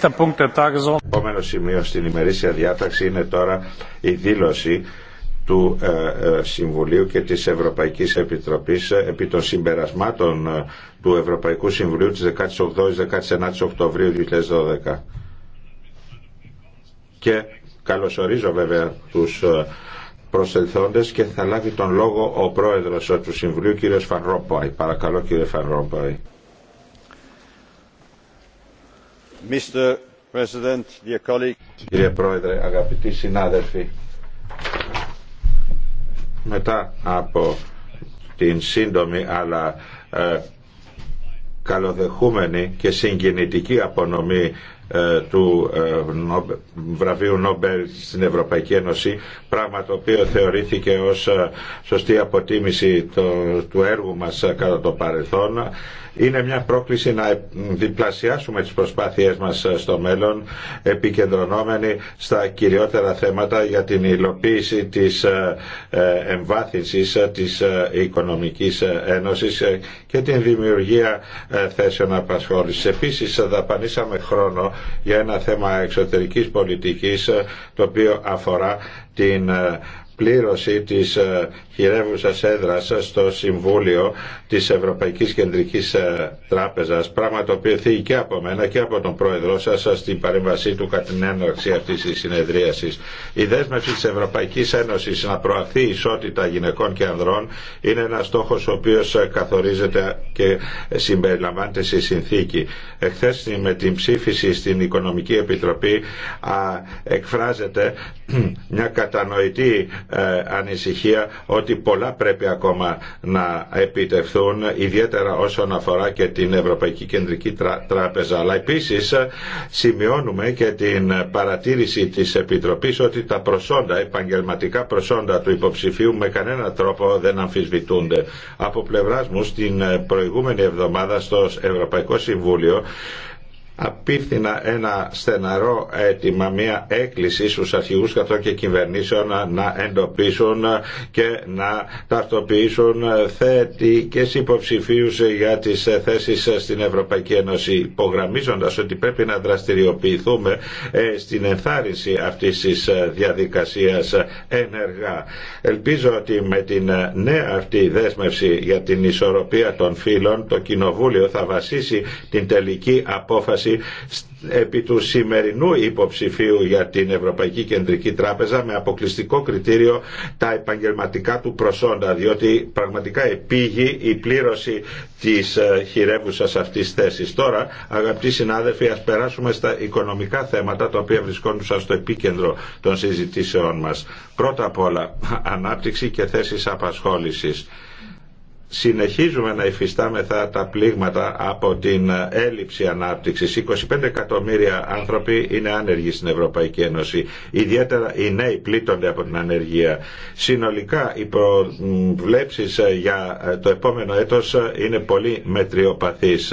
Το Επόμενο σημείο στην ημερήσια διάταξη είναι τώρα η δήλωση του ε, ε, Συμβουλίου και της Ευρωπαϊκής Επιτροπής ε, επί των συμπερασμάτων του Ευρωπαϊκού Συμβουλίου της 18ης-19ης Οκτωβρίου 2012. Και καλωσορίζω βέβαια τους προσελθόντες και θα λάβει τον λόγο ο πρόεδρος του Συμβουλίου κύριος Φανρόμποϊ. Παρακαλώ κύριε Φανρόμποϊ. Κύριε Πρόεδρε, αγαπητοί συνάδελφοι, μετά από την σύντομη αλλά ε, καλοδεχούμενη και συγκινητική απονομή ε, του ε, βραβείου Νόμπελ στην Ευρωπαϊκή Ένωση πράγμα το οποίο θεωρήθηκε ως ε, σωστή αποτίμηση του έργου μας κατά το παρελθόν είναι μια πρόκληση να διπλασιάσουμε τις προσπάθειές μας στο μέλλον επικεντρωνόμενοι στα κυριότερα θέματα για την υλοποίηση της ε, ε, εμβάθυνσης ε, της Οικονομικής Ένωσης και την δημιουργία θέσεων απασχόλησης. Επίσης δαπανίσαμε χρόνο για ένα θέμα εξωτερικής πολιτικής το οποίο αφορά την πλήρωση της ε, χειρεύουσας έδρας στο Συμβούλιο της Ευρωπαϊκής Κεντρικής ε, Τράπεζας, πράγμα το οποίο θίγει και από μένα και από τον Πρόεδρό σας στην παρέμβασή του κατά την έναρξη αυτής της συνεδρίασης. Η δέσμευση της Ευρωπαϊκής Ένωσης να προαχθεί η ισότητα γυναικών και ανδρών είναι ένας στόχος ο οποίος ε, καθορίζεται και συμπεριλαμβάνεται στη συνθήκη. Εχθές με την ψήφιση στην Οικονομική Επιτροπή α, εκφράζεται μια κατανοητή ε, ανησυχία ότι πολλά πρέπει ακόμα να επιτευχθούν ιδιαίτερα όσον αφορά και την Ευρωπαϊκή Κεντρική Τράπεζα. Αλλά επίσης ε, σημειώνουμε και την παρατήρηση της Επιτροπής ότι τα προσόντα, επαγγελματικά προσόντα του υποψηφίου με κανένα τρόπο δεν αμφισβητούνται. Από πλευράς μου στην ε, προηγούμενη εβδομάδα στο Ευρωπαϊκό Συμβούλιο απίθυνα ένα στεναρό αίτημα, μια έκκληση στους αρχηγούς καθώ και κυβερνήσεων να εντοπίσουν και να ταυτοποιήσουν και υποψηφίου για τις θέσεις στην Ευρωπαϊκή Ένωση υπογραμμίζοντας ότι πρέπει να δραστηριοποιηθούμε ε, στην ενθάρρυνση αυτής της διαδικασίας ενεργά. Ελπίζω ότι με την νέα αυτή δέσμευση για την ισορροπία των φύλων το Κοινοβούλιο θα βασίσει την τελική απόφαση επί του σημερινού υποψηφίου για την Ευρωπαϊκή Κεντρική Τράπεζα με αποκλειστικό κριτήριο τα επαγγελματικά του προσόντα διότι πραγματικά επήγει η πλήρωση της ε, χειρεύουσας αυτής θέσης. Τώρα αγαπητοί συνάδελφοι ας περάσουμε στα οικονομικά θέματα τα οποία βρισκόντουσαν στο επίκεντρο των συζητήσεών μας. Πρώτα απ' όλα ανάπτυξη και θέσεις απασχόλησης συνεχίζουμε να υφιστάμεθα τα πλήγματα από την έλλειψη ανάπτυξης. 25 εκατομμύρια άνθρωποι είναι άνεργοι στην Ευρωπαϊκή Ένωση. Ιδιαίτερα οι νέοι πλήττονται από την ανεργία. Συνολικά οι προβλέψεις για το επόμενο έτος είναι πολύ μετριοπαθείς.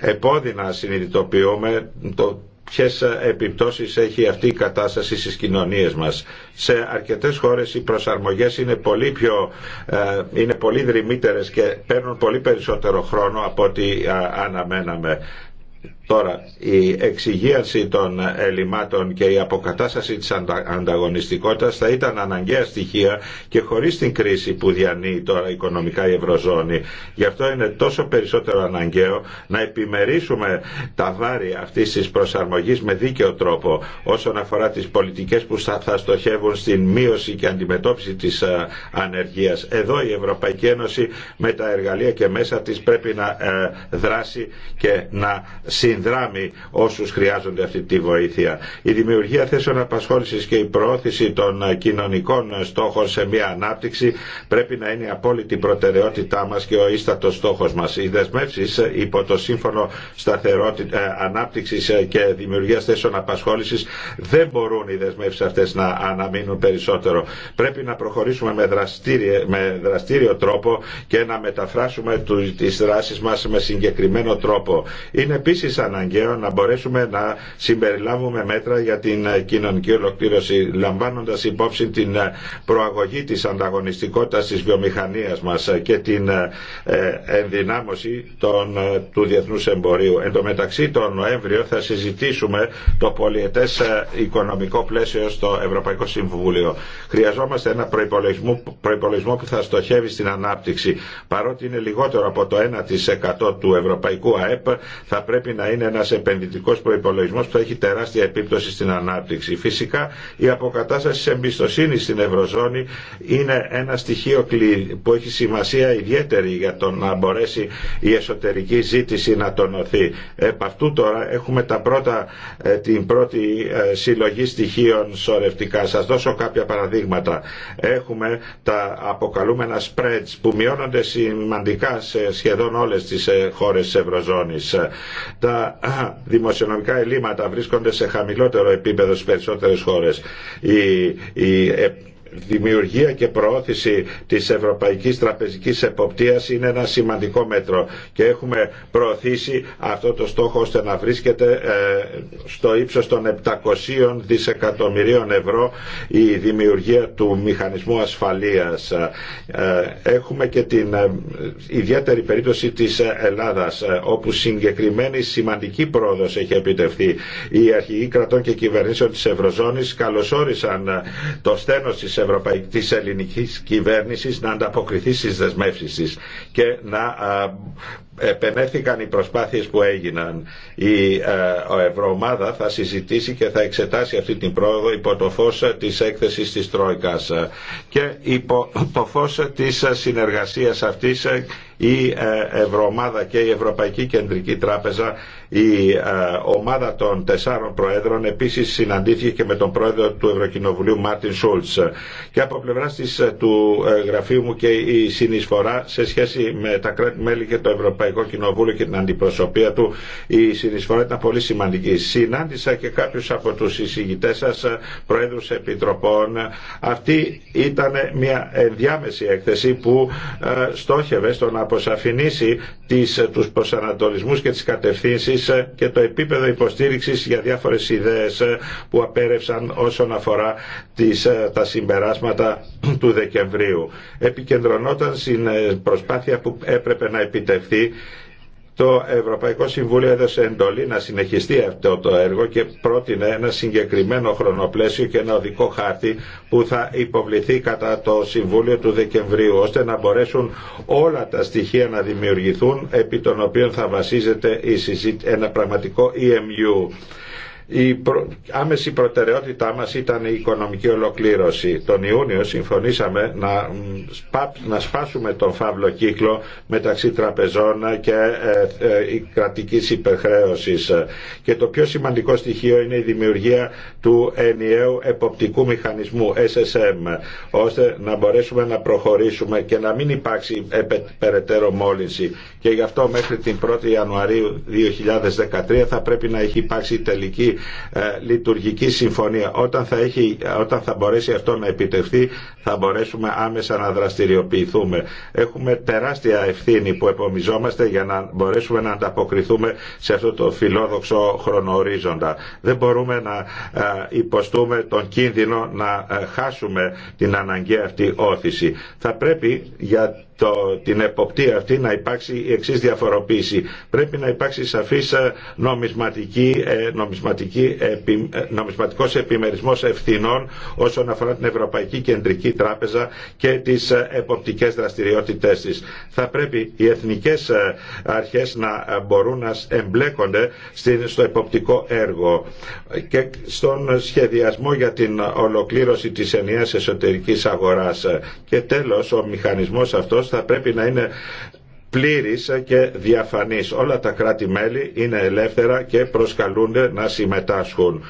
Επόδεινα συνειδητοποιούμε το ποιες ε, επιπτώσεις έχει αυτή η κατάσταση στις κοινωνίες μας. Σε αρκετές χώρες οι προσαρμογές είναι πολύ, πιο, ε, είναι πολύ δρυμύτερες και παίρνουν πολύ περισσότερο χρόνο από ό,τι ε, αναμέναμε. Τώρα, η εξυγίανση των ελλημάτων και η αποκατάσταση της ανταγωνιστικότητας θα ήταν αναγκαία στοιχεία και χωρίς την κρίση που διανύει τώρα οικονομικά η Ευρωζώνη. Γι' αυτό είναι τόσο περισσότερο αναγκαίο να επιμερίσουμε τα βάρη αυτής της προσαρμογής με δίκαιο τρόπο όσον αφορά τις πολιτικές που θα στοχεύουν στην μείωση και αντιμετώπιση της ε, ανεργίας. Εδώ η Ευρωπαϊκή Ένωση με τα εργαλεία και μέσα της πρέπει να ε, δράσει και να συνδέσει συνδράμει όσους χρειάζονται αυτή τη βοήθεια. Η δημιουργία θέσεων απασχόλησης και η προώθηση των κοινωνικών στόχων σε μια ανάπτυξη πρέπει να είναι η απόλυτη προτεραιότητά μας και ο ίστατος στόχος μας. Οι δεσμεύσει υπό το Σύμφωνο Σταθερότητα, ε, Ανάπτυξης και δημιουργία Θέσεων Απασχόλησης δεν μπορούν οι δεσμεύσει αυτές να αναμείνουν περισσότερο. Πρέπει να προχωρήσουμε με δραστήριο, με δραστήριο τρόπο και να μεταφράσουμε τις δράσει μας με συγκεκριμένο τρόπο. Είναι επίσης αναγκαίο να μπορέσουμε να συμπεριλάβουμε μέτρα για την ε, κοινωνική ολοκλήρωση, λαμβάνοντα υπόψη την ε, προαγωγή τη ανταγωνιστικότητα τη βιομηχανία μα ε, και την ενδυνάμωση του διεθνού εμπορίου. Εν τω μεταξύ, τον Νοέμβριο θα συζητήσουμε το πολιετέ οικονομικό πλαίσιο στο Ευρωπαϊκό Συμβούλιο. Χρειαζόμαστε ένα προϋπολογισμό, προϋπολογισμό που θα στοχεύει στην ανάπτυξη. Παρότι είναι λιγότερο από το 1% του Ευρωπαϊκού ΑΕΠ, θα πρέπει να είναι ένας επενδυτικός προϋπολογισμός που θα έχει τεράστια επίπτωση στην ανάπτυξη. Φυσικά η αποκατάσταση της εμπιστοσύνης στην Ευρωζώνη είναι ένα στοιχείο που έχει σημασία ιδιαίτερη για το να μπορέσει η εσωτερική ζήτηση να τονωθεί. Επ' αυτού τώρα έχουμε τα πρώτα, ε, την πρώτη ε, συλλογή στοιχείων σωρευτικά. Σας δώσω κάποια παραδείγματα. Έχουμε τα αποκαλούμενα spreads που μειώνονται σημαντικά σε σχεδόν όλες τις ε, χώρες της Ευρωζώνης. Τα δημοσιονομικά ελλείμματα βρίσκονται σε χαμηλότερο επίπεδο στις περισσότερες χώρες. Η, η ε, δημιουργία και προώθηση της Ευρωπαϊκής Τραπεζικής Εποπτείας είναι ένα σημαντικό μέτρο και έχουμε προωθήσει αυτό το στόχο ώστε να βρίσκεται ε, στο ύψος των 700 δισεκατομμυρίων ευρώ η δημιουργία του μηχανισμού ασφαλείας. Ε, έχουμε και την ε, ιδιαίτερη περίπτωση της Ελλάδας όπου συγκεκριμένη σημαντική πρόοδος έχει επιτευχθεί. Οι αρχηγοί κρατών και κυβερνήσεων της Ευρωζώνης καλωσόρισαν το στένος Ευρωπαϊκής της ελληνικής κυβέρνησης να ανταποκριθεί στις δεσμεύσεις της και να επενέθηκαν οι προσπάθειες που έγιναν. Η ε, ο Ευρωομάδα θα συζητήσει και θα εξετάσει αυτή την πρόοδο υπό το φως της έκθεσης της Τρόικας και υπό το φως της συνεργασίας αυτής η ε, Ευρωομάδα και η Ευρωπαϊκή Κεντρική Τράπεζα η ε, ομάδα των τεσσάρων προέδρων επίσης συναντήθηκε με τον πρόεδρο του Ευρωκοινοβουλίου Μάρτιν Σούλτς. Και από πλευρά ε, του ε, γραφείου μου και η συνεισφορά σε σχέση με τα κράτη-μέλη και το Ευρωπαϊκό Κοινοβούλιο και την αντιπροσωπεία του, η συνεισφορά ήταν πολύ σημαντική. Συνάντησα και κάποιους από τους εισηγητές σας, προέδρους επιτροπών. Αυτή ήταν μια ενδιάμεση έκθεση που στόχευε στο να αποσαφηνίσει τις, τους και τις κατευθύνσει. Ε, και το επίπεδο υποστήριξης για διάφορες ιδέες ε, που απέρευσαν όσον αφορά τις, ε, τα συμπεράσματα του Δεκεμβρίου. Επικεντρωνόταν στην προσπάθεια που έπρεπε να επιτευχθεί το Ευρωπαϊκό Συμβούλιο έδωσε εντολή να συνεχιστεί αυτό το έργο και πρότεινε ένα συγκεκριμένο χρονοπλαίσιο και ένα οδικό χάρτη που θα υποβληθεί κατά το Συμβούλιο του Δεκεμβρίου ώστε να μπορέσουν όλα τα στοιχεία να δημιουργηθούν επί των οποίων θα βασίζεται η ένα πραγματικό EMU. Η άμεση προτεραιότητά μας ήταν η οικονομική ολοκλήρωση. Τον Ιούνιο συμφωνήσαμε να, να σπάσουμε τον φαύλο κύκλο μεταξύ τραπεζών και ε, ε, η κρατική υπερχρέωσης. Και το πιο σημαντικό στοιχείο είναι η δημιουργία του ενιαίου εποπτικού μηχανισμού SSM, ώστε να μπορέσουμε να προχωρήσουμε και να μην υπάρξει περαιτέρω μόλυνση. Και γι' αυτό μέχρι την 1η Ιανουαρίου 2013 θα πρέπει να έχει υπάρξει τελική ε, λειτουργική συμφωνία. Όταν θα, έχει, όταν θα μπορέσει αυτό να επιτευχθεί θα μπορέσουμε άμεσα να δραστηριοποιηθούμε. Έχουμε τεράστια ευθύνη που επομιζόμαστε για να μπορέσουμε να ανταποκριθούμε σε αυτό το φιλόδοξο χρονορίζοντα. Δεν μπορούμε να ε, υποστούμε τον κίνδυνο να ε, χάσουμε την αναγκαία αυτή όθηση. Θα πρέπει για το, την εποπτεία αυτή να υπάρξει η εξής διαφοροποίηση. Πρέπει να υπάρξει σαφής ε, νομισματική, ε, νομισματική, ε, νομισματικός επιμερισμός ευθυνών όσον αφορά την Ευρωπαϊκή Κεντρική Τράπεζα και τις εποπτικές δραστηριότητές της. Θα πρέπει οι εθνικές αρχές να μπορούν να εμπλέκονται στο εποπτικό έργο και στον σχεδιασμό για την ολοκλήρωση της ενιαίας εσωτερικής αγοράς. Και τέλος, ο μηχανισμός αυτός θα πρέπει να είναι πλήρης και διαφανής. Όλα τα κράτη-μέλη είναι ελεύθερα και προσκαλούνται να συμμετάσχουν.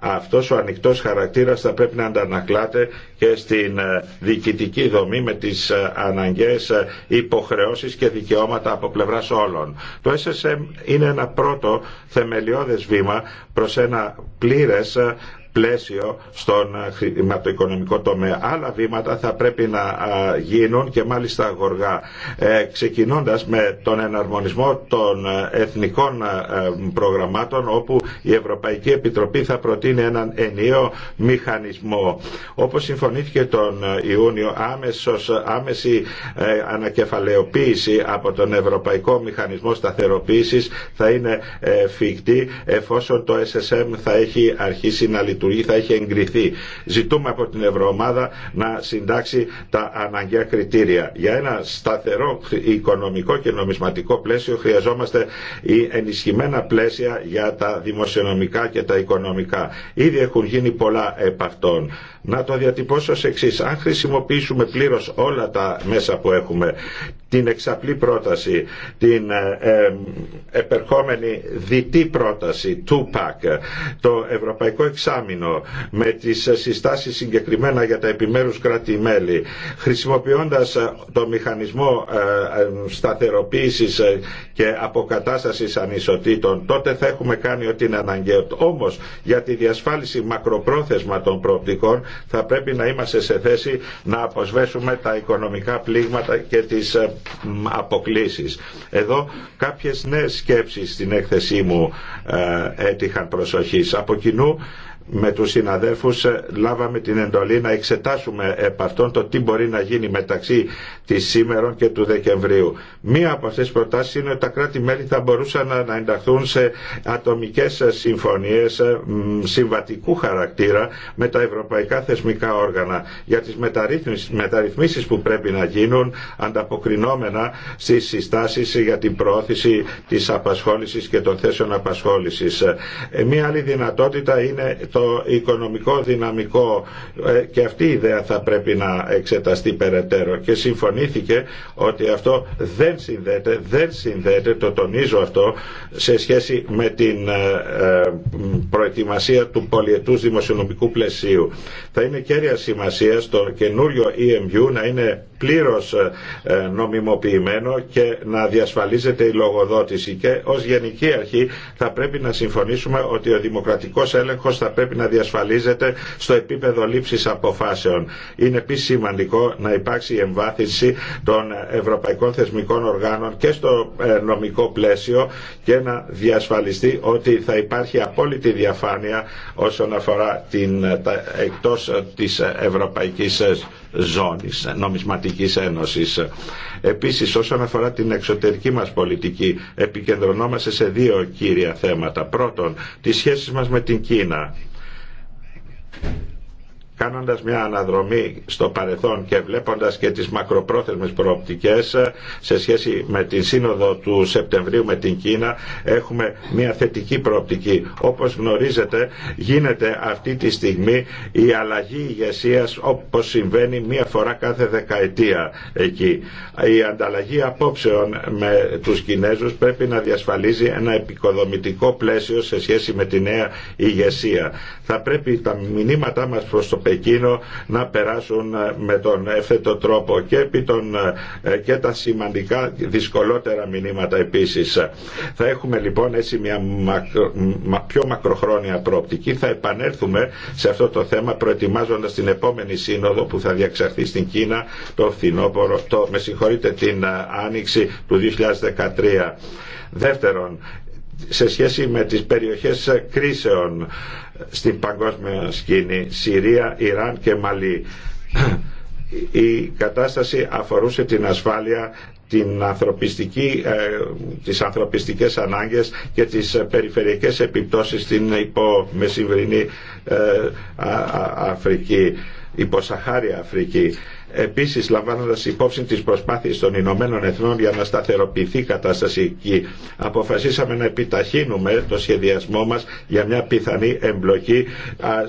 Αυτός ο ανοιχτός χαρακτήρας θα πρέπει να αντανακλάται και στην ε, διοικητική δομή με τις ε, αναγκαίες ε, υποχρεώσεις και δικαιώματα από πλευράς όλων. Το SSM είναι ένα πρώτο θεμελιώδες βήμα προς ένα πλήρες πλαίσιο στον ε, χρηματοοικονομικό τομέα. Άλλα βήματα θα πρέπει να γίνουν και μάλιστα γοργά. Ε, ξεκινώντας με τον εναρμονισμό των ε, εθνικών προγραμμάτων όπου η Ευρωπαϊκή Επιτροπή θα προτείνει έναν ενιαίο μηχανισμό. Όπως συμφωνήθηκε τον Ιούνιο, άμεσος, άμεση ανακεφαλαιοποίηση από τον Ευρωπαϊκό Μηχανισμό Σταθεροποίησης θα είναι φυκτή εφόσον το SSM θα έχει αρχίσει να λειτουργήσει λειτουργεί θα έχει εγκριθεί. Ζητούμε από την Ευρωομάδα να συντάξει τα αναγκαία κριτήρια. Για ένα σταθερό οικονομικό και νομισματικό πλαίσιο χρειαζόμαστε η ενισχυμένα πλαίσια για τα δημοσιονομικά και τα οικονομικά. Ήδη έχουν γίνει πολλά επ' αυτών. Να το διατυπώσω ως εξής. Αν χρησιμοποιήσουμε πλήρως όλα τα μέσα που έχουμε την εξαπλή πρόταση, την ε, ε, επερχόμενη διτή πρόταση, ΠΑΚ, το Ευρωπαϊκό Εξάμεινο με τις συστάσεις συγκεκριμένα για τα επιμέρους κράτη-μέλη, χρησιμοποιώντας ε, το μηχανισμό ε, σταθεροποίησης και αποκατάστασης ανισοτήτων, τότε θα έχουμε κάνει ό,τι είναι αναγκαίο. Όμως, για τη διασφάλιση μακροπρόθεσμα των προοπτικών, θα πρέπει να είμαστε σε θέση να αποσβέσουμε τα οικονομικά πλήγματα και τις αποκλήσεις. Εδώ κάποιες νέες σκέψεις στην έκθεσή μου ε, έτυχαν προσοχής. Από κοινού με τους συναδέλφους ε, λάβαμε την εντολή να εξετάσουμε επ' αυτόν το τι μπορεί να γίνει μεταξύ της σήμερα και του Δεκεμβρίου. Μία από αυτές τις προτάσεις είναι ότι τα κράτη-μέλη θα μπορούσαν να ενταχθούν σε ατομικές συμφωνίες ε, συμβατικού χαρακτήρα με τα ευρωπαϊκά θεσμικά όργανα για τις μεταρρυθμίσεις που πρέπει να γίνουν ανταποκρινόμενα στις συστάσεις για την προώθηση της απασχόλησης και των θέσεων απασχόλησης. Ε, μία άλλη δυνατότητα είναι το οικονομικό δυναμικό ε, και αυτή η ιδέα θα πρέπει να εξεταστεί περαιτέρω και συμφωνήθηκε ότι αυτό δεν συνδέεται, δεν συνδέεται, το τονίζω αυτό, σε σχέση με την ε, ε, προετοιμασία του πολιετούς δημοσιονομικού πλαισίου. Θα είναι κέρια σημασία στο καινούριο EMU να είναι πλήρως ε, ε, νομιμοποιημένο και να διασφαλίζεται η λογοδότηση και ως γενική αρχή θα πρέπει να συμφωνήσουμε ότι ο δημοκρατικός έλεγχος θα πρέπει να διασφαλίζεται στο επίπεδο λήψης αποφάσεων. Είναι επίσης σημαντικό να υπάρξει η εμβάθυνση των ευρωπαϊκών θεσμικών οργάνων και στο ε, νομικό πλαίσιο και να διασφαλιστεί ότι θα υπάρχει απόλυτη διαφάνεια όσον αφορά την, εκτός της ευρωπαϊκής ζώνης της Ένωσης. Επίσης όσον αφορά την εξωτερική μας πολιτική επικεντρωνόμαστε σε δύο κύρια θέματα. Πρώτον, τις σχέσεις μας με την Κίνα κάνοντας μια αναδρομή στο παρελθόν και βλέποντας και τις μακροπρόθεσμες προοπτικές ε, σε σχέση με την σύνοδο του Σεπτεμβρίου με την Κίνα έχουμε μια θετική προοπτική. Όπως γνωρίζετε γίνεται αυτή τη στιγμή η αλλαγή ηγεσία όπως συμβαίνει μια φορά κάθε δεκαετία εκεί. Η ανταλλαγή απόψεων με τους Κινέζους πρέπει να διασφαλίζει ένα επικοδομητικό πλαίσιο σε σχέση με τη νέα ηγεσία. Θα πρέπει τα μηνύματά μας προς το Πεκίνο να περάσουν ε, με τον εύθετο τρόπο και, ε, ε, και τα σημαντικά δυσκολότερα μηνύματα επίσης. Θα έχουμε λοιπόν έτσι μια μακρο, πιο μακροχρόνια προοπτική. Θα επανέλθουμε σε αυτό το θέμα προετοιμάζοντας την επόμενη σύνοδο που θα διαξαρθεί στην Κίνα το φθινόπωρο, το, με συγχωρείτε την άνοιξη του 2013. Δεύτερον, σε σχέση με τις περιοχές κρίσεων στην παγκόσμια σκηνή Συρία, Ιράν και Μαλή. Η κατάσταση αφορούσε την ασφάλεια την ανθρωπιστική, ε, τις ανθρωπιστικές ανάγκες και τις περιφερειακές επιπτώσεις στην υπομεσημβρινή ε, Αφρική, υποσαχάρια Αφρική Επίσης λαμβάνοντας υπόψη τις προσπάθειες των Ηνωμένων Εθνών για να σταθεροποιηθεί η κατάσταση εκεί αποφασίσαμε να επιταχύνουμε το σχεδιασμό μας για μια πιθανή εμπλοκή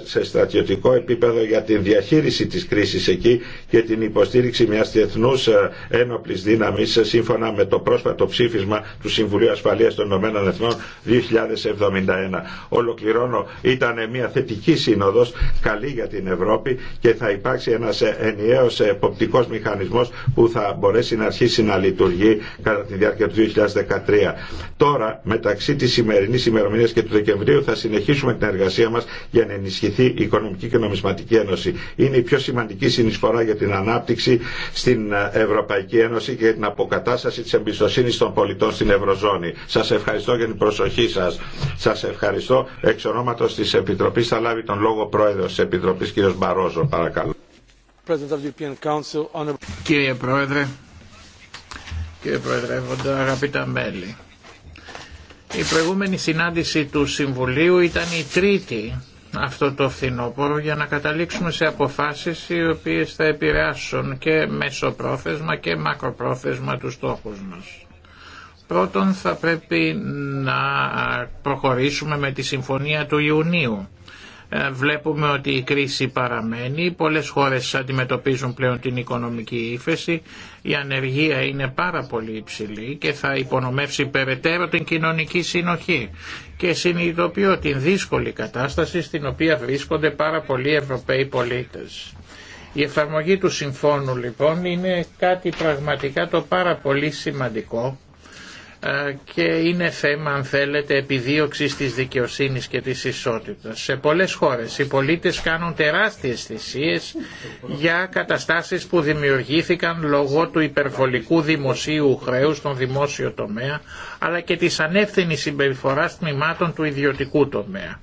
σε στρατιωτικό επίπεδο για τη διαχείριση της κρίσης εκεί και την υποστήριξη μιας διεθνούς ένοπλης δύναμης σύμφωνα με το πρόσφατο ψήφισμα του Συμβουλίου Ασφαλείας των Ηνωμένων Εθνών 2071. Ολοκληρώνω, ήταν μια θετική σύνοδος, καλή για την Ευρώπη και θα υπάρξει ένας ενιαίος εποπτικός μηχανισμός που θα μπορέσει να αρχίσει να λειτουργεί κατά τη διάρκεια του 2013. Τώρα, μεταξύ της σημερινής ημερομηνία και του Δεκεμβρίου θα συνεχίσουμε την εργασία μας για να ενισχυθεί η Οικονομική και Νομισματική Ένωση. Είναι η πιο σημαντική συνεισφορά για την ανάπτυξη στην ε, Ευρωπαϊκή Ένωση και την αποκατάσταση της εμπιστοσύνης των πολιτών στην Ευρωζώνη. Σας ευχαριστώ για την προσοχή σας. Σας ευχαριστώ. Εξ ονόματος της Επιτροπής θα λάβει τον λόγο πρόεδρος της Επιτροπής κ. Μπαρόζο. Παρακαλώ. Κύριε Πρόεδρε, κύριε Προεδρεύοντα, αγαπητά μέλη. Η προηγούμενη συνάντηση του Συμβουλίου ήταν η τρίτη αυτό το φθινόπωρο για να καταλήξουμε σε αποφάσεις οι οποίες θα επηρεάσουν και μεσοπρόθεσμα και μακροπρόθεσμα τους στόχους μας. Πρώτον θα πρέπει να προχωρήσουμε με τη συμφωνία του Ιουνίου ε, βλέπουμε ότι η κρίση παραμένει, πολλές χώρες αντιμετωπίζουν πλέον την οικονομική ύφεση, η ανεργία είναι πάρα πολύ υψηλή και θα υπονομεύσει περαιτέρω την κοινωνική συνοχή και συνειδητοποιώ την δύσκολη κατάσταση στην οποία βρίσκονται πάρα πολλοί Ευρωπαίοι πολίτες. Η εφαρμογή του συμφώνου λοιπόν είναι κάτι πραγματικά το πάρα πολύ σημαντικό ε, και είναι θέμα αν θέλετε επιδίωξης της δικαιοσύνης και της ισότητας. Σε πολλές χώρες οι πολίτες κάνουν τεράστιες θυσίες για καταστάσεις που δημιουργήθηκαν λόγω του υπερβολικού δημοσίου χρέους στον δημόσιο τομέα αλλά και της ανεύθυνης συμπεριφοράς τμήματων του ιδιωτικού τομέα.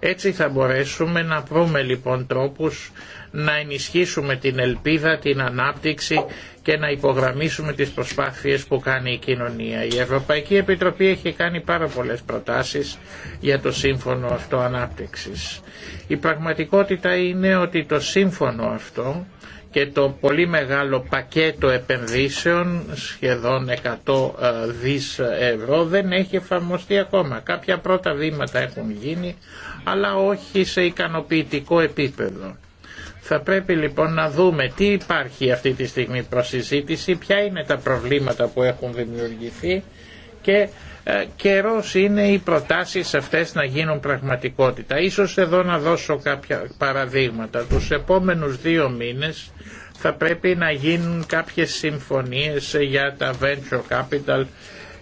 Έτσι θα μπορέσουμε να βρούμε λοιπόν τρόπους να ενισχύσουμε την ελπίδα, την ανάπτυξη και να υπογραμμίσουμε τις προσπάθειες που κάνει η κοινωνία. Η Ευρωπαϊκή Επιτροπή έχει κάνει πάρα πολλές προτάσεις για το σύμφωνο αυτό ανάπτυξης. Η πραγματικότητα είναι ότι το σύμφωνο αυτό και το πολύ μεγάλο πακέτο επενδύσεων, σχεδόν 100 ε, δις ευρώ, δεν έχει εφαρμοστεί ακόμα. Κάποια πρώτα βήματα έχουν γίνει, αλλά όχι σε ικανοποιητικό επίπεδο. Θα πρέπει λοιπόν να δούμε τι υπάρχει αυτή τη στιγμή προσυζήτηση, ποια είναι τα προβλήματα που έχουν δημιουργηθεί και ε, καιρός είναι οι προτάσεις αυτές να γίνουν πραγματικότητα. Ίσως εδώ να δώσω κάποια παραδείγματα. Τους επόμενους δύο μήνες θα πρέπει να γίνουν κάποιες συμφωνίες για τα venture capital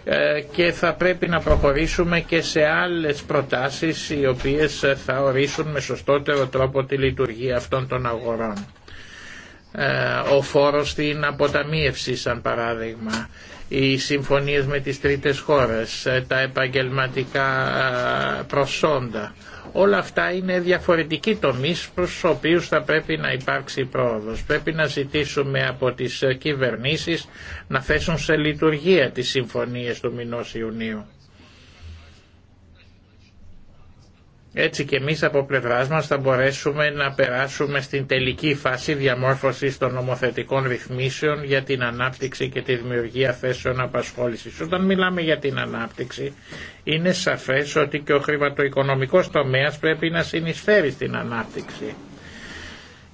ε, και θα πρέπει να προχωρήσουμε και σε άλλες προτάσεις οι οποίες θα ορίσουν με σωστότερο τρόπο τη λειτουργία αυτών των αγορών. Ε, ο φόρος στην αποταμίευση σαν παράδειγμα, οι συμφωνίες με τις τρίτες χώρες, ε, τα επαγγελματικά προσόντα Όλα αυτά είναι διαφορετικοί τομεί, προ του οποίους θα πρέπει να υπάρξει πρόοδο. Πρέπει να ζητήσουμε από τις κυβερνήσεις να θέσουν σε λειτουργία τι συμφωνίε του Μηνό Ιουνίου. Έτσι και εμείς από πλευράς μας θα μπορέσουμε να περάσουμε στην τελική φάση διαμόρφωσης των νομοθετικών ρυθμίσεων για την ανάπτυξη και τη δημιουργία θέσεων απασχόλησης. Όταν μιλάμε για την ανάπτυξη είναι σαφές ότι και ο χρηματοοικονομικός τομέας πρέπει να συνεισφέρει στην ανάπτυξη.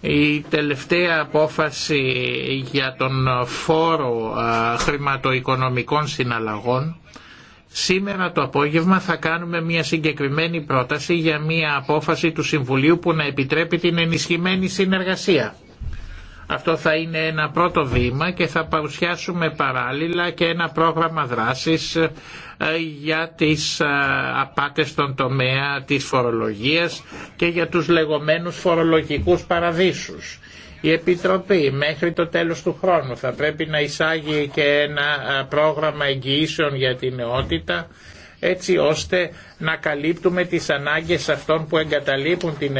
Η τελευταία απόφαση για τον φόρο χρηματοοικονομικών συναλλαγών Σήμερα το απόγευμα θα κάνουμε μια συγκεκριμένη πρόταση για μια απόφαση του Συμβουλίου που να επιτρέπει την ενισχυμένη συνεργασία. Αυτό θα είναι ένα πρώτο βήμα και θα παρουσιάσουμε παράλληλα και ένα πρόγραμμα δράσης ε, για τις ε, απάτες στον τομέα της φορολογίας και για τους λεγόμενους φορολογικούς παραδείσους. Η Επιτροπή μέχρι το τέλος του χρόνου θα πρέπει να εισάγει και ένα πρόγραμμα εγγυήσεων για την νεότητα έτσι ώστε να καλύπτουμε τις ανάγκες αυτών που εγκαταλείπουν την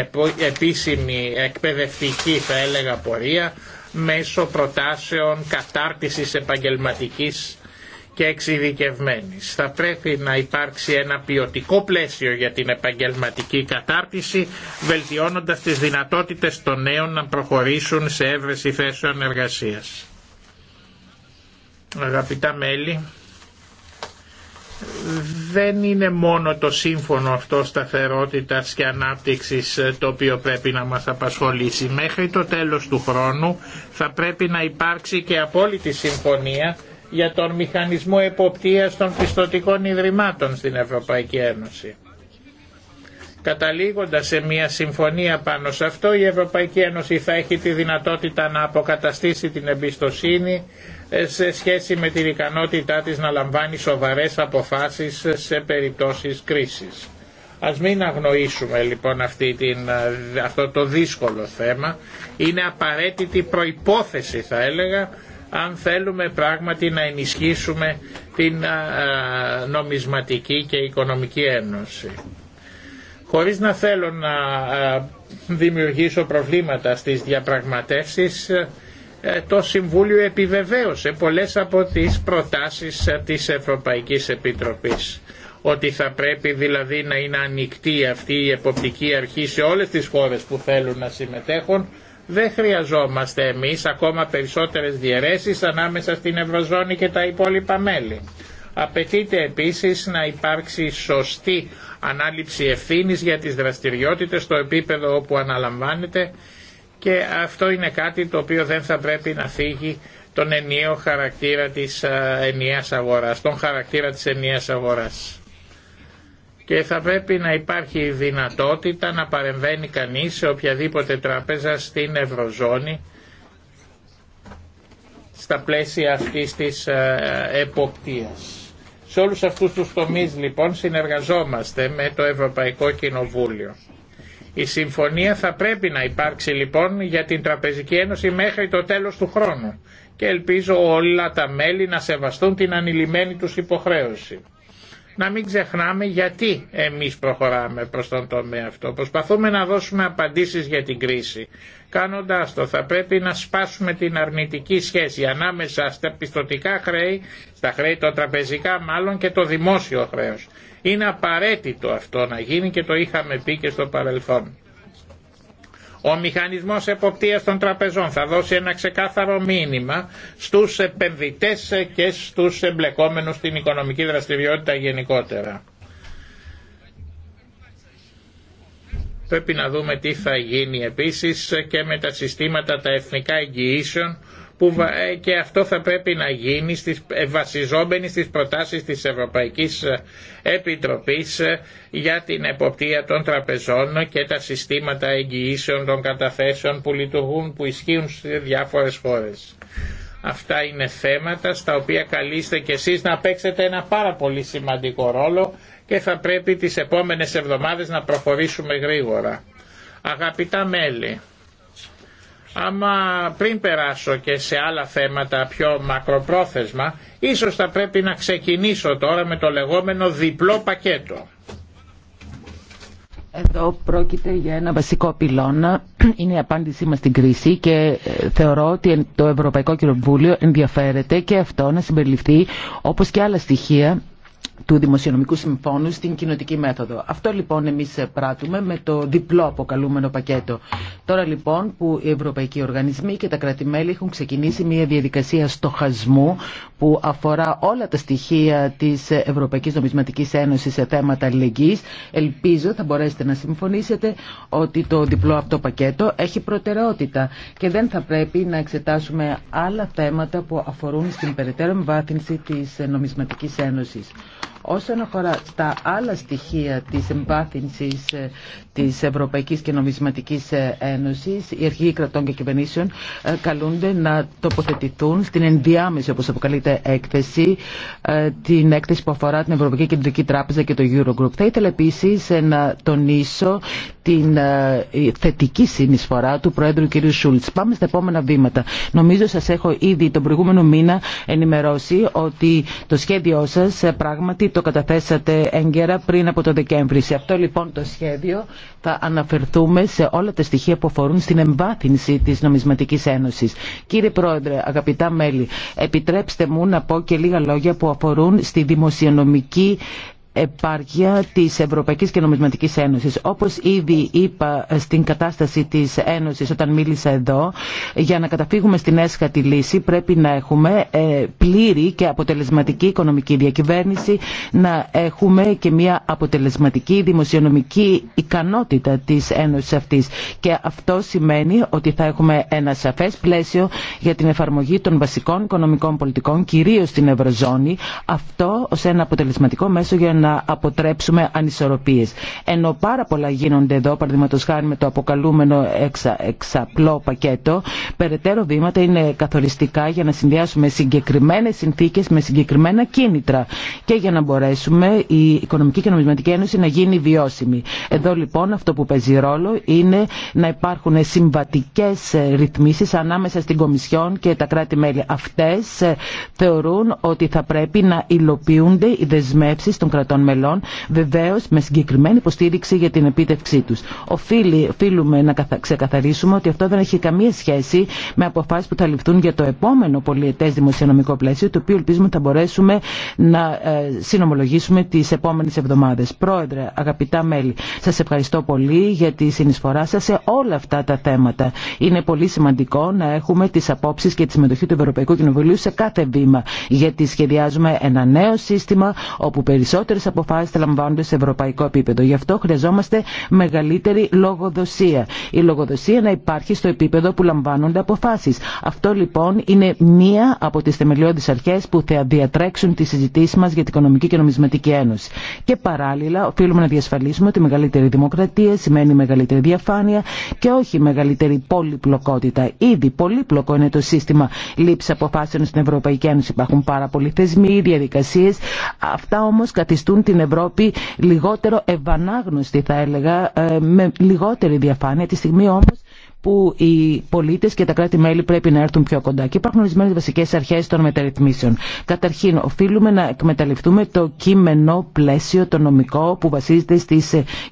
επίσημη εκπαιδευτική θα έλεγα πορεία μέσω προτάσεων κατάρτισης επαγγελματικής και εξειδικευμένη. Θα πρέπει να υπάρξει ένα ποιοτικό πλαίσιο για την επαγγελματική κατάρτιση, βελτιώνοντας τις δυνατότητες των νέων να προχωρήσουν σε έβρεση θέσεων εργασίας. Αγαπητά μέλη, δεν είναι μόνο το σύμφωνο αυτό σταθερότητας και ανάπτυξης το οποίο πρέπει να μας απασχολήσει. Μέχρι το τέλος του χρόνου θα πρέπει να υπάρξει και απόλυτη συμφωνία για τον μηχανισμό εποπτείας των πιστοτικών ιδρυμάτων στην Ευρωπαϊκή Ένωση. Καταλήγοντας σε μια συμφωνία πάνω σε αυτό, η Ευρωπαϊκή Ένωση θα έχει τη δυνατότητα να αποκαταστήσει την εμπιστοσύνη ε, σε σχέση με την ικανότητά της να λαμβάνει σοβαρές αποφάσεις σε περιπτώσεις κρίσης. Ας μην αγνοήσουμε λοιπόν αυτή την, ε, αυτό το δύσκολο θέμα. Είναι απαραίτητη προϋπόθεση θα έλεγα αν θέλουμε πράγματι να ενισχύσουμε την νομισματική και οικονομική ένωση. Χωρίς να θέλω να δημιουργήσω προβλήματα στις διαπραγματεύσεις, ε, το Συμβούλιο επιβεβαίωσε πολλές από τις προτάσεις ε, της Ευρωπαϊκής Επιτροπής ότι θα πρέπει δηλαδή να είναι ανοιχτή αυτή η εποπτική αρχή σε όλες τις χώρες που θέλουν να συμμετέχουν δεν χρειαζόμαστε εμείς ακόμα περισσότερες διαιρέσεις ανάμεσα στην Ευρωζώνη και τα υπόλοιπα μέλη. Απαιτείται επίσης να υπάρξει σωστή ανάληψη ευθύνης για τις δραστηριότητες στο επίπεδο όπου αναλαμβάνεται και αυτό είναι κάτι το οποίο δεν θα πρέπει να φύγει τον ενιαίο χαρακτήρα της ε, ενιαίας αγοράς, τον χαρακτήρα της ενιαίας αγοράς και θα πρέπει να υπάρχει η δυνατότητα να παρεμβαίνει κανείς σε οποιαδήποτε τράπεζα στην Ευρωζώνη στα πλαίσια αυτής της ε, εποπτείας. Σε όλους αυτούς τους τομείς λοιπόν συνεργαζόμαστε με το Ευρωπαϊκό Κοινοβούλιο. Η συμφωνία θα πρέπει να υπάρξει λοιπόν για την Τραπεζική Ένωση μέχρι το τέλος του χρόνου και ελπίζω όλα τα μέλη να σεβαστούν την ανηλυμένη τους υποχρέωση να μην ξεχνάμε γιατί εμείς προχωράμε προς τον τομέα αυτό. Προσπαθούμε να δώσουμε απαντήσεις για την κρίση. Κάνοντας το θα πρέπει να σπάσουμε την αρνητική σχέση ανάμεσα στα πιστοτικά χρέη, στα χρέη το τραπεζικά μάλλον και το δημόσιο χρέος. Είναι απαραίτητο αυτό να γίνει και το είχαμε πει και στο παρελθόν. Ο μηχανισμός εποπτείας των τραπεζών θα δώσει ένα ξεκάθαρο μήνυμα στους επενδυτές και στους εμπλεκόμενους στην οικονομική δραστηριότητα γενικότερα. Πρέπει να δούμε τι θα γίνει επίσης και με τα συστήματα τα εθνικά εγγυήσεων ε, και αυτό θα πρέπει να γίνει στις, ε, βασιζόμενοι στις προτάσεις της Ευρωπαϊκής ε, Επιτροπής για την εποπτεία των τραπεζών και τα συστήματα εγγυήσεων των καταθέσεων που λειτουργούν, που ισχύουν σε διάφορες χώρες. Αυτά είναι θέματα στα οποία καλείστε και εσείς να παίξετε ένα πάρα πολύ σημαντικό ρόλο και θα πρέπει τις επόμενες εβδομάδες να προχωρήσουμε γρήγορα. Αγαπητά μέλη, Άμα πριν περάσω και σε άλλα θέματα πιο μακροπρόθεσμα, ίσως θα πρέπει να ξεκινήσω τώρα με το λεγόμενο διπλό πακέτο. Εδώ πρόκειται για ένα βασικό πυλώνα. Είναι η απάντησή μας στην κρίση και ε, θεωρώ ότι το Ευρωπαϊκό Κοινοβούλιο ενδιαφέρεται και αυτό να συμπεριληφθεί όπως και άλλα στοιχεία του Δημοσιονομικού Συμφώνου στην κοινοτική μέθοδο. Αυτό λοιπόν εμείς πράττουμε με το διπλό αποκαλούμενο πακέτο. Τώρα λοιπόν που οι ευρωπαϊκοί οργανισμοί και τα κρατημέλη έχουν ξεκινήσει μια διαδικασία στοχασμού που αφορά όλα τα στοιχεία της Ευρωπαϊκής Νομισματικής Ένωσης σε θέματα αλληλεγγύης, ελπίζω θα μπορέσετε να συμφωνήσετε ότι το διπλό αυτό πακέτο έχει προτεραιότητα και δεν θα πρέπει να εξετάσουμε άλλα θέματα που αφορούν στην περαιτέρω βάθυνση της Νομισματικής Ένωσης. Όσον αφορά τα άλλα στοιχεία της εμπάθυνσης ε, της Ευρωπαϊκής και Νομισματικής ε, Ένωσης, οι αρχηγοί κρατών και κυβερνήσεων ε, καλούνται να τοποθετηθούν στην ενδιάμεση, όπως αποκαλείται, έκθεση, την έκθεση που αφορά την Ευρωπαϊκή Κεντρική Τράπεζα και το Eurogroup. Θα ήθελα επίσης να τονίσω την ε, θετική συνεισφορά του Πρόεδρου κ. Σούλτ. Πάμε στα επόμενα βήματα. Νομίζω σα έχω ήδη τον προηγούμενο μήνα ενημερώσει ότι το σχέδιό σα ε, πράγματι το καταθέσατε έγκαιρα πριν από το Δεκέμβρη. Σε αυτό λοιπόν το σχέδιο θα αναφερθούμε σε όλα τα στοιχεία που αφορούν στην εμβάθυνση τη Νομισματική Ένωση. Κύριε Πρόεδρε, αγαπητά μέλη, επιτρέψτε μου να πω και λίγα λόγια που αφορούν στη δημοσιονομική επάρκεια της Ευρωπαϊκής και Νομισματικής Ένωσης. Όπως ήδη είπα στην κατάσταση της Ένωσης όταν μίλησα εδώ, για να καταφύγουμε στην έσχατη λύση πρέπει να έχουμε ε, πλήρη και αποτελεσματική οικονομική διακυβέρνηση, να έχουμε και μια αποτελεσματική δημοσιονομική ικανότητα της Ένωσης αυτής. Και αυτό σημαίνει ότι θα έχουμε ένα σαφές πλαίσιο για την εφαρμογή των βασικών οικονομικών πολιτικών, κυρίως στην Ευρωζώνη, αυτό ως ένα αποτελεσματικό μέσο για να αποτρέψουμε ανισορροπίες. Ενώ πάρα πολλά γίνονται εδώ, παραδείγματο χάρη με το αποκαλούμενο εξα, εξαπλό πακέτο, περαιτέρω βήματα είναι καθοριστικά για να συνδυάσουμε συγκεκριμένες συνθήκες με συγκεκριμένα κίνητρα και για να μπορέσουμε η Οικονομική και Νομισματική Ένωση να γίνει βιώσιμη. Εδώ λοιπόν αυτό που παίζει ρόλο είναι να υπάρχουν συμβατικές ρυθμίσεις ανάμεσα στην Κομισιόν και τα κράτη-μέλη. Αυτές θεωρούν ότι θα πρέπει να υλοποιούνται οι δεσμεύσεις των κρατών των μελών, βεβαίω με συγκεκριμένη υποστήριξη για την επίτευξή του. Οφείλουμε να ξεκαθαρίσουμε ότι αυτό δεν έχει καμία σχέση με αποφάσει που θα ληφθούν για το επόμενο πολιετέ δημοσιονομικό πλαίσιο, το οποίο ελπίζουμε θα μπορέσουμε να ε, συνομολογήσουμε τι επόμενε εβδομάδε. Πρόεδρε, αγαπητά μέλη, σα ευχαριστώ πολύ για τη συνεισφορά σα σε όλα αυτά τα θέματα. Είναι πολύ σημαντικό να έχουμε τι απόψει και τη συμμετοχή του Ευρωπαϊκού Κοινοβουλίου σε κάθε βήμα, γιατί σχεδιάζουμε ένα νέο σύστημα όπου περισσότερε αποφάσει αποφάσεις θα λαμβάνονται σε ευρωπαϊκό επίπεδο. Γι' αυτό χρειαζόμαστε μεγαλύτερη λογοδοσία. Η λογοδοσία να υπάρχει στο επίπεδο που λαμβάνονται αποφάσεις. Αυτό λοιπόν είναι μία από τις θεμελιώδεις αρχές που θα διατρέξουν τις συζητήσεις μας για την Οικονομική και Νομισματική Ένωση. Και παράλληλα οφείλουμε να διασφαλίσουμε ότι μεγαλύτερη δημοκρατία σημαίνει μεγαλύτερη διαφάνεια και όχι μεγαλύτερη πολυπλοκότητα. Ήδη πολύπλοκο είναι το σύστημα λήψη αποφάσεων στην Ευρωπαϊκή Ένωση. Υπάρχουν πάρα πολλοί θεσμοί, διαδικασίε. Αυτά όμω καθιστούν την Ευρώπη λιγότερο ευανάγνωστη θα έλεγα, ε, με λιγότερη διαφάνεια. Τη στιγμή όμως που οι πολίτε και τα κράτη-μέλη πρέπει να έρθουν πιο κοντά. Και υπάρχουν ορισμένε βασικέ αρχέ των μεταρρυθμίσεων. Καταρχήν, οφείλουμε να εκμεταλλευτούμε το κείμενο πλαίσιο, το νομικό, που βασίζεται στι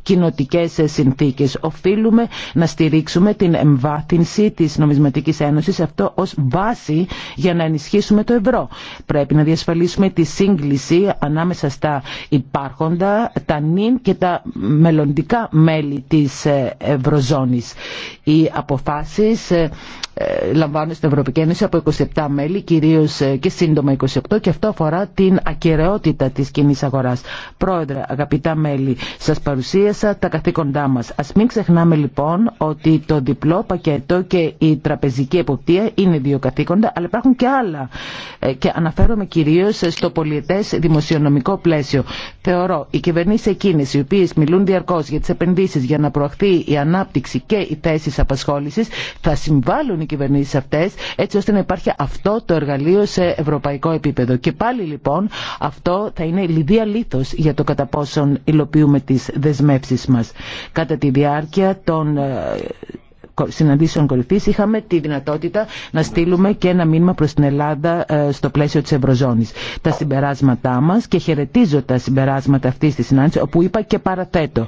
κοινοτικέ συνθήκε. Οφείλουμε να στηρίξουμε την εμβάθυνση τη νομισματική ένωση, αυτό ω βάση για να ενισχύσουμε το ευρώ. Πρέπει να διασφαλίσουμε τη σύγκληση ανάμεσα στα υπάρχοντα, τα νυν και τα μελλοντικά μέλη τη ε, ευρωζώνη. Η αποφάσεις ε, ε, λαμβάνουν στην Ευρωπαϊκή Ένωση από 27 μέλη, κυρίως ε, και σύντομα 28 και αυτό αφορά την ακαιρεότητα της κοινή αγοράς. Πρόεδρε, αγαπητά μέλη, σας παρουσίασα τα καθήκοντά μας. Ας μην ξεχνάμε λοιπόν ότι το διπλό πακέτο και η τραπεζική εποπτεία είναι δύο καθήκοντα, αλλά υπάρχουν και άλλα. Και αναφέρομαι κυρίως στο πολιετές δημοσιονομικό πλαίσιο. Θεωρώ οι κυβερνήσεις εκείνες οι οποίες μιλούν διαρκώς για τις επενδύσεις για να προαχθεί η ανάπτυξη και οι θέσεις απασχόλησης θα συμβάλλουν οι κυβερνήσεις αυτές έτσι ώστε να υπάρχει αυτό το εργαλείο σε ευρωπαϊκό επίπεδο. Και πάλι λοιπόν αυτό θα είναι λιδία λίθος για το κατά πόσον υλοποιούμε τις δεσμεύσεις μας. Κατά τη διάρκεια των ε, συναντήσεων κορυφή, είχαμε τη δυνατότητα να στείλουμε και ένα μήνυμα προ την Ελλάδα ε, στο πλαίσιο τη Ευρωζώνη. Τα συμπεράσματά μα και χαιρετίζω τα συμπεράσματα αυτή τη συνάντηση, όπου είπα και παραθέτω.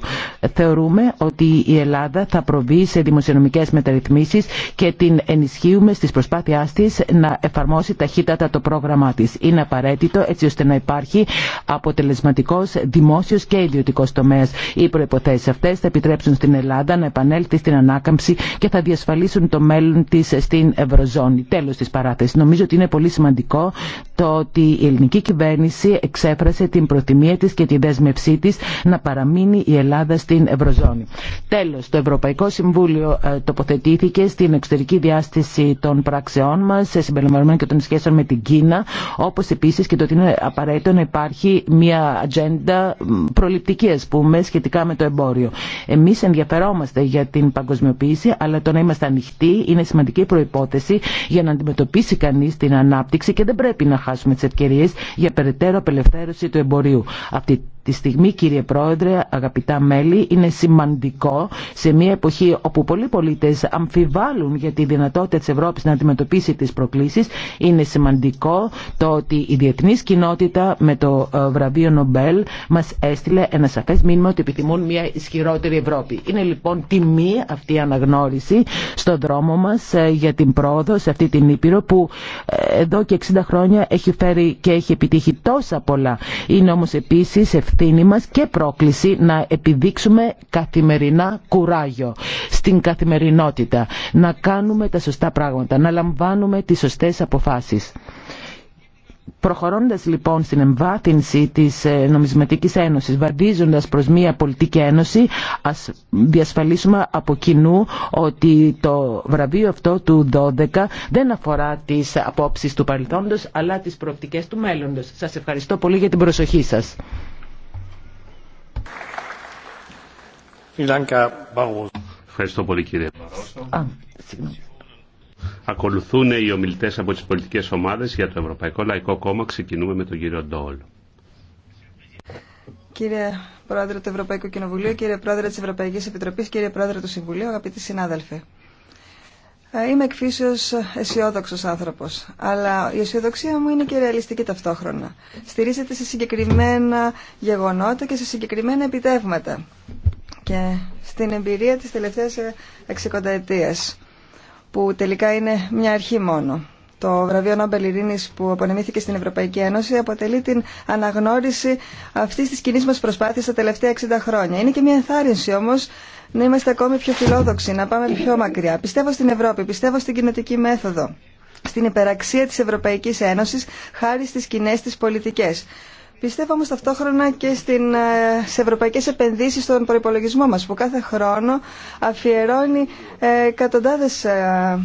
Θεωρούμε ότι η Ελλάδα θα προβεί σε δημοσιονομικέ μεταρρυθμίσει και την ενισχύουμε στι προσπάθειά τη να εφαρμόσει ταχύτατα το πρόγραμμά τη. Είναι απαραίτητο έτσι ώστε να υπάρχει αποτελεσματικό δημόσιο και ιδιωτικό τομέα Οι προποθέσει αυτέ θα επιτρέψουν στην Ελλάδα να επανέλθει στην ανάκαμψη και θα διασφαλίσουν το μέλλον τη στην Ευρωζώνη. Τέλο τη παράθεση. Νομίζω ότι είναι πολύ σημαντικό το ότι η ελληνική κυβέρνηση εξέφρασε την προτιμία τη και τη δέσμευσή τη να παραμείνει η Ελλάδα στην Ευρωζώνη. Τέλο, το Ευρωπαϊκό Συμβούλιο ε, τοποθετήθηκε στην εξωτερική διάστηση των πράξεών σε συμπεριλαμβανομένων και των σχέσεων με την Κίνα, όπω επίση και το ότι είναι απαραίτητο να υπάρχει μια ατζέντα προληπτική, α πούμε, σχετικά με το εμπόριο. Εμεί ενδιαφερόμαστε για την παγκοσμιοποίηση, αλλά το να είμαστε ανοιχτοί είναι σημαντική προπόθεση για να αντιμετωπίσει κανεί την ανάπτυξη και δεν πρέπει να χάσουμε τι ευκαιρίε για περαιτέρω απελευθέρωση του εμπορίου. Αυτή τη στιγμή κύριε Πρόεδρε, αγαπητά μέλη, είναι σημαντικό σε μια εποχή όπου πολλοί πολίτες αμφιβάλλουν για τη δυνατότητα της Ευρώπης να αντιμετωπίσει τις προκλήσεις, είναι σημαντικό το ότι η διεθνής κοινότητα με το ε, βραβείο Νομπέλ μας έστειλε ένα σαφέ μήνυμα ότι επιθυμούν μια ισχυρότερη Ευρώπη. Είναι λοιπόν τιμή αυτή η αναγνώριση στον δρόμο μας ε, για την πρόοδο σε αυτή την Ήπειρο που ε, εδώ και 60 χρόνια έχει φέρει και έχει επιτύχει τόσα πολλά. Είναι όμως επίσης ευθύνη ευθύνη μας και πρόκληση να επιδείξουμε καθημερινά κουράγιο στην καθημερινότητα, να κάνουμε τα σωστά πράγματα, να λαμβάνουμε τις σωστές αποφάσεις. Προχωρώντας λοιπόν στην εμβάθυνση της ε, νομισματικής ένωσης, βαδίζοντας προς μια πολιτική ένωση, ας διασφαλίσουμε από κοινού ότι το βραβείο αυτό του 12 δεν αφορά τις απόψεις του παρελθόντος, αλλά τις προοπτικές του μέλλοντος. Σας ευχαριστώ πολύ για την προσοχή σας. Ευχαριστώ πολύ κύριε Παρόσο. Ακολουθούν οι ομιλητές από τις πολιτικές ομάδες για το Ευρωπαϊκό Λαϊκό Κόμμα. Ξεκινούμε με τον κύριο Ντόλ. Κύριε Πρόεδρε του Ευρωπαϊκού Κοινοβουλίου, κύριε Πρόεδρε της Ευρωπαϊκής Επιτροπής, κύριε Πρόεδρε του Συμβουλίου, αγαπητοί συνάδελφοι. Ε, είμαι εκφύσεω αισιόδοξο άνθρωπο, αλλά η αισιοδοξία μου είναι και ρεαλιστική ταυτόχρονα. Στηρίζεται σε συγκεκριμένα γεγονότα και σε συγκεκριμένα επιτεύγματα και στην εμπειρία της τελευταίας εξεκονταετίας που τελικά είναι μια αρχή μόνο. Το βραβείο Νόμπελ Ειρήνης που απονεμήθηκε στην Ευρωπαϊκή Ένωση αποτελεί την αναγνώριση αυτής της κοινή μας προσπάθειας τα τελευταία 60 χρόνια. Είναι και μια ενθάρρυνση όμως να είμαστε ακόμη πιο φιλόδοξοι, να πάμε πιο μακριά. Πιστεύω στην Ευρώπη, πιστεύω στην κοινοτική μέθοδο στην υπεραξία της Ευρωπαϊκής Ένωσης χάρη στις κοινέ της πολιτικέ. Πιστεύω όμως ταυτόχρονα και στην, ε, σε ευρωπαϊκές επενδύσεις στον προϋπολογισμό μας που κάθε χρόνο αφιερώνει ε, εκατοντάδες ε,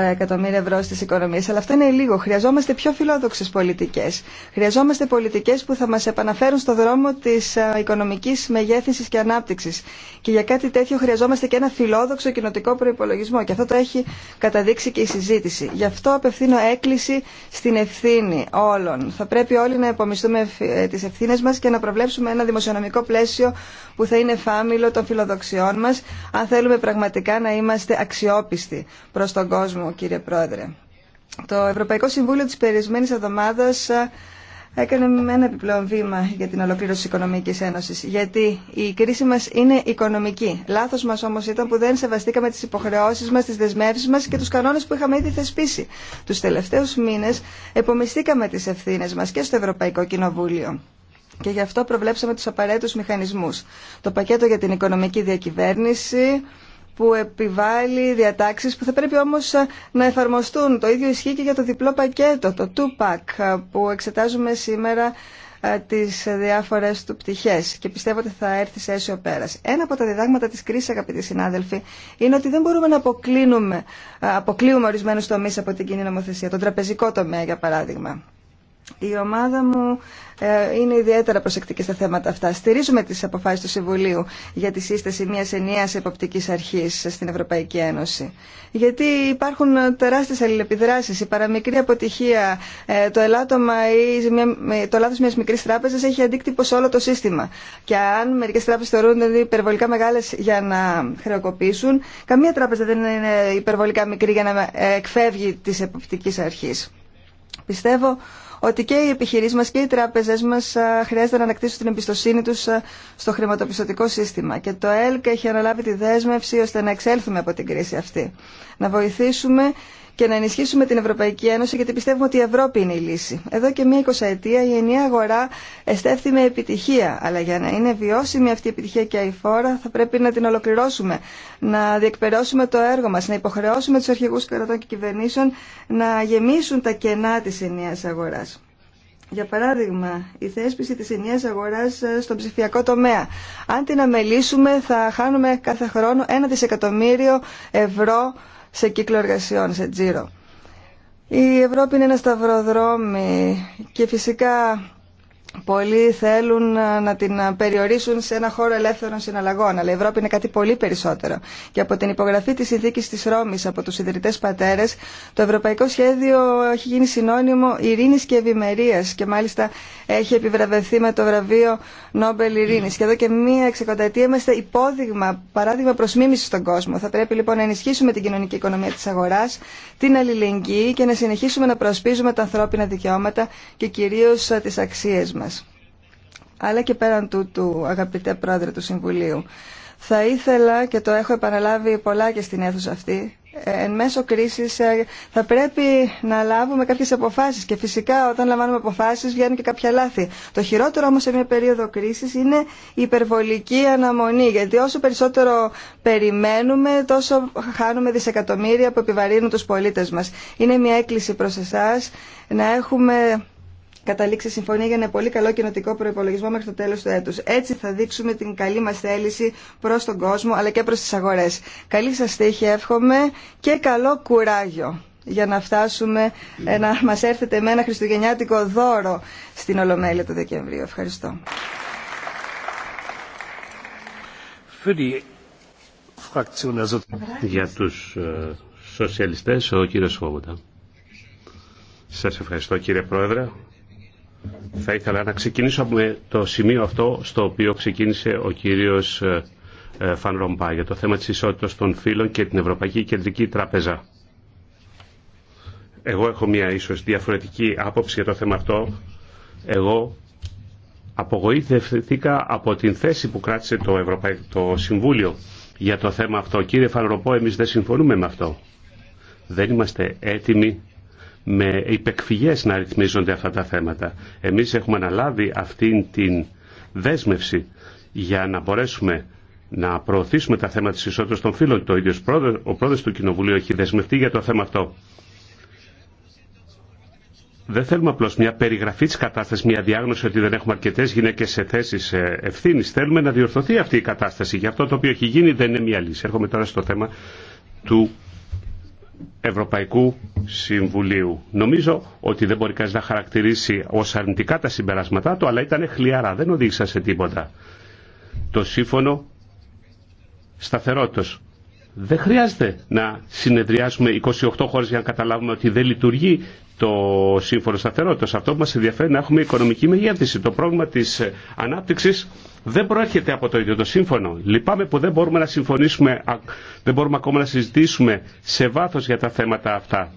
εκατομμύρια ευρώ στις οικονομίες, αλλά αυτό είναι λίγο. Χρειαζόμαστε πιο φιλόδοξες πολιτικές. Χρειαζόμαστε πολιτικές που θα μας επαναφέρουν στο δρόμο της ε, οικονομικής μεγέθυνσης και ανάπτυξης. Και για κάτι τέτοιο χρειαζόμαστε και ένα φιλόδοξο κοινοτικό προϋπολογισμό. Και αυτό το έχει καταδείξει και η συζήτηση. Γι' αυτό απευθύνω έκκληση στην ευθύνη όλων. Θα πρέπει όλοι να επομιστούμε ε, τις ευθύνες μας και να προβλέψουμε ένα δημοσιονομικό πλαίσιο που θα είναι φάμιλο των φιλοδοξιών μας αν θέλουμε πραγματικά να είμαστε αξιόπιστοι προς τον κόσμο, κύριε Πρόεδρε. Το Ευρωπαϊκό Συμβούλιο της περίεσμένης εβδομάδα ε, έκανε ένα επιπλέον βήμα για την ολοκλήρωση της Οικονομικής Ένωσης. Γιατί η κρίση μας είναι οικονομική. Λάθος μας όμως ήταν που δεν σεβαστήκαμε τις υποχρεώσεις μας, τις δεσμεύσεις μας και τους κανόνες που είχαμε ήδη θεσπίσει. Τους τελευταίους μήνες επομιστήκαμε τις ευθύνες μας και στο Ευρωπαϊκό Κοινοβούλιο. Και γι' αυτό προβλέψαμε τους απαραίτητους μηχανισμούς. Το πακέτο για την οικονομική διακυβέρνηση που επιβάλλει διατάξεις που θα πρέπει όμως να εφαρμοστούν. Το ίδιο ισχύει και για το διπλό πακέτο, το 2-pack που εξετάζουμε σήμερα ε, τις διάφορες του πτυχές και πιστεύω ότι θα έρθει σε αίσιο πέρας. Ένα από τα διδάγματα της κρίσης, αγαπητοί συνάδελφοι, είναι ότι δεν μπορούμε να ε, αποκλείουμε ορισμένους τομείς από την κοινή νομοθεσία, τον τραπεζικό τομέα για παράδειγμα. Η ομάδα μου ε, είναι ιδιαίτερα προσεκτική στα θέματα αυτά. Στηρίζουμε τις αποφάσεις του Συμβουλίου για τη σύσταση μιας ενιαίας εποπτικής αρχής στην Ευρωπαϊκή Ένωση. Γιατί υπάρχουν τεράστιες αλληλεπιδράσεις. Η παραμικρή αποτυχία, ε, το ελάττωμα ή το λάθος μιας μικρής τράπεζας έχει αντίκτυπο σε όλο το σύστημα. Και αν μερικές τράπεζες θεωρούνται υπερβολικά μεγάλες για να χρεοκοπήσουν, καμία τράπεζα δεν είναι υπερβολικά μικρή για να ε, εκφεύγει τη εποπτική αρχής. Πιστεύω ότι και οι επιχειρήσεις μας και οι τράπεζες μας χρειάζεται να ανακτήσουν την εμπιστοσύνη τους στο χρηματοπιστωτικό σύστημα. Και το ΕΛΚ έχει αναλάβει τη δέσμευση ώστε να εξέλθουμε από την κρίση αυτή. Να βοηθήσουμε και να ενισχύσουμε την Ευρωπαϊκή Ένωση γιατί πιστεύουμε ότι η Ευρώπη είναι η λύση. Εδώ και μία εικοσαετία η ενιαία αγορά εστέφθη με επιτυχία. Αλλά για να είναι βιώσιμη αυτή η επιτυχία και η φόρα θα πρέπει να την ολοκληρώσουμε, να διεκπαιρεώσουμε το έργο μα, να υποχρεώσουμε του αρχηγού κρατών και κυβερνήσεων να γεμίσουν τα κενά τη ενιαία αγορα Για παράδειγμα, η θέσπιση της ενιαίας αγοράς ε, στον ψηφιακό τομέα. Αν την αμελήσουμε θα χάνουμε κάθε χρόνο ένα δισεκατομμύριο ευρώ σε κύκλο εργασιών, σε τζίρο. Η Ευρώπη είναι ένα σταυροδρόμι και φυσικά πολλοί θέλουν ε, να την ε, περιορίσουν σε ένα χώρο ελεύθερων συναλλαγών, αλλά η Ευρώπη είναι κάτι πολύ περισσότερο. Και από την υπογραφή της συνθήκης της Ρώμης από τους ιδρυτές πατέρες, το ευρωπαϊκό σχέδιο έχει γίνει συνώνυμο ειρήνης και ευημερία και μάλιστα έχει επιβραβευθεί με το βραβείο Νόμπελ Ειρήνης. Και εδώ και μία εξεκονταετία είμαστε υπόδειγμα, παράδειγμα προς στον κόσμο. Θα πρέπει λοιπόν να ενισχύσουμε την κοινωνική οικονομία της αγοράς, την αλληλεγγύη και να συνεχίσουμε να προσπίζουμε τα ανθρώπινα δικαιώματα και κυρίως ε, τις αξίες αλλά και πέραν τούτου, αγαπητέ πρόεδρε του Συμβουλίου, θα ήθελα και το έχω επαναλάβει πολλά και στην αίθουσα αυτή, εν μέσω κρίσης ε, θα πρέπει να λάβουμε κάποιες αποφάσεις και φυσικά όταν λαμβάνουμε αποφάσεις βγαίνουν και κάποια λάθη. Το χειρότερο όμως σε μια περίοδο κρίσης είναι η υπερβολική αναμονή γιατί όσο περισσότερο περιμένουμε τόσο χάνουμε δισεκατομμύρια που επιβαρύνουν τους πολίτες μας. Είναι μια έκκληση προς εσάς να έχουμε καταλήξει συμφωνία για ένα πολύ καλό κοινοτικό προπολογισμό μέχρι το τέλο του έτου. Έτσι θα δείξουμε την καλή μα θέληση προ τον κόσμο αλλά και προ τι αγορέ. Καλή σα τύχη, εύχομαι και καλό κουράγιο για να φτάσουμε ε, να μας έρθετε με ένα χριστουγεννιάτικο δώρο στην Ολομέλεια του Δεκεμβρίου. Ευχαριστώ. Για τους ε, σοσιαλιστές, ο κύριος Σας ευχαριστώ κύριε Πρόεδρε. Θα ήθελα να ξεκινήσω με το σημείο αυτό στο οποίο ξεκίνησε ο κύριος ε, ε, Φαν για το θέμα της ισότητας των φύλων και την Ευρωπαϊκή Κεντρική Τράπεζα. Εγώ έχω μια ίσως διαφορετική άποψη για το θέμα αυτό. Εγώ απογοήτευθηκα από την θέση που κράτησε το, το Συμβούλιο για το θέμα αυτό. Κύριε Φαν Ρομπό, εμείς δεν συμφωνούμε με αυτό. Δεν είμαστε έτοιμοι με υπεκφυγές να ρυθμίζονται αυτά τα θέματα. Εμείς έχουμε αναλάβει αυτήν την δέσμευση για να μπορέσουμε να προωθήσουμε τα θέματα της ισότητας των φύλων. Το ίδιο ο πρόεδρος του Κοινοβουλίου έχει δεσμευτεί για το θέμα αυτό. Δεν θέλουμε απλώ μια περιγραφή τη κατάσταση, μια διάγνωση ότι δεν έχουμε αρκετέ γυναίκε σε θέσει ε, ευθύνη. Θέλουμε να διορθωθεί αυτή η κατάσταση. Γι' αυτό το οποίο έχει γίνει δεν είναι μια λύση. Έρχομαι τώρα στο θέμα του Ευρωπαϊκού Συμβουλίου. Νομίζω ότι δεν μπορεί κανεί να χαρακτηρίσει ω αρνητικά τα συμπεράσματά του, αλλά ήταν χλιαρά, δεν οδήγησαν σε τίποτα. Το σύμφωνο σταθερότητα. Δεν χρειάζεται να συνεδριάσουμε 28 χώρε για να καταλάβουμε ότι δεν λειτουργεί το σύμφωνο σταθερότητα. Αυτό που μα ενδιαφέρει να έχουμε οικονομική μεγέθυνση. Το πρόβλημα τη ανάπτυξη δεν προέρχεται από το ίδιο το σύμφωνο. Λυπάμαι που δεν μπορούμε να συμφωνήσουμε, δεν μπορούμε ακόμα να συζητήσουμε σε βάθος για τα θέματα αυτά.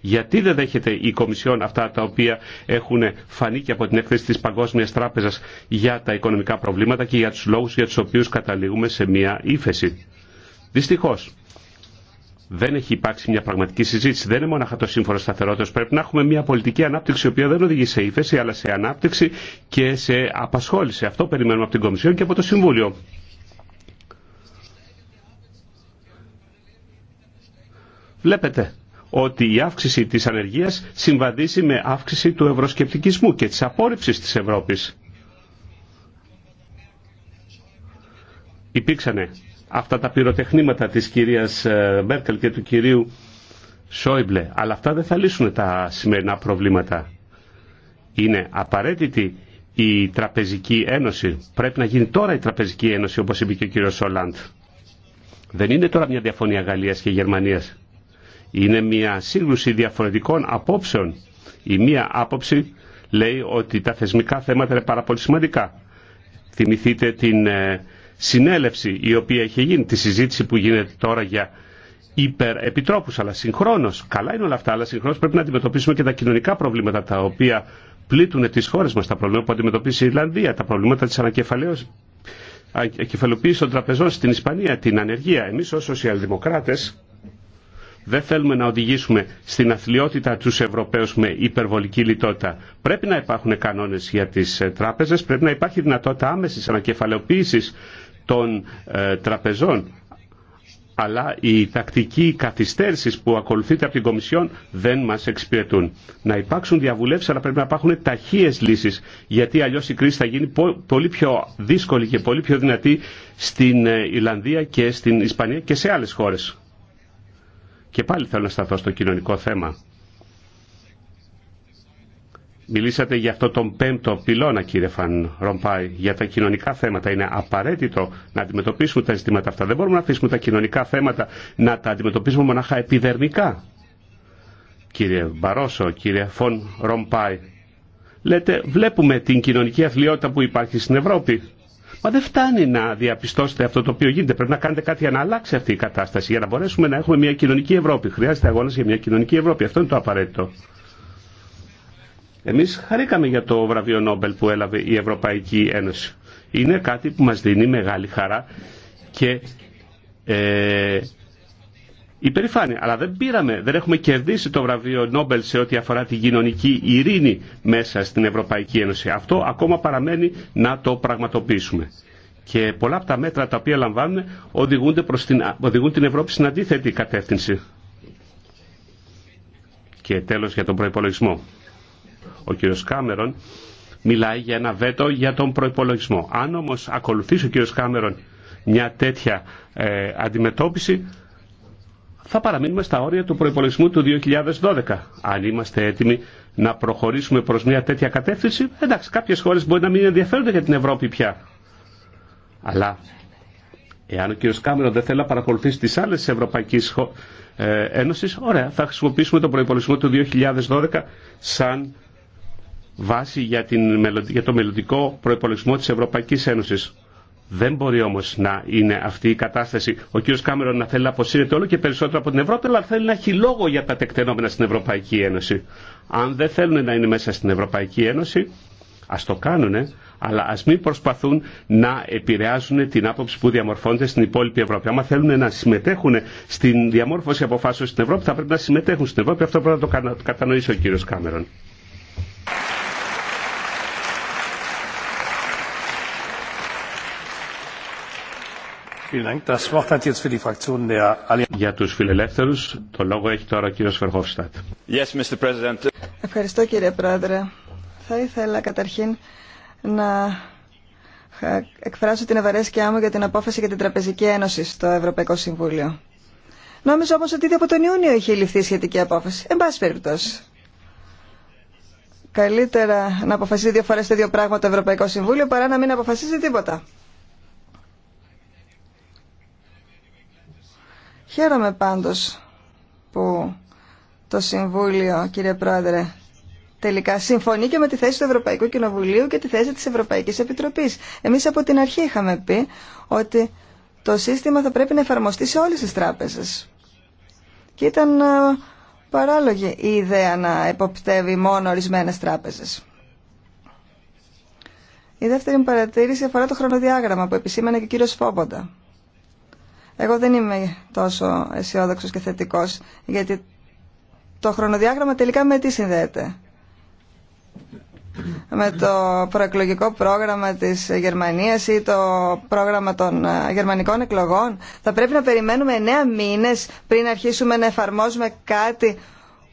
Γιατί δεν δέχεται η Κομισιόν αυτά τα οποία έχουν φανεί και από την έκθεση της Παγκόσμιας Τράπεζας για τα οικονομικά προβλήματα και για τους λόγους για τους οποίους καταλήγουμε σε μια ύφεση. Δυστυχώς, δεν έχει υπάρξει μια πραγματική συζήτηση. Δεν είναι μόνο το σύμφωνο σταθερότητα. Πρέπει να έχουμε μια πολιτική ανάπτυξη, η οποία δεν οδηγεί σε ύφεση, αλλά σε ανάπτυξη και σε απασχόληση. Αυτό περιμένουμε από την Κομισιόν και από το Συμβούλιο. Βλέπετε ότι η αύξηση της ανεργίας συμβαδίζει με αύξηση του ευρωσκεπτικισμού και της απόρριψης της Ευρώπης. Υπήρξανε αυτά τα πυροτεχνήματα της κυρίας ε, Μέρκελ και του κυρίου Σόιμπλε. Αλλά αυτά δεν θα λύσουν τα σημερινά προβλήματα. Είναι απαραίτητη η Τραπεζική Ένωση. Πρέπει να γίνει τώρα η Τραπεζική Ένωση, όπως είπε και ο κύριος Σολάντ. Δεν είναι τώρα μια διαφωνία Γαλλίας και Γερμανίας. Είναι μια σύγκρουση διαφορετικών απόψεων. Η μία άποψη λέει ότι τα θεσμικά θέματα είναι πάρα πολύ σημαντικά. Θυμηθείτε την ε, συνέλευση η οποία είχε γίνει, τη συζήτηση που γίνεται τώρα για υπερεπιτρόπους, αλλά συγχρόνως, καλά είναι όλα αυτά, αλλά συγχρόνως πρέπει να αντιμετωπίσουμε και τα κοινωνικά προβλήματα τα οποία πλήττουν τις χώρες μας, τα προβλήματα που αντιμετωπίζει η Ιρλανδία, τα προβλήματα της ανακεφαλαιοποίησης των τραπεζών στην Ισπανία, την ανεργία. Εμείς ως σοσιαλδημοκράτες δεν θέλουμε να οδηγήσουμε στην αθλειότητα τους Ευρωπαίους με υπερβολική λιτότητα. Πρέπει να υπάρχουν κανόνες για τις ε, τράπεζες, πρέπει να υπάρχει δυνατότητα άμεσης ανακεφαλαιοποίησης των ε, τραπεζών αλλά οι τακτικοί καθυστέρηση που ακολουθείται από την Κομισιόν δεν μα εξυπηρετούν. Να υπάρξουν διαβουλεύσει, αλλά πρέπει να υπάρχουν ταχείε λύσει, γιατί αλλιώ η κρίση θα γίνει πολύ πιο δύσκολη και πολύ πιο δυνατή στην ε, Ιρλανδία και στην Ισπανία και σε άλλε χώρε. Και πάλι θέλω να σταθώ στο κοινωνικό θέμα. Μιλήσατε για αυτό τον πέμπτο πυλώνα, κύριε Φαν Ρομπάι, για τα κοινωνικά θέματα. Είναι απαραίτητο να αντιμετωπίσουμε τα ζητήματα αυτά. Δεν μπορούμε να αφήσουμε τα κοινωνικά θέματα να τα αντιμετωπίσουμε μονάχα επιδερμικά. Κύριε Μπαρόσο, κύριε Φον Ρομπάι, λέτε βλέπουμε την κοινωνική αθλειότητα που υπάρχει στην Ευρώπη. Μα δεν φτάνει να διαπιστώσετε αυτό το οποίο γίνεται. Πρέπει να κάνετε κάτι για να αλλάξει αυτή η κατάσταση, για να μπορέσουμε να έχουμε μια κοινωνική Ευρώπη. Χρειάζεται αγώνα για μια κοινωνική Ευρώπη. Αυτό είναι το απαραίτητο. Εμείς χαρήκαμε για το βραβείο Νόμπελ που έλαβε η Ευρωπαϊκή Ένωση. Είναι κάτι που μας δίνει μεγάλη χαρά και ε, υπερηφάνεια. Αλλά δεν πήραμε, δεν έχουμε κερδίσει το βραβείο Νόμπελ σε ό,τι αφορά την κοινωνική ειρήνη μέσα στην Ευρωπαϊκή Ένωση. Αυτό ακόμα παραμένει να το πραγματοποιήσουμε. Και πολλά από τα μέτρα τα οποία λαμβάνουμε την, οδηγούν την Ευρώπη στην αντίθετη κατεύθυνση. Και τέλος για τον προϋπολογισμό. Ο κύριος Κάμερον μιλάει για ένα βέτο για τον προϋπολογισμό. Αν όμως ακολουθήσει ο κύριος Κάμερον μια τέτοια ε, αντιμετώπιση, θα παραμείνουμε στα όρια του προϋπολογισμού του 2012. Αν είμαστε έτοιμοι να προχωρήσουμε προς μια τέτοια κατεύθυνση, εντάξει, κάποιες χώρες μπορεί να μην ενδιαφέρονται για την Ευρώπη πια. Αλλά εάν ο κ. Κάμερον δεν θέλει να παρακολουθήσει τις άλλες της Ευρωπαϊκής ε, Ένωσης, ωραία, θα χρησιμοποιήσουμε τον προπολογισμό του 2012 σαν βάση για, την, για το μελλοντικό προπολογισμό της Ευρωπαϊκής Ένωσης. Δεν μπορεί όμω να είναι αυτή η κατάσταση. Ο κ. Κάμερον να θέλει να αποσύρεται όλο και περισσότερο από την Ευρώπη, αλλά θέλει να έχει λόγο για τα τεκτενόμενα στην Ευρωπαϊκή Ένωση. Αν δεν θέλουν να είναι μέσα στην Ευρωπαϊκή Ένωση, α το κάνουν αλλά α μην προσπαθούν να επηρεάζουν την άποψη που διαμορφώνεται στην υπόλοιπη Ευρώπη. Αν θέλουν να συμμετέχουν στην διαμόρφωση αποφάσεων στην Ευρώπη, θα πρέπει να συμμετέχουν στην Ευρώπη. Αυτό πρέπει να το κατανοήσει ο κ. Κάμερον. Για τους φιλελεύθερους, το λόγο έχει τώρα ο κύριος Φερχόφστατ. Ευχαριστώ κύριε Πρόεδρε. Θα ήθελα καταρχήν να εκφράσω την ευαρέσκειά μου για την απόφαση για την Τραπεζική Ένωση στο Ευρωπαϊκό Συμβούλιο. Νόμιζα όμως ότι ήδη από τον Ιούνιο είχε ληφθεί η σχετική απόφαση. Εν πάση περιπτώσει. Καλύτερα να αποφασίζει δύο φορές το ίδιο πράγμα το Ευρωπαϊκό Συμβούλιο παρά να μην αποφασίζει τίποτα. Χαίρομαι πάντως που το Συμβούλιο, κύριε Πρόεδρε, τελικά συμφωνεί και με τη θέση του Ευρωπαϊκού Κοινοβουλίου και τη θέση της Ευρωπαϊκής Επιτροπής. Εμείς από την αρχή είχαμε πει ότι το σύστημα θα πρέπει να εφαρμοστεί σε όλες τις τράπεζες. Και ήταν ε, παράλογη η ιδέα να εποπτεύει μόνο ορισμένες τράπεζες. Η δεύτερη παρατήρηση αφορά το χρονοδιάγραμμα που επισήμανε και ο κύριος Φόμποντα. Εγώ δεν είμαι τόσο αισιόδοξο και θετικό, γιατί το χρονοδιάγραμμα τελικά με τι συνδέεται. Με το προεκλογικό πρόγραμμα της Γερμανίας ή το πρόγραμμα των ε, γερμανικών εκλογών. Θα πρέπει να περιμένουμε εννέα μήνες πριν αρχίσουμε να εφαρμόζουμε κάτι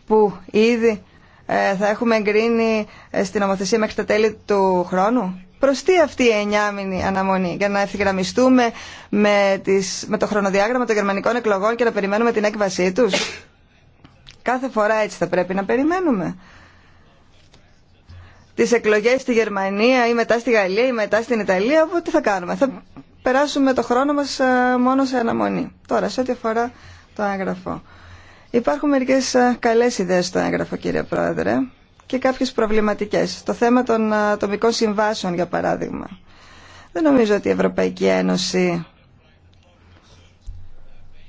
που ήδη ε, θα έχουμε εγκρίνει ε, στην νομοθεσία μέχρι τα τέλη του χρόνου. Προς τι αυτή η εννιάμινη αναμονή, για να ευθυγραμμιστούμε με, τις, με το χρονοδιάγραμμα των γερμανικών εκλογών και να περιμένουμε την έκβασή τους. Κάθε φορά έτσι θα πρέπει να περιμένουμε. Τις εκλογές στη Γερμανία ή μετά στη Γαλλία ή μετά στην Ιταλία, οπότε τι θα κάνουμε. Θα περάσουμε το χρόνο μας ε, μόνο σε αναμονή. Τώρα, σε ό,τι αφορά το έγγραφο. Υπάρχουν μερικές ε, καλές ιδέες στο έγγραφο, κύριε Πρόεδρε και κάποιες προβληματικές. Το θέμα των ατομικών συμβάσεων, για παράδειγμα. Δεν νομίζω ότι η Ευρωπαϊκή Ένωση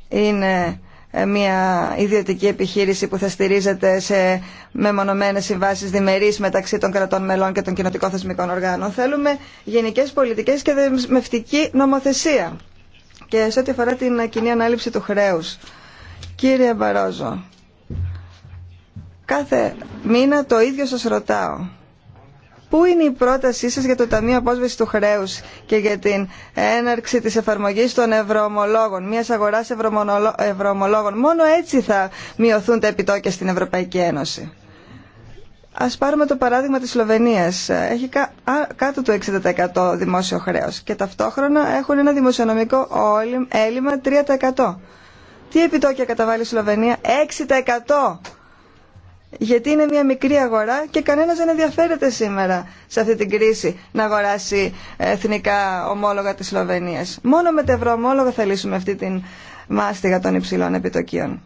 είναι ε, μια ιδιωτική επιχείρηση που θα στηρίζεται σε μεμονωμένες συμβάσει διμερείς μεταξύ των κρατών μελών και των κοινοτικών θεσμικών οργάνων. Θέλουμε γενικές πολιτικές και δεσμευτική νομοθεσία. Και σε ό,τι αφορά την κοινή ανάληψη του χρέους. Κύριε Μπαρόζο, Κάθε μήνα το ίδιο σας ρωτάω. Πού είναι η πρότασή σας για το Ταμείο Απόσβεσης του Χρέους και για την έναρξη της εφαρμογής των ευρωομολόγων, μιας αγοράς ευρωομολόγων. Μόνο έτσι θα μειωθούν τα επιτόκια στην Ευρωπαϊκή Ένωση. Ας πάρουμε το παράδειγμα της Σλοβενίας. Έχει κάτω του 60% δημόσιο χρέος και ταυτόχρονα έχουν ένα δημοσιονομικό έλλειμμα 3%. Τι επιτόκια καταβάλει η Σλοβενία? 6%! γιατί είναι μια μικρή αγορά και κανένας δεν ενδιαφέρεται σήμερα σε αυτή την κρίση να αγοράσει εθνικά ομόλογα της Σλοβενίας. Μόνο με τα ευρωομόλογα θα λύσουμε αυτή την μάστιγα των υψηλών επιτοκίων.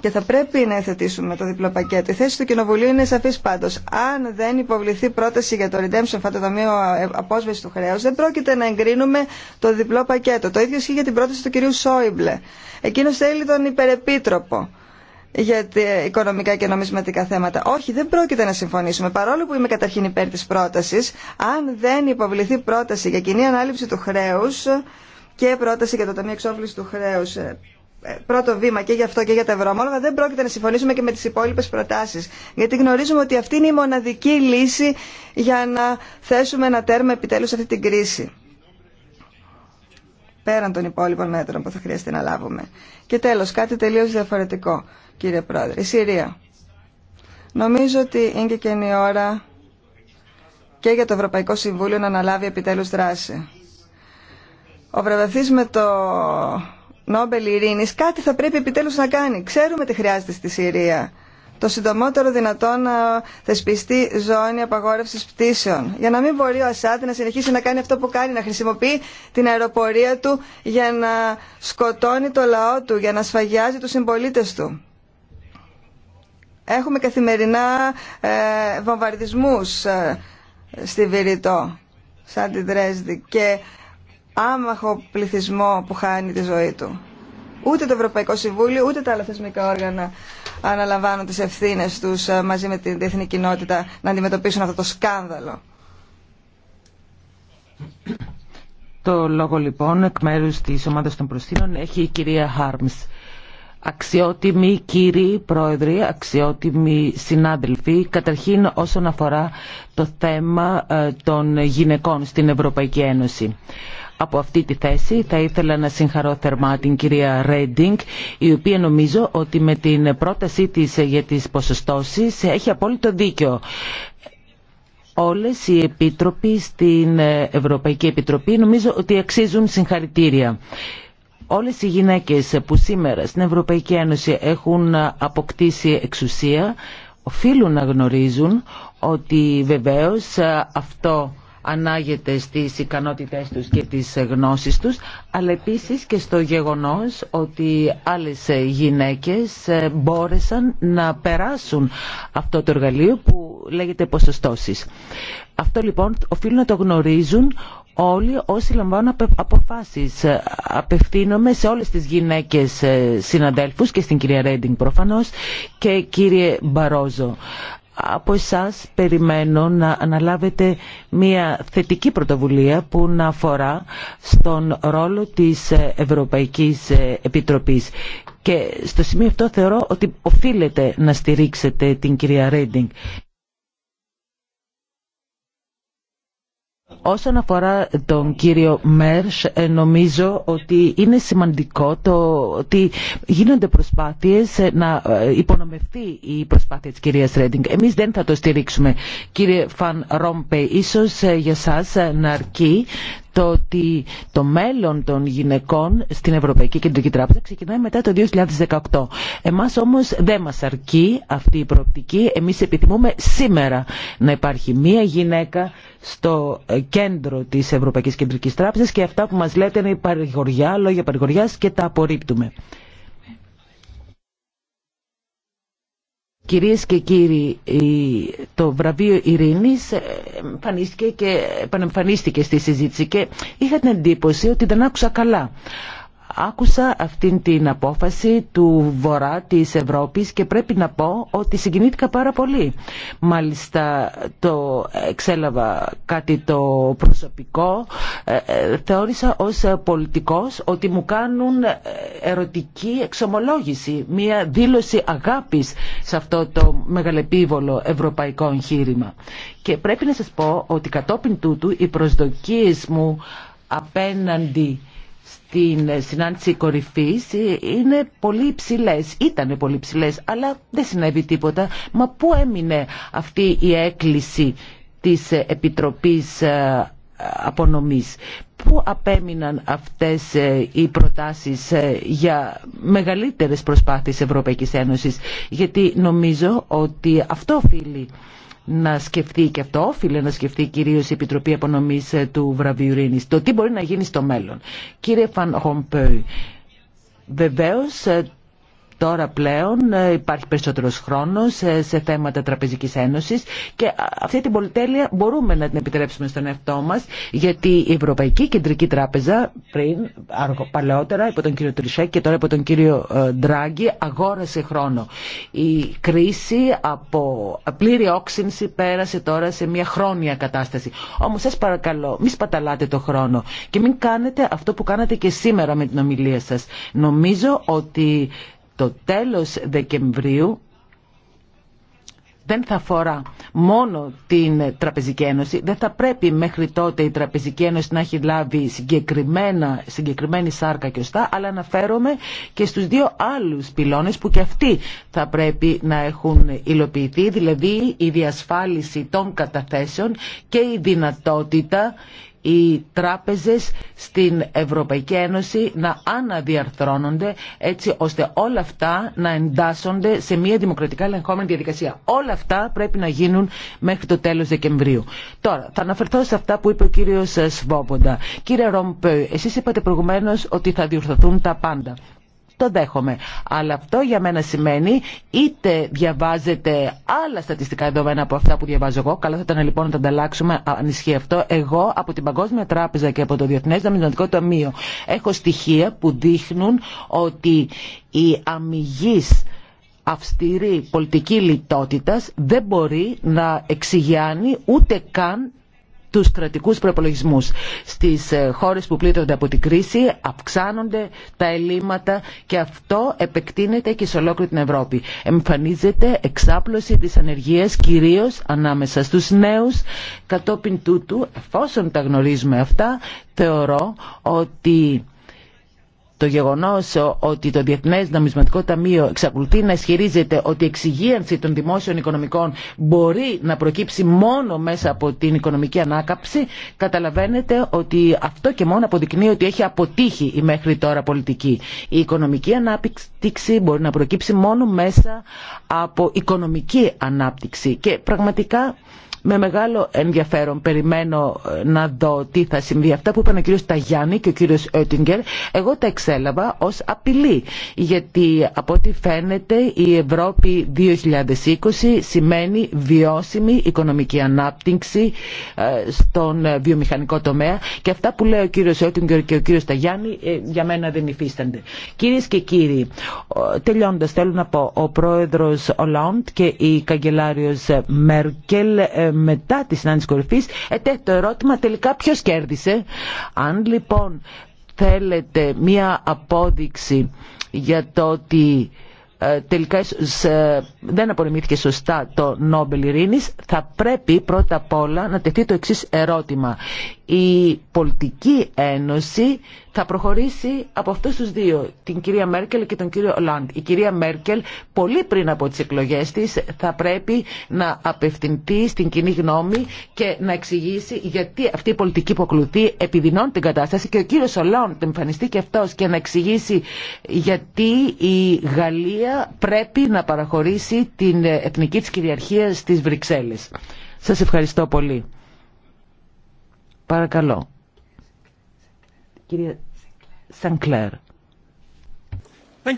Και θα πρέπει να εθετήσουμε το διπλό πακέτο. Η θέση του Κοινοβουλίου είναι σαφής πάντως. Αν δεν υποβληθεί πρόταση για το redemption φατοδομείο ε, απόσβεση του χρέους, δεν πρόκειται να εγκρίνουμε το διπλό πακέτο. Το ίδιο ισχύει για την πρόταση του κυρίου Σόιμπλε. Εκείνο θέλει τον υπερεπίτροπο για τα οικονομικά και νομισματικά θέματα. Όχι, δεν πρόκειται να συμφωνήσουμε. Παρόλο που είμαι καταρχήν υπέρ τη πρόταση, αν δεν υποβληθεί πρόταση για κοινή ανάληψη του χρέου και πρόταση για το Ταμείο Εξόφληση του Χρέου, ε, ε, πρώτο βήμα και για αυτό και για τα ευρωομόλογα, δεν πρόκειται να συμφωνήσουμε και με τι υπόλοιπε προτάσει. Γιατί γνωρίζουμε ότι αυτή είναι η μοναδική λύση για να θέσουμε ένα τέρμα επιτέλου σε αυτή την κρίση πέραν των υπόλοιπων μέτρων που θα χρειαστεί να λάβουμε. Και τέλο, κάτι τελείω διαφορετικό κύριε Πρόεδρε. Η Συρία. Νομίζω ότι είναι και, καινή η ώρα και για το Ευρωπαϊκό Συμβούλιο να αναλάβει επιτέλους δράση. Ο βραβευτής με το Νόμπελ Ειρήνη κάτι θα πρέπει επιτέλους να κάνει. Ξέρουμε τι χρειάζεται στη Συρία. Το συντομότερο δυνατόν να θεσπιστεί ζώνη απαγόρευση πτήσεων. Για να μην μπορεί ο Ασάτ να συνεχίσει να κάνει αυτό που κάνει, να χρησιμοποιεί την αεροπορία του για να σκοτώνει το λαό του, για να σφαγιάζει του συμπολίτε του. Έχουμε καθημερινά ε, βομβαρδισμούς ε, στη Βηρητό, σαν τη Δρέσδη και άμαχο πληθυσμό που χάνει τη ζωή του. Ούτε το Ευρωπαϊκό Συμβούλιο, ούτε τα άλλα θεσμικά όργανα αναλαμβάνουν τις ευθύνες τους ε, μαζί με την διεθνή κοινότητα να αντιμετωπίσουν αυτό το σκάνδαλο. Το λόγο λοιπόν εκ μέρους της ομάδας των έχει η κυρία Χάρμς. Αξιότιμοι κύριοι πρόεδροι, αξιότιμοι συνάδελφοι, καταρχήν όσον αφορά το θέμα ε, των γυναικών στην Ευρωπαϊκή Ένωση. Από αυτή τη θέση θα ήθελα να συγχαρώ θερμά την κυρία Ρέντινγκ, η οποία νομίζω ότι με την πρότασή της για τις ποσοστώσεις έχει απόλυτο δίκιο όλες οι επίτροποι στην Ευρωπαϊκή Επιτροπή νομίζω ότι αξίζουν συγχαρητήρια όλες οι γυναίκες που σήμερα στην Ευρωπαϊκή Ένωση έχουν αποκτήσει εξουσία οφείλουν να γνωρίζουν ότι βεβαίως αυτό ανάγεται στις ικανότητές τους και τις γνώσεις τους αλλά επίσης και στο γεγονός ότι άλλες γυναίκες μπόρεσαν να περάσουν αυτό το εργαλείο που λέγεται ποσοστώσεις. Αυτό λοιπόν οφείλουν να το γνωρίζουν όλοι όσοι λαμβάνουν αποφάσεις. Ε, απευθύνομαι σε όλες τις γυναίκες ε, συναδέλφους και στην κυρία Ρέντινγκ προφανώς και κύριε Μπαρόζο. Από εσάς περιμένω να αναλάβετε μια θετική πρωτοβουλία που να αφορά στον ρόλο της ε, Ευρωπαϊκής Επιτροπής. Και στο σημείο αυτό θεωρώ ότι οφείλετε να στηρίξετε την κυρία Ρέντινγκ. Όσον αφορά τον κύριο Μέρς, ε, νομίζω ότι είναι σημαντικό το ότι γίνονται προσπάθειες ε, να ε, υπονομευτεί η προσπάθεια της κυρίας Ρέντινγκ. Εμείς δεν θα το στηρίξουμε. Κύριε Φαν Ρόμπε, ίσως για σας να αρκεί το ότι το μέλλον των γυναικών στην Ευρωπαϊκή Κεντρική Τράπεζα ξεκινάει μετά το 2018. Εμάς όμως δεν μας αρκεί αυτή η προοπτική. Εμείς επιθυμούμε σήμερα να υπάρχει μία γυναίκα στο κέντρο της Ευρωπαϊκής Κεντρικής Τράπεζας και αυτά που μας λέτε είναι η παρηγοριά, λόγια παρηγοριάς και τα απορρίπτουμε. Κυρίες και κύριοι, το βραβείο Ειρήνης εμφανίστηκε και επανεμφανίστηκε στη συζήτηση και είχα την εντύπωση ότι δεν άκουσα καλά. Άκουσα αυτήν την απόφαση του Βορρά της Ευρώπης και πρέπει να πω ότι συγκινήθηκα πάρα πολύ. Μάλιστα το εξέλαβα κάτι το προσωπικό. Ε, ε, θεώρησα ως πολιτικός ότι μου κάνουν ε, ερωτική εξομολόγηση, μία δήλωση αγάπης σε αυτό το μεγαλεπίβολο ευρωπαϊκό εγχείρημα. Και πρέπει να σας πω ότι κατόπιν τούτου οι προσδοκίες μου απέναντι στην συνάντηση κορυφή είναι πολύ ψηλέ, ήταν πολύ ψηλές, αλλά δεν συνέβη τίποτα. Μα πού έμεινε αυτή η έκκληση της Επιτροπής ε, Απονομής. Πού απέμειναν αυτές ε, οι προτάσεις ε, για μεγαλύτερες προσπάθειες Ευρωπαϊκής Ένωσης. Γιατί νομίζω ότι αυτό οφείλει να σκεφτεί και αυτό, όφιλε να σκεφτεί κυρίως η Επιτροπή απονομή ε, του Βραβείου το τι μπορεί να γίνει στο μέλλον. Κύριε Φαν Χομπέου, βεβαίως ε, Τώρα πλέον ε, υπάρχει περισσότερος χρόνος ε, σε θέματα τραπεζικής ένωσης και αυτή την πολυτέλεια μπορούμε να την επιτρέψουμε στον εαυτό μας γιατί η Ευρωπαϊκή Κεντρική Τράπεζα πριν, παλαιότερα υπό τον κύριο Τρισέκ και τώρα υπό τον κύριο ε, Ντράγκη αγόρασε χρόνο. Η κρίση από πλήρη όξυνση πέρασε τώρα σε μια χρόνια κατάσταση. Όμως σας παρακαλώ μην σπαταλάτε το χρόνο και μην κάνετε αυτό που κάνατε και σήμερα με την ομιλία σας. Νομίζω ότι το τέλος Δεκεμβρίου δεν θα αφορά μόνο την Τραπεζική Ένωση. Δεν θα πρέπει μέχρι τότε η Τραπεζική Ένωση να έχει λάβει συγκεκριμένα, συγκεκριμένη σάρκα και οστά, αλλά αναφέρομαι και στους δύο άλλους πυλώνες που και αυτοί θα πρέπει να έχουν υλοποιηθεί, δηλαδή η διασφάλιση των καταθέσεων και η δυνατότητα οι τράπεζες στην Ευρωπαϊκή Ένωση να αναδιαρθρώνονται έτσι ώστε όλα αυτά να εντάσσονται σε μια δημοκρατικά ελεγχόμενη διαδικασία. Όλα αυτά πρέπει να γίνουν μέχρι το τέλος Δεκεμβρίου. Τώρα, θα αναφερθώ σε αυτά που είπε ο κύριος Σβόποντα. Κύριε Ρομπέ, εσείς είπατε προηγουμένως ότι θα διορθωθούν τα πάντα το δέχομαι. Αλλά αυτό για μένα σημαίνει είτε διαβάζετε άλλα στατιστικά δεδομένα από αυτά που διαβάζω εγώ. Καλό θα ήταν λοιπόν να τα ανταλλάξουμε, αν ισχύει αυτό, εγώ από την Παγκόσμια Τράπεζα και από το Διεθνέ Νομισματικό Ταμείο. Έχω στοιχεία που δείχνουν ότι η αμυγή αυστηρή πολιτική λιτότητας δεν μπορεί να εξηγιάνει ούτε καν τους κρατικούς προπολογισμούς. Στις ε, χώρες που πλήττονται από την κρίση αυξάνονται τα ελλείμματα και αυτό επεκτείνεται και σε ολόκληρη την Ευρώπη. Εμφανίζεται εξάπλωση της ανεργίας κυρίως ανάμεσα στους νέους. Κατόπιν τούτου, εφόσον τα γνωρίζουμε αυτά, θεωρώ ότι το γεγονός ότι το Διεθνές Νομισματικό Ταμείο εξακολουθεί να ισχυρίζεται ότι η εξυγίανση των δημόσιων οικονομικών μπορεί να προκύψει μόνο μέσα από την οικονομική ανάκαψη, καταλαβαίνετε ότι αυτό και μόνο αποδεικνύει ότι έχει αποτύχει η μέχρι τώρα πολιτική. Η οικονομική ανάπτυξη μπορεί να προκύψει μόνο μέσα από οικονομική ανάπτυξη και πραγματικά με μεγάλο ενδιαφέρον περιμένω ε, να δω τι θα συμβεί. Αυτά που είπαν ο κύριος Ταγιάννη και ο κύριος Ότιγκερ, εγώ τα εξέλαβα ως απειλή. Γιατί από ό,τι φαίνεται η Ευρώπη 2020 σημαίνει βιώσιμη οικονομική ανάπτυξη ε, στον ε, βιομηχανικό τομέα και αυτά που λέει ο κύριος Ότιγκερ και ο κύριος Ταγιάννη για μένα δεν υφίστανται. Κυρίες και κύριοι, τελειώντας θέλω να πω, ο πρόεδρος Ολάντ και η καγκελάριος Μέρκελ μετά τη συνάντηση κορυφής ετέθη το ερώτημα τελικά ποιος κέρδισε. Αν λοιπόν θέλετε μία απόδειξη για το ότι ε, τελικά ε, δεν απορριμήθηκε σωστά το Νόμπελ Ειρήνης, θα πρέπει πρώτα απ' όλα να τεθεί το εξής ερώτημα η πολιτική ένωση θα προχωρήσει από αυτούς τους δύο, την κυρία Μέρκελ και τον κύριο Ολάντ. Η κυρία Μέρκελ πολύ πριν από τις εκλογές της θα πρέπει να απευθυνθεί στην κοινή γνώμη και να εξηγήσει γιατί αυτή η πολιτική που ακολουθεί επιδεινώνει την κατάσταση και ο κύριος Ολάντ εμφανιστεί και αυτός και να εξηγήσει γιατί η Γαλλία πρέπει να παραχωρήσει την εθνική της κυριαρχία στις Βρυξέλλες. Σας ευχαριστώ πολύ. Παρακαλώ. Κύριε Σανκλέρ. Um,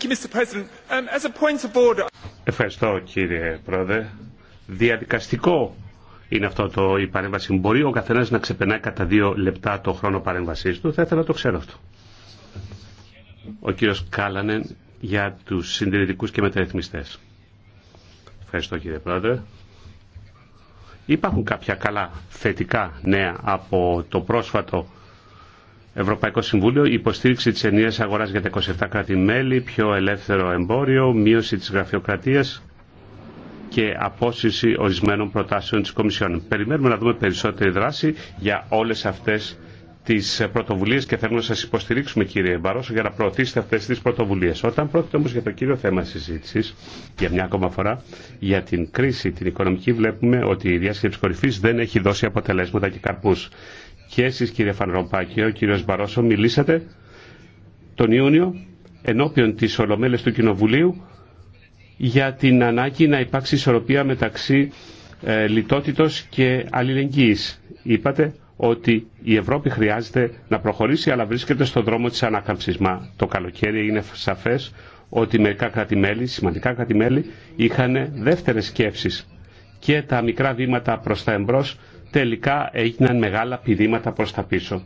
Ευχαριστώ κύριε Πρόεδρε. Διαδικαστικό είναι αυτό το η παρέμβαση. Μπορεί ο καθένας να ξεπερνάει κατά δύο λεπτά το χρόνο παρέμβασή του. Θα ήθελα να το ξέρω αυτό. Ο κύριος Κάλανεν για τους συντηρητικούς και μεταρρυθμιστές. Ευχαριστώ κύριε Πρόεδρε. Υπάρχουν κάποια καλά θετικά νέα από το πρόσφατο Ευρωπαϊκό Συμβούλιο, υποστήριξη της ενιαίας αγοράς για τα 27 κράτη-μέλη, πιο ελεύθερο εμπόριο, μείωση της γραφειοκρατίας και απόσυρση ορισμένων προτάσεων της Κομισιόν. Περιμένουμε να δούμε περισσότερη δράση για όλες αυτές τι πρωτοβουλίε και θέλουμε να σα υποστηρίξουμε, κύριε Μπαρόσο, για να προωθήσετε αυτέ τι πρωτοβουλίε. Όταν πρόκειται όμω για το κύριο θέμα συζήτηση, για μια ακόμα φορά, για την κρίση την οικονομική, βλέπουμε ότι η διάσκεψη κορυφή δεν έχει δώσει αποτελέσματα και καρπού. Και εσεί, κύριε Φανρομπάκη ο κύριο Μπαρόσο, μιλήσατε τον Ιούνιο ενώπιον τη Ολομέλεια του Κοινοβουλίου για την ανάγκη να υπάρξει ισορροπία μεταξύ ε, λιτότητος και αλληλεγγύης. Είπατε ότι η Ευρώπη χρειάζεται να προχωρήσει αλλά βρίσκεται στον δρόμο της ανάκαμψης. Μα το καλοκαίρι είναι σαφές ότι μερικά κρατημέλη, σημαντικά κρατημέλη, είχαν δεύτερες σκέψεις και τα μικρά βήματα προς τα εμπρός τελικά έγιναν μεγάλα πηδήματα προς τα πίσω.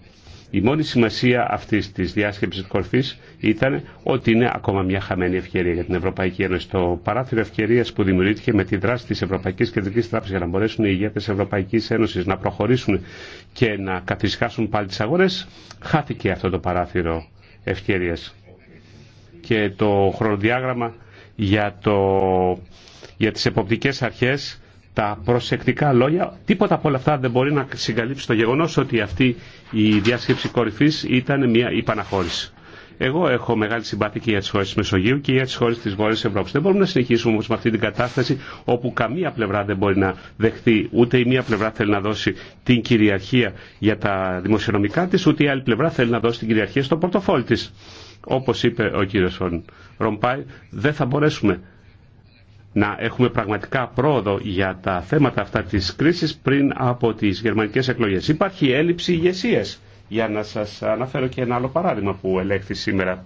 Η μόνη σημασία αυτή τη διάσκεψη κορφή ήταν ότι είναι ακόμα μια χαμένη ευκαιρία για την Ευρωπαϊκή Ένωση. Το παράθυρο ευκαιρία που δημιουργήθηκε με τη δράση τη Ευρωπαϊκή Κεντρική Τράπεζα για να μπορέσουν οι ηγέτε Ευρωπαϊκή Ένωση να προχωρήσουν και να καθισκάσουν πάλι τι αγορέ, χάθηκε αυτό το παράθυρο ευκαιρία. Και το χρονοδιάγραμμα για, το, για τις εποπτικές αρχές τα προσεκτικά λόγια, τίποτα από όλα αυτά δεν μπορεί να συγκαλύψει το γεγονός ότι αυτή η διάσκεψη κορυφής ήταν μια υπαναχώρηση. Εγώ έχω μεγάλη συμπάθεια και για τι χώρε τη Μεσογείου και για τι χώρε τη Βόρεια Ευρώπη. Δεν μπορούμε να συνεχίσουμε όμω με αυτή την κατάσταση όπου καμία πλευρά δεν μπορεί να δεχθεί, ούτε η μία πλευρά θέλει να δώσει την κυριαρχία για τα δημοσιονομικά τη, ούτε η άλλη πλευρά θέλει να δώσει την κυριαρχία στο πορτοφόλι τη. Όπω είπε ο κύριο Ρομπάι, δεν θα μπορέσουμε να έχουμε πραγματικά πρόοδο για τα θέματα αυτά της κρίσης πριν από τις γερμανικές εκλογές. Υπάρχει έλλειψη ηγεσία. Για να σας αναφέρω και ένα άλλο παράδειγμα που ελέγχθη σήμερα.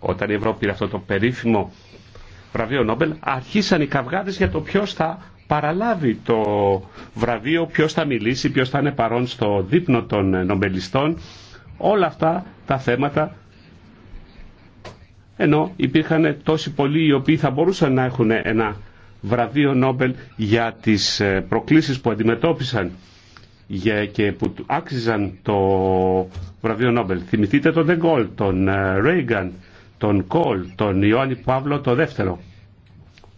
Όταν η Ευρώπη πήρε αυτό το περίφημο βραβείο Νόμπελ, αρχίσαν οι καυγάδες για το ποιος θα παραλάβει το βραβείο, ποιος θα μιλήσει, ποιος θα είναι παρόν στο δείπνο των νομπελιστών. Όλα αυτά τα θέματα ενώ υπήρχαν τόσοι πολλοί οι οποίοι θα μπορούσαν να έχουν ένα βραβείο Νόμπελ για τις ε, προκλήσεις που αντιμετώπισαν και που άξιζαν το βραβείο Νόμπελ. Θυμηθείτε τον Ντεγκόλ, τον Ρέιγκαν, ε, τον Κόλ, τον Ιωάννη Παύλο το δεύτερο.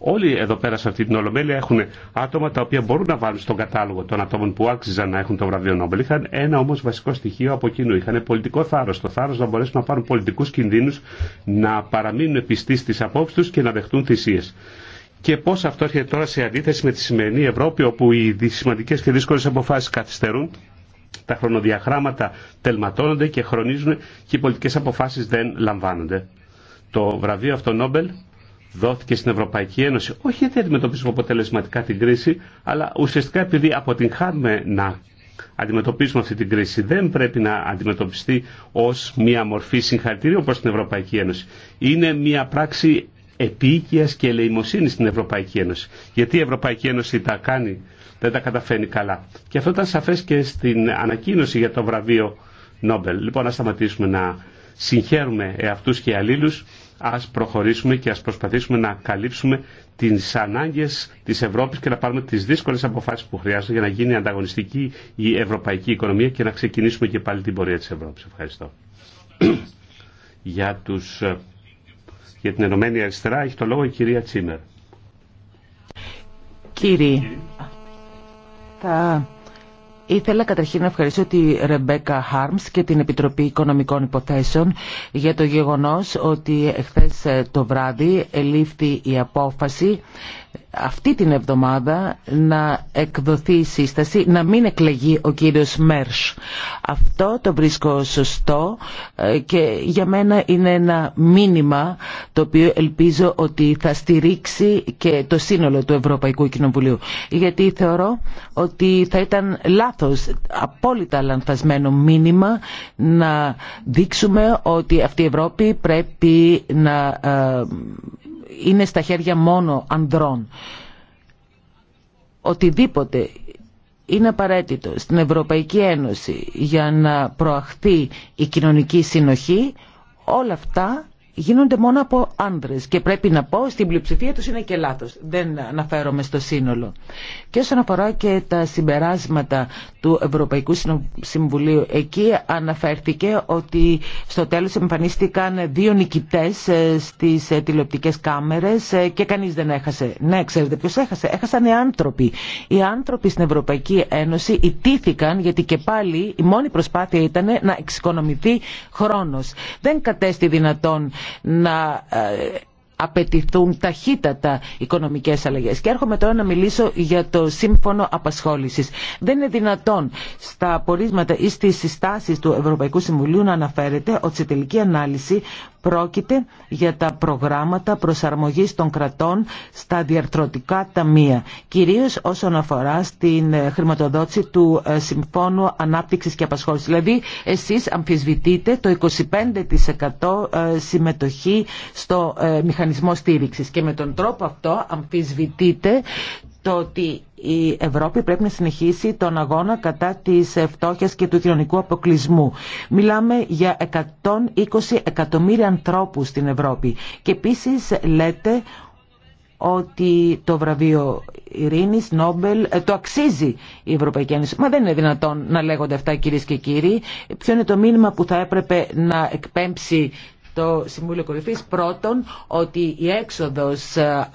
Όλοι εδώ πέρα σε αυτή την Ολομέλεια έχουν άτομα τα οποία μπορούν να βάλουν στον κατάλογο των ατόμων που άξιζαν να έχουν το βραβείο Νόμπελ. Είχαν ένα όμω βασικό στοιχείο από κοινού. Είχαν πολιτικό θάρρο. Το θάρρο να μπορέσουν να πάρουν πολιτικού κινδύνου, να παραμείνουν πιστοί στι απόψει του και να δεχτούν θυσίε. Και πώ αυτό έρχεται τώρα σε αντίθεση με τη σημερινή Ευρώπη, όπου οι σημαντικέ και δύσκολε αποφάσει καθυστερούν, τα χρονοδιαγράμματα τελματώνονται και χρονίζουν και οι πολιτικέ αποφάσει δεν λαμβάνονται. Το βραβείο αυτό Νόμπελ δόθηκε στην Ευρωπαϊκή Ένωση. Όχι γιατί αντιμετωπίζουμε αποτελεσματικά την κρίση, αλλά ουσιαστικά επειδή αποτυγχάνουμε να αντιμετωπίσουμε αυτή την κρίση. Δεν πρέπει να αντιμετωπιστεί ως μια μορφή συγχαρητήριου προς την Ευρωπαϊκή Ένωση. Είναι μια πράξη επίοικιας και ελεημοσύνης στην Ευρωπαϊκή Ένωση. Γιατί η Ευρωπαϊκή Ένωση τα κάνει, δεν τα καταφέρνει καλά. Και αυτό ήταν σαφές και στην ανακοίνωση για το βραβείο Νόμπελ. Λοιπόν, να σταματήσουμε να συγχαίρουμε εαυτούς και αλλήλου ας προχωρήσουμε και ας προσπαθήσουμε να καλύψουμε τις ανάγκες της Ευρώπης και να πάρουμε τις δύσκολες αποφάσεις που χρειάζονται για να γίνει ανταγωνιστική η ευρωπαϊκή οικονομία και να ξεκινήσουμε και πάλι την πορεία της Ευρώπης. Ευχαριστώ. για, τους, για την Ενωμένη Αριστερά έχει το λόγο η κυρία Τσίμερ. Κύριε, Ήθελα καταρχήν να ευχαριστήσω τη Ρεμπέκα Χάρμς και την Επιτροπή Οικονομικών Υποθέσεων για το γεγονός ότι εχθές το βράδυ ελήφθη η απόφαση αυτή την εβδομάδα να εκδοθεί η σύσταση να μην εκλεγεί ο κύριος Μέρς. Αυτό το βρίσκω σωστό ε, και για μένα είναι ένα μήνυμα το οποίο ελπίζω ότι θα στηρίξει και το σύνολο του Ευρωπαϊκού Κοινοβουλίου. Γιατί θεωρώ ότι θα ήταν λάθος, απόλυτα λανθασμένο μήνυμα να δείξουμε ότι αυτή η Ευρώπη πρέπει να ε, είναι στα χέρια μόνο ανδρών. Οτιδήποτε είναι απαραίτητο στην Ευρωπαϊκή Ένωση για να προαχθεί η κοινωνική συνοχή, όλα αυτά γίνονται μόνο από άνδρες. Και πρέπει να πω, στην πλειοψηφία τους είναι και λάθο. Δεν αναφέρομαι στο σύνολο. Και όσον αφορά και τα συμπεράσματα του Ευρωπαϊκού Συμβουλίου. Εκεί αναφέρθηκε ότι στο τέλος εμφανίστηκαν δύο νικητές ε, στις ε, τηλεοπτικές κάμερες ε, και κανείς δεν έχασε. Ναι, ξέρετε ποιος έχασε. Έχασαν οι άνθρωποι. Οι άνθρωποι στην Ευρωπαϊκή Ένωση ιτήθηκαν γιατί και πάλι η μόνη προσπάθεια ήταν να εξοικονομηθεί χρόνος. Δεν κατέστη δυνατόν να απαιτηθούν ταχύτατα οικονομικές αλλαγές. Και έρχομαι τώρα να μιλήσω για το σύμφωνο απασχόλησης. Δεν είναι δυνατόν στα απορίσματα ή στις συστάσεις του Ευρωπαϊκού Συμβουλίου να αναφέρεται ότι σε τελική ανάλυση Πρόκειται για τα προγράμματα προσαρμογής των κρατών στα διαρθρωτικά ταμεία, κυρίως όσον αφορά στην ε, χρηματοδότηση του ε, Συμφώνου Ανάπτυξης και Απασχόλησης. Δηλαδή, εσείς αμφισβητείτε το 25% ε, συμμετοχή στο μηχανισμό στήριξης και με τον τρόπο αυτό αμφισβητείτε το ότι η Ευρώπη πρέπει να συνεχίσει τον αγώνα κατά της φτώχεια και του κοινωνικού αποκλεισμού. Μιλάμε για 120 εκατομμύρια ανθρώπους στην Ευρώπη. Και επίσης λέτε ότι το βραβείο Ειρήνη Νόμπελ ε, το αξίζει η Ευρωπαϊκή Ένωση. Μα δεν είναι δυνατόν να λέγονται αυτά κυρίε και κύριοι. Ποιο είναι το μήνυμα που θα έπρεπε να εκπέμψει το Συμβούλιο Κορυφής πρώτον ότι η έξοδος ε,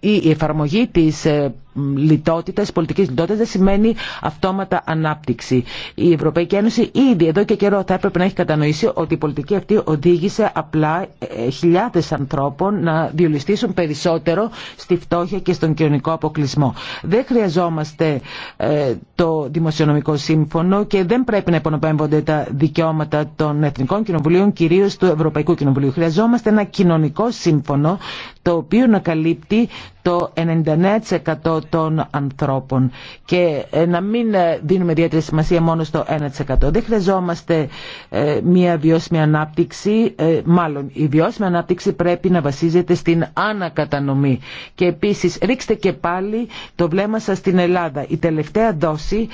ή η εφαρμογή της ε, λιτότητας, πολιτικής λιτότητας δεν σημαίνει αυτόματα ανάπτυξη. Η Ευρωπαϊκή Ένωση ήδη εδώ και καιρό θα έπρεπε να έχει κατανοήσει ότι η πολιτική αυτή οδήγησε απλά ε, χιλιάδες ανθρώπων να διολυστήσουν περισσότερο στη φτώχεια και στον κοινωνικό αποκλεισμό. Δεν χρειαζόμαστε ε, το δημοσιονομικό σύμφωνο και δεν πρέπει να υπονοπέμβονται τα δικαιώματα των Εθνικών Κοινοβουλίων, κυρίω του Ευρωπαϊκού Κοινοβουλίου. Χρειαζόμαστε ένα κοινωνικό σύμφωνο το οποίο να καλύπτει το 99% των ανθρώπων και ε, να μην ε, δίνουμε ιδιαίτερη σημασία μόνο στο 1%. Δεν χρειαζόμαστε ε, μια βιώσιμη ανάπτυξη, μάλλον η βιώσιμη ανάπτυξη πρέπει να βασίζεται στην ανακατανομή. Και επίσης ρίξτε και πάλι το βλέμμα σας στην Ελλάδα. Η τελευταία δόση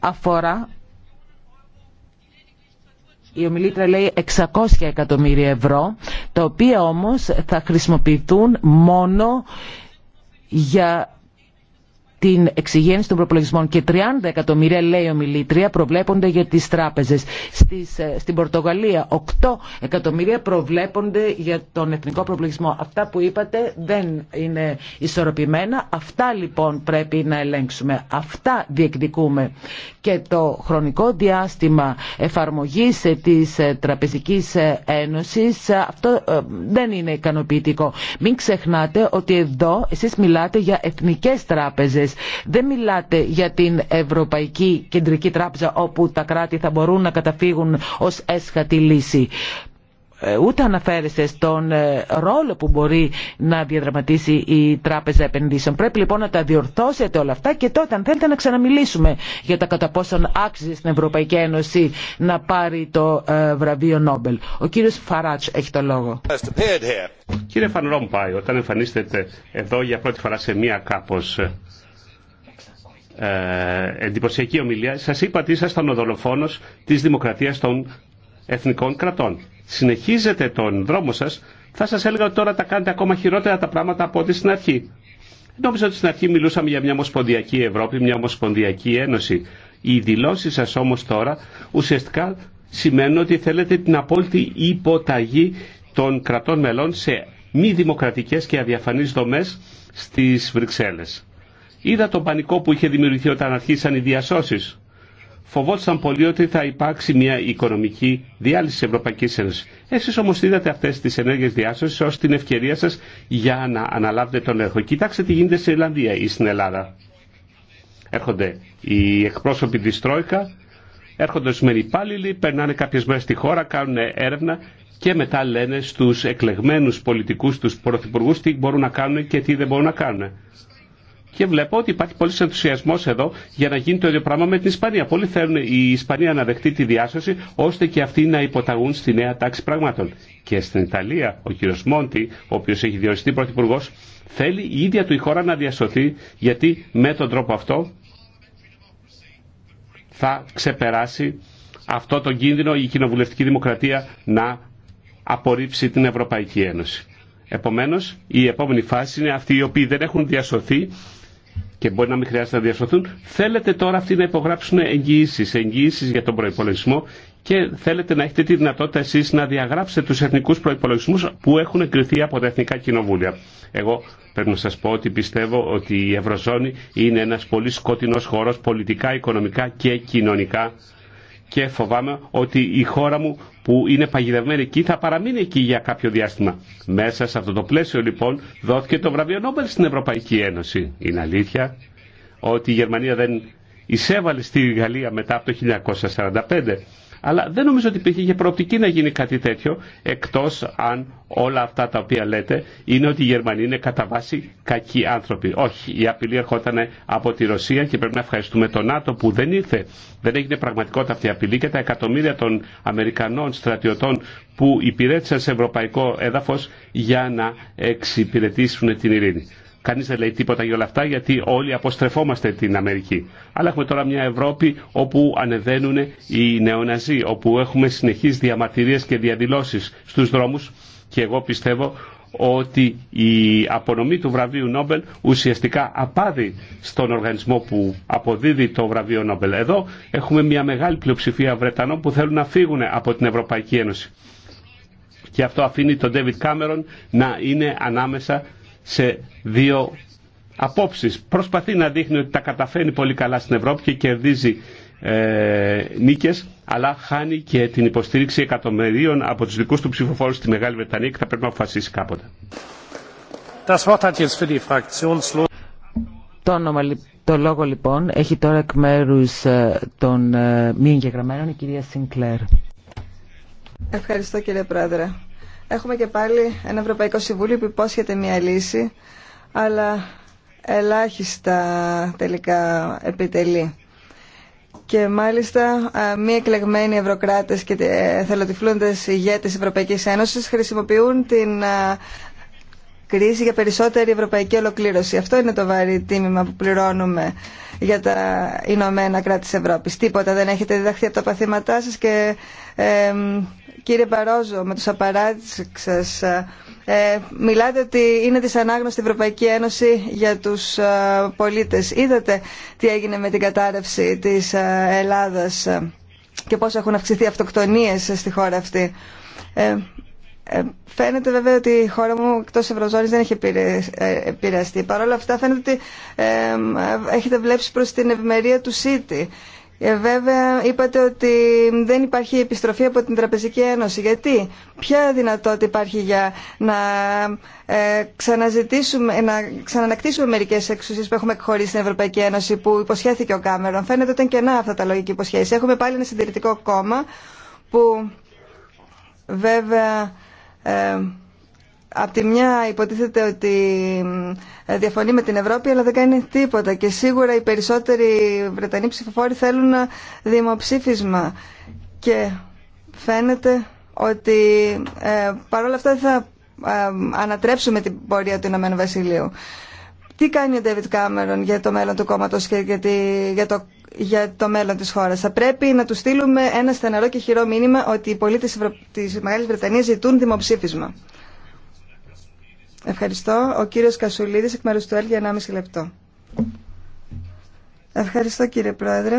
αφορά η ομιλήτρα λέει 600 εκατομμύρια ευρώ, τα οποία όμως θα χρησιμοποιηθούν μόνο για την εξηγένση των προπολογισμών και 30 εκατομμύρια, λέει ομιλήτρια, προβλέπονται για τις τράπεζες. Στις, ε, στην Πορτογαλία 8 εκατομμύρια προβλέπονται για τον εθνικό προπολογισμό. Αυτά που είπατε δεν είναι ισορροπημένα. Αυτά λοιπόν πρέπει να ελέγξουμε. Αυτά διεκδικούμε. Και το χρονικό διάστημα εφαρμογής ε, της ε, Τραπεζικής Ένωσης, αυτό δεν είναι ικανοποιητικό. Μην ξεχνάτε ότι εδώ εσείς μιλάτε για εθνικές τράπεζες δεν μιλάτε για την Ευρωπαϊκή Κεντρική Τράπεζα όπου τα κράτη θα μπορούν να καταφύγουν ως έσχατη λύση ε, ούτε αναφέρεστε στον ε, ρόλο που μπορεί να διαδραματίσει η Τράπεζα Επενδύσεων. Πρέπει λοιπόν να τα διορθώσετε όλα αυτά και τότε αν θέλετε να ξαναμιλήσουμε για τα κατά πόσον άξιζε στην Ευρωπαϊκή Ένωση να πάρει το ε, βραβείο Νόμπελ. Ο κύριος Φαράτς έχει το λόγο. Κύριε Φαν όταν εμφανίσετε εδώ για πρώτη φορά σε μία κάπως ε, εντυπωσιακή ομιλία σας είπα ότι ήσασταν ο δολοφόνος της δημοκρατίας των εθνικών κρατών. Συνεχίζετε τον δρόμο σας, θα σας έλεγα ότι τώρα τα κάνετε ακόμα χειρότερα τα πράγματα από ό,τι στην αρχή. Νόμιζα ότι στην αρχή μιλούσαμε για μια ομοσπονδιακή Ευρώπη, μια ομοσπονδιακή ένωση. Οι δηλώσει σας όμως τώρα ουσιαστικά σημαίνουν ότι θέλετε την απόλυτη υποταγή των κρατών μελών σε μη δημοκρατικές και αδιαφανείς δομές στις Βρυξέλλες. Είδα τον πανικό που είχε δημιουργηθεί όταν αρχίσαν οι διασώσει. Φοβόντουσαν πολύ ότι θα υπάρξει μια οικονομική διάλυση τη Ευρωπαϊκή Ένωση. Εσεί όμω είδατε αυτέ τι ενέργειε διάσωση ω την ευκαιρία σα για να αναλάβετε τον έργο. Κοιτάξτε τι γίνεται στην Ιρλανδία ή στην Ελλάδα. Έρχονται οι εκπρόσωποι τη Τρόικα, έρχονται ορισμένοι υπάλληλοι, περνάνε κάποιε μέρε στη χώρα, κάνουν έρευνα και μετά λένε στου εκλεγμένου πολιτικού, του πρωθυπουργού τι μπορούν να κάνουν και τι δεν μπορούν να κάνουν και βλέπω ότι υπάρχει πολύ ενθουσιασμό εδώ για να γίνει το ίδιο πράγμα με την Ισπανία. Πολλοί θέλουν η Ισπανία να δεχτεί τη διάσωση ώστε και αυτοί να υποταγούν στη νέα τάξη πραγμάτων. Και στην Ιταλία ο κ. Μόντι, ο οποίο έχει διοριστεί πρωθυπουργό, θέλει η ίδια του η χώρα να διασωθεί γιατί με τον τρόπο αυτό θα ξεπεράσει αυτό τον κίνδυνο η κοινοβουλευτική δημοκρατία να απορρίψει την Ευρωπαϊκή Ένωση. Επομένως, η επόμενη φάση είναι αυτοί οι οποίοι δεν έχουν διασωθεί και μπορεί να μην χρειάζεται να διασωθούν, θέλετε τώρα αυτοί να υπογράψουν εγγύησει, εγγύησει για τον προπολογισμό. και θέλετε να έχετε τη δυνατότητα εσείς να διαγράψετε τους εθνικούς προπολογισμού που έχουν εγκριθεί από τα εθνικά κοινοβούλια. Εγώ πρέπει να σας πω ότι πιστεύω ότι η Ευρωζώνη είναι ένας πολύ σκοτεινό χώρο πολιτικά, οικονομικά και κοινωνικά και φοβάμαι ότι η χώρα μου που είναι παγιδευμένη εκεί θα παραμείνει εκεί για κάποιο διάστημα. Μέσα σε αυτό το πλαίσιο λοιπόν δόθηκε το βραβείο Νόμπελ στην Ευρωπαϊκή Ένωση. Είναι αλήθεια ότι η Γερμανία δεν εισέβαλε στη Γαλλία μετά από το 1945 αλλά δεν νομίζω ότι υπήρχε και προοπτική να γίνει κάτι τέτοιο, εκτός αν όλα αυτά τα οποία λέτε είναι ότι οι Γερμανοί είναι κατά βάση κακοί άνθρωποι. Όχι, η απειλή ερχόταν από τη Ρωσία και πρέπει να ευχαριστούμε τον ΝΑΤΟ που δεν ήρθε, δεν έγινε πραγματικότητα αυτή η απειλή και τα εκατομμύρια των Αμερικανών στρατιωτών που υπηρέτησαν σε ευρωπαϊκό έδαφος για να εξυπηρετήσουν την ειρήνη. Κανείς δεν λέει τίποτα για όλα αυτά γιατί όλοι αποστρεφόμαστε την Αμερική. Αλλά έχουμε τώρα μια Ευρώπη όπου ανεβαίνουν οι νεοναζί, όπου έχουμε συνεχείς διαμαρτυρίες και διαδηλώσεις στους δρόμους και εγώ πιστεύω ότι η απονομή του βραβείου Νόμπελ ουσιαστικά απάδει στον οργανισμό που αποδίδει το βραβείο Νόμπελ. Εδώ έχουμε μια μεγάλη πλειοψηφία Βρετανών που θέλουν να φύγουν από την Ευρωπαϊκή Ένωση. Και αυτό αφήνει τον Ντέβιτ Κάμερον να είναι ανάμεσα σε δύο απόψεις. Προσπαθεί να δείχνει ότι τα καταφέρνει πολύ καλά στην Ευρώπη και κερδίζει ε, νίκες, αλλά χάνει και την υποστήριξη εκατομμυρίων από τους δικούς του ψηφοφόρους στη Μεγάλη Βρετανία και θα πρέπει να αποφασίσει κάποτε. Το λόγο λοιπόν έχει τώρα εκ μέρου ε, των ε, μη εγγεγραμμένων η κυρία Σινκλέρ. Ευχαριστώ κύριε Πρόεδρε έχουμε και πάλι ένα Ευρωπαϊκό Συμβούλιο που υπόσχεται μια λύση, αλλά ελάχιστα τελικά επιτελεί. Και μάλιστα μη εκλεγμένοι ευρωκράτες και θελοτυφλούντες ηγέτες Ευρωπαϊκής Ένωσης χρησιμοποιούν την κρίση για περισσότερη ευρωπαϊκή ολοκλήρωση. Αυτό είναι το βαρύ τίμημα που πληρώνουμε για τα Ηνωμένα κράτη της Ευρώπης. Τίποτα δεν έχετε διδαχθεί από τα παθήματά σας και... Κύριε Παρόζο, με τους απαράτσικ σας, ε, ε, μιλάτε ότι είναι δυσανάγνωστη η Ευρωπαϊκή Ένωση για τους ε, πολίτες. Είδατε τι έγινε με την κατάρρευση της ε, Ελλάδας ε, και πώς έχουν αυξηθεί αυτοκτονίες στη χώρα αυτή. Φαίνεται βέβαια ότι η χώρα μου εκτό Ευρωζώνη δεν έχει επηρεαστεί. Παρ' όλα αυτά φαίνεται ότι έχετε βλέψει προ την ευημερία του ΣΥΤΗ. Ε, βέβαια, είπατε ότι δεν υπάρχει επιστροφή από την Τραπεζική Ένωση. Γιατί, ποια δυνατότητα υπάρχει για να, ε, ξαναζητήσουμε, ε, να ξανανακτήσουμε μερικέ εξουσίε που έχουμε εκχωρήσει στην Ευρωπαϊκή Ένωση που υποσχέθηκε ο Κάμερον. Φαίνεται ότι ήταν κενά αυτά τα λογική υποσχέση. Έχουμε πάλι ένα συντηρητικό κόμμα που βέβαια. Ε, Απ' τη μια υποτίθεται ότι ε, διαφωνεί με την Ευρώπη αλλά δεν κάνει τίποτα και σίγουρα οι περισσότεροι Βρετανοί ψηφοφόροι θέλουν δημοψήφισμα και φαίνεται ότι ε, παρόλα αυτά θα ε, ανατρέψουμε την πορεία του Ηνωμένου Βασιλείου. Τι κάνει ο Ντέβιτ Κάμερον για το μέλλον του κόμματο και για, το, το μέλλον της χώρας. Θα πρέπει να του στείλουμε ένα στεναρό και χειρό μήνυμα ότι οι πολίτε τη μεγάλη Βρετανία ζητούν δημοψήφισμα. Ευχαριστώ. Ο κύριος Κασουλίδης εκ μέρους του ΕΛ για 1,5 λεπτό. Ευχαριστώ κύριε Πρόεδρε.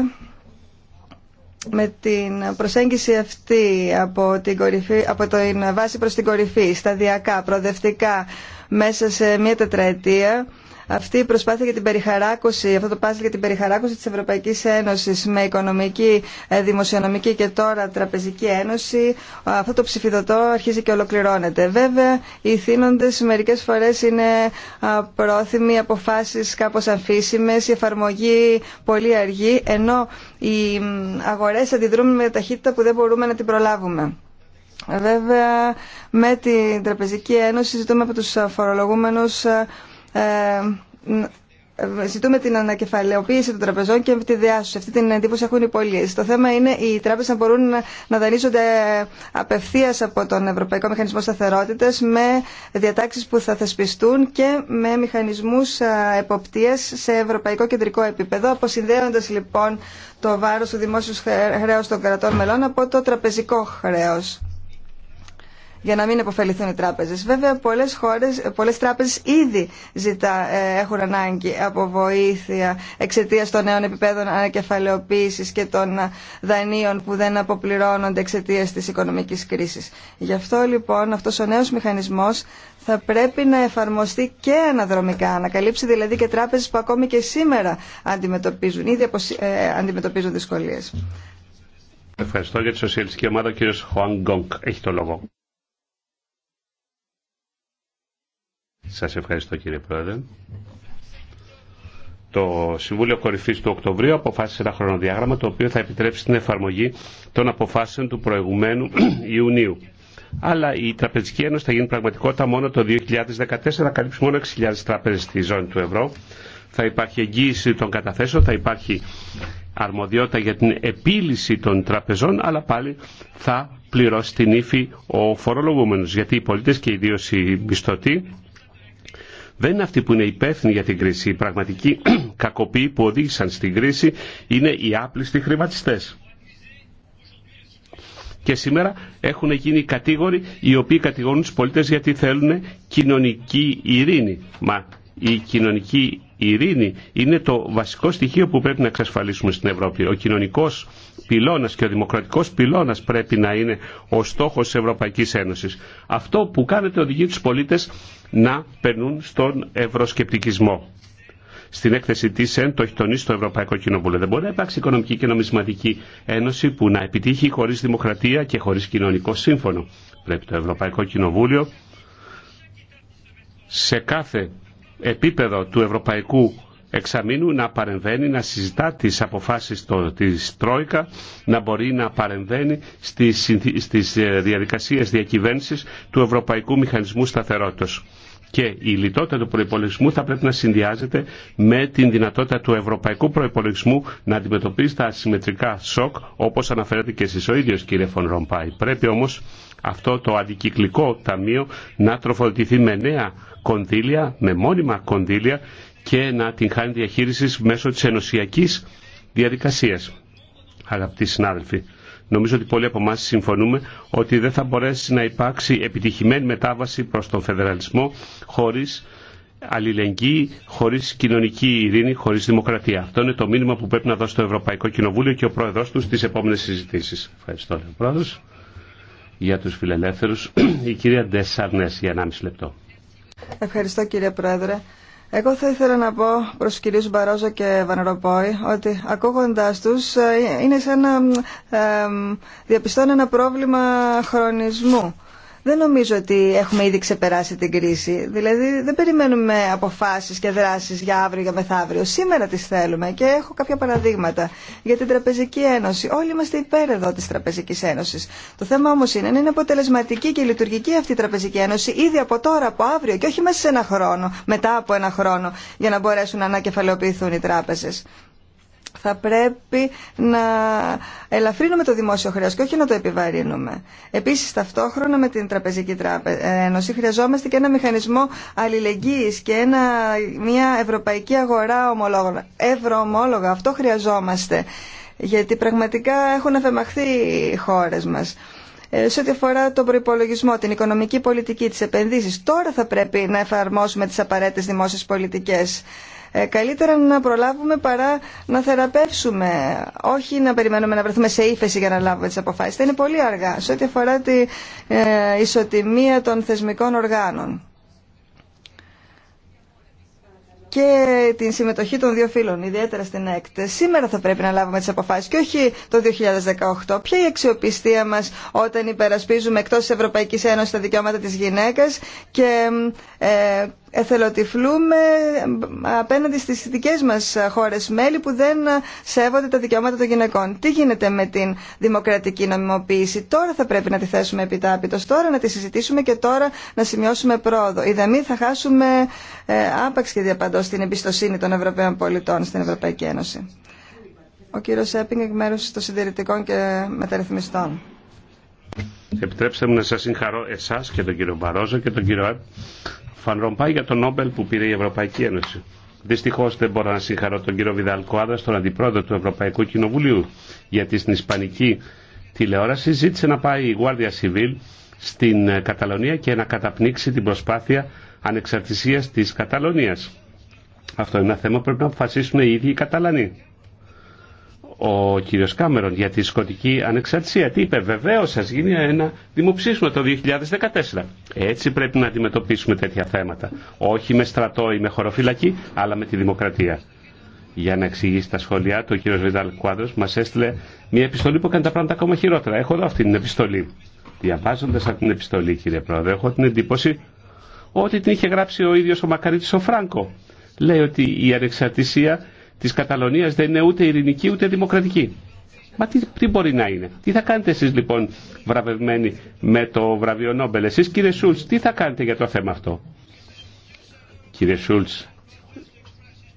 Με την προσέγγιση αυτή από, την κορυφή, από βάση προς την κορυφή, σταδιακά, προοδευτικά, μέσα σε μια τετραετία, αυτή η προσπάθεια για την περιχαράκωση, αυτό το πάζλ για την περιχαράκωση της Ευρωπαϊκής Ένωσης με οικονομική, ε, δημοσιονομική και τώρα τραπεζική ένωση, αυτό το ψηφιδωτό αρχίζει και ολοκληρώνεται. Βέβαια, οι θύνοντες μερικές φορές είναι πρόθυμοι, αποφάσεις κάπως αμφίσιμες, η εφαρμογή πολύ αργή, ενώ οι αγορές αντιδρούν με ταχύτητα που δεν μπορούμε να την προλάβουμε. Βέβαια, με την Τραπεζική Ένωση ζητούμε από τους φορολογούμενους ε, ζητούμε την ανακεφαλαιοποίηση των τραπεζών και τη διάσωση. Αυτή την εντύπωση έχουν οι πολίτε. Το θέμα είναι οι τράπεζε να μπορούν να δανείζονται απευθεία από τον Ευρωπαϊκό Μηχανισμό Σταθερότητα με διατάξει που θα θεσπιστούν και με μηχανισμού ε, εποπτεία σε ευρωπαϊκό κεντρικό επίπεδο. Αποσυνδέοντα λοιπόν το βάρο του δημόσιου χρέου των κρατών μελών από το τραπεζικό χρέο για να μην επωφεληθούν οι τράπεζες. Βέβαια, πολλές, χώρες, πολλές τράπεζες ήδη ζητά, ε, έχουν ανάγκη από βοήθεια εξαιτία των νέων επιπέδων ανακεφαλαιοποίησης και των ε, δανείων που δεν αποπληρώνονται εξαιτία της οικονομικής κρίσης. Γι' αυτό λοιπόν αυτός ο νέος μηχανισμός θα πρέπει να εφαρμοστεί και αναδρομικά, να καλύψει δηλαδή και τράπεζες που ακόμη και σήμερα αντιμετωπίζουν, ήδη ε, αντιμετωπίζουν δυσκολίες. Ευχαριστώ για τη σοσιαλιστική ομάδα, κύριος Χουάν Γκόγκ. Έχει το λόγο. Σας ευχαριστώ κύριε Πρόεδρε. Το Συμβούλιο Κορυφής του Οκτωβρίου αποφάσισε ένα χρονοδιάγραμμα το οποίο θα επιτρέψει την εφαρμογή των αποφάσεων του προηγουμένου Ιουνίου. Αλλά η Τραπεζική Ένωση θα γίνει πραγματικότητα μόνο το 2014, θα καλύψει μόνο 6.000 τράπεζες στη ζώνη του ευρώ. Θα υπάρχει εγγύηση των καταθέσεων, θα υπάρχει αρμοδιότητα για την επίλυση των τραπεζών, αλλά πάλι θα πληρώσει την ύφη ο φορολογούμενος, γιατί οι πολίτες και ιδίως οι μισθωτοί δεν είναι αυτοί που είναι υπεύθυνοι για την κρίση. Οι πραγματικοί κακοποιοί που οδήγησαν στην κρίση είναι οι άπλιστοι χρηματιστές. Και σήμερα έχουν γίνει κατήγοροι οι οποίοι κατηγορούν τους πολίτες γιατί θέλουν κοινωνική ειρήνη η κοινωνική ειρήνη είναι το βασικό στοιχείο που πρέπει να εξασφαλίσουμε στην Ευρώπη. Ο κοινωνικός πυλώνας και ο δημοκρατικός πυλώνας πρέπει να είναι ο στόχος της Ευρωπαϊκής Ένωσης. Αυτό που κάνετε οδηγεί τους πολίτες να περνούν στον ευρωσκεπτικισμό. Στην έκθεση τη ΕΝ το έχει τονίσει το Ευρωπαϊκό Κοινοβούλιο. Δεν μπορεί να υπάρξει οικονομική και νομισματική ένωση που να επιτύχει χωρί δημοκρατία και χωρί κοινωνικό σύμφωνο. Πρέπει το Ευρωπαϊκό Κοινοβούλιο σε κάθε επίπεδο του Ευρωπαϊκού Εξαμήνου να παρεμβαίνει, να συζητά τις αποφάσεις της Τρόικα, να μπορεί να παρεμβαίνει στις ε, διαδικασίες διακυβέρνησης του Ευρωπαϊκού Μηχανισμού Σταθερότητας. Και η λιτότητα του προπολογισμού θα πρέπει να συνδυάζεται με την δυνατότητα του ευρωπαϊκού προπολογισμού να αντιμετωπίζει τα ασυμμετρικά σοκ, όπως αναφέρεται και εσείς ο ίδιο, κύριε Φων Πρέπει όμως αυτό το αντικυκλικό ταμείο να τροφοδοτηθεί με νέα κονδύλια, με μόνιμα κονδύλια και να την χάνει διαχείριση μέσω της ενωσιακής διαδικασίας. Αγαπητοί συνάδελφοι, νομίζω ότι πολλοί από εμά συμφωνούμε ότι δεν θα μπορέσει να υπάρξει επιτυχημένη μετάβαση προς τον φεδεραλισμό χωρίς αλληλεγγύη, χωρί κοινωνική ειρήνη, χωρί δημοκρατία. Αυτό είναι το μήνυμα που πρέπει να δώσει το Ευρωπαϊκό Κοινοβούλιο και ο πρόεδρό του στι επόμενε συζητήσει. Ευχαριστώ, για τους φιλελεύθερους η κυρία Ντεσσαρνές για 1,5 λεπτό. Ευχαριστώ κύριε Πρόεδρε. Εγώ θα ήθελα να πω προς κυρίους Μπαρόζο και Βανεροπόη ότι ακούγοντας τους ε, είναι σαν να ε, ε, διαπιστώνει ένα πρόβλημα χρονισμού δεν νομίζω ότι έχουμε ήδη ξεπεράσει την κρίση. Δηλαδή δεν περιμένουμε αποφάσεις και δράσεις για αύριο, για μεθαύριο. Σήμερα τις θέλουμε και έχω κάποια παραδείγματα για την Τραπεζική Ένωση. Όλοι είμαστε υπέρ εδώ της Τραπεζικής Ένωσης. Το θέμα όμως είναι να είναι αποτελεσματική και λειτουργική αυτή η Τραπεζική Ένωση ήδη από τώρα, από αύριο και όχι μέσα σε ένα χρόνο, μετά από ένα χρόνο για να μπορέσουν να ανακεφαλαιοποιηθούν οι τράπεζες. Θα πρέπει να ελαφρύνουμε το δημόσιο χρέο και όχι να το επιβαρύνουμε. Επίση, ταυτόχρονα με την Τραπεζική Ένωση χρειαζόμαστε και ένα μηχανισμό αλληλεγγύη και ένα, μια ευρωπαϊκή αγορά ομολόγων. Ευρωομόλογα, αυτό χρειαζόμαστε. Γιατί πραγματικά έχουν αφεμαχθεί οι χώρε μα ε, σε ό,τι αφορά τον προπολογισμό, την οικονομική πολιτική, τι επενδύσει. Τώρα θα πρέπει να εφαρμόσουμε τι απαραίτητε δημόσιε πολιτικέ. Ε, καλύτερα να προλάβουμε παρά να θεραπεύσουμε. Όχι να περιμένουμε να βρεθούμε σε ύφεση για να λάβουμε τις αποφάσεις. Θα είναι πολύ αργά σε ό,τι αφορά τη ε, ισοτιμία των θεσμικών οργάνων και την συμμετοχή των δύο φίλων, ιδιαίτερα στην ΕΚΤ. Σήμερα θα πρέπει να λάβουμε τι αποφάσει και όχι το 2018. Ποια είναι η αξιοπιστία μα όταν υπερασπίζουμε εκτό τη Ευρωπαϊκή Ένωση τα δικαιώματα τη γυναίκα και ε, εθελοτυφλούμε απέναντι στις δικές μας χώρες μέλη που δεν σέβονται τα δικαιώματα των γυναικών. Τι γίνεται με την δημοκρατική νομιμοποίηση. Τώρα θα πρέπει να τη θέσουμε επιτάπητος, τώρα να τη συζητήσουμε και τώρα να σημειώσουμε πρόοδο. Δαμή θα χάσουμε ε, άπαξ και διαπαντός την εμπιστοσύνη των Ευρωπαίων πολιτών στην Ευρωπαϊκή Ένωση. Ο κύριος Σέπινγκ εκ μέρους των συντηρητικών και μεταρρυθμιστών. Επιτρέψτε μου να σας συγχαρώ εσάς και τον κύριο Μπαρόζο και τον κύριο Φαν Ρομπάι για τον Νόμπελ που πήρε η Ευρωπαϊκή Ένωση. Δυστυχώ δεν μπορώ να συγχαρώ τον κύριο Βιδάλ Κοάδα, τον αντιπρόεδρο του Ευρωπαϊκού Κοινοβουλίου, γιατί στην Ισπανική τηλεόραση ζήτησε να πάει η Γουάρδια Σιβίλ στην ε, Καταλωνία και να καταπνίξει την προσπάθεια ανεξαρτησία τη Καταλωνία. Αυτό είναι ένα θέμα που πρέπει να αποφασίσουν οι ίδιοι οι Καταλανοί ο κύριος Κάμερον για τη σκοτική ανεξαρτησία. Τι είπε, βεβαίως σας γίνει ένα δημοψήφισμα το 2014. Έτσι πρέπει να αντιμετωπίσουμε τέτοια θέματα. Όχι με στρατό ή με χωροφυλακή, αλλά με τη δημοκρατία. Για να εξηγήσει τα σχόλιά του, ο κύριος Βιδάλ Κουάδρος μας έστειλε μια επιστολή που έκανε τα πράγματα ακόμα χειρότερα. Έχω εδώ αυτή την επιστολή. Διαβάζοντα αυτή την επιστολή, κύριε Πρόεδρε, έχω την εντύπωση ότι την είχε γράψει ο ίδιος ο Μακαρίτης ο Φράγκο. Λέει ότι η ανεξαρτησία της Καταλωνίας δεν είναι ούτε ειρηνική ούτε δημοκρατική. Μα τι, τι μπορεί να είναι. Τι θα κάνετε εσείς λοιπόν βραβευμένοι με το βραβείο Νόμπελ. Εσείς κύριε Σούλτς τι θα κάνετε για το θέμα αυτό. Κύριε Σούλτς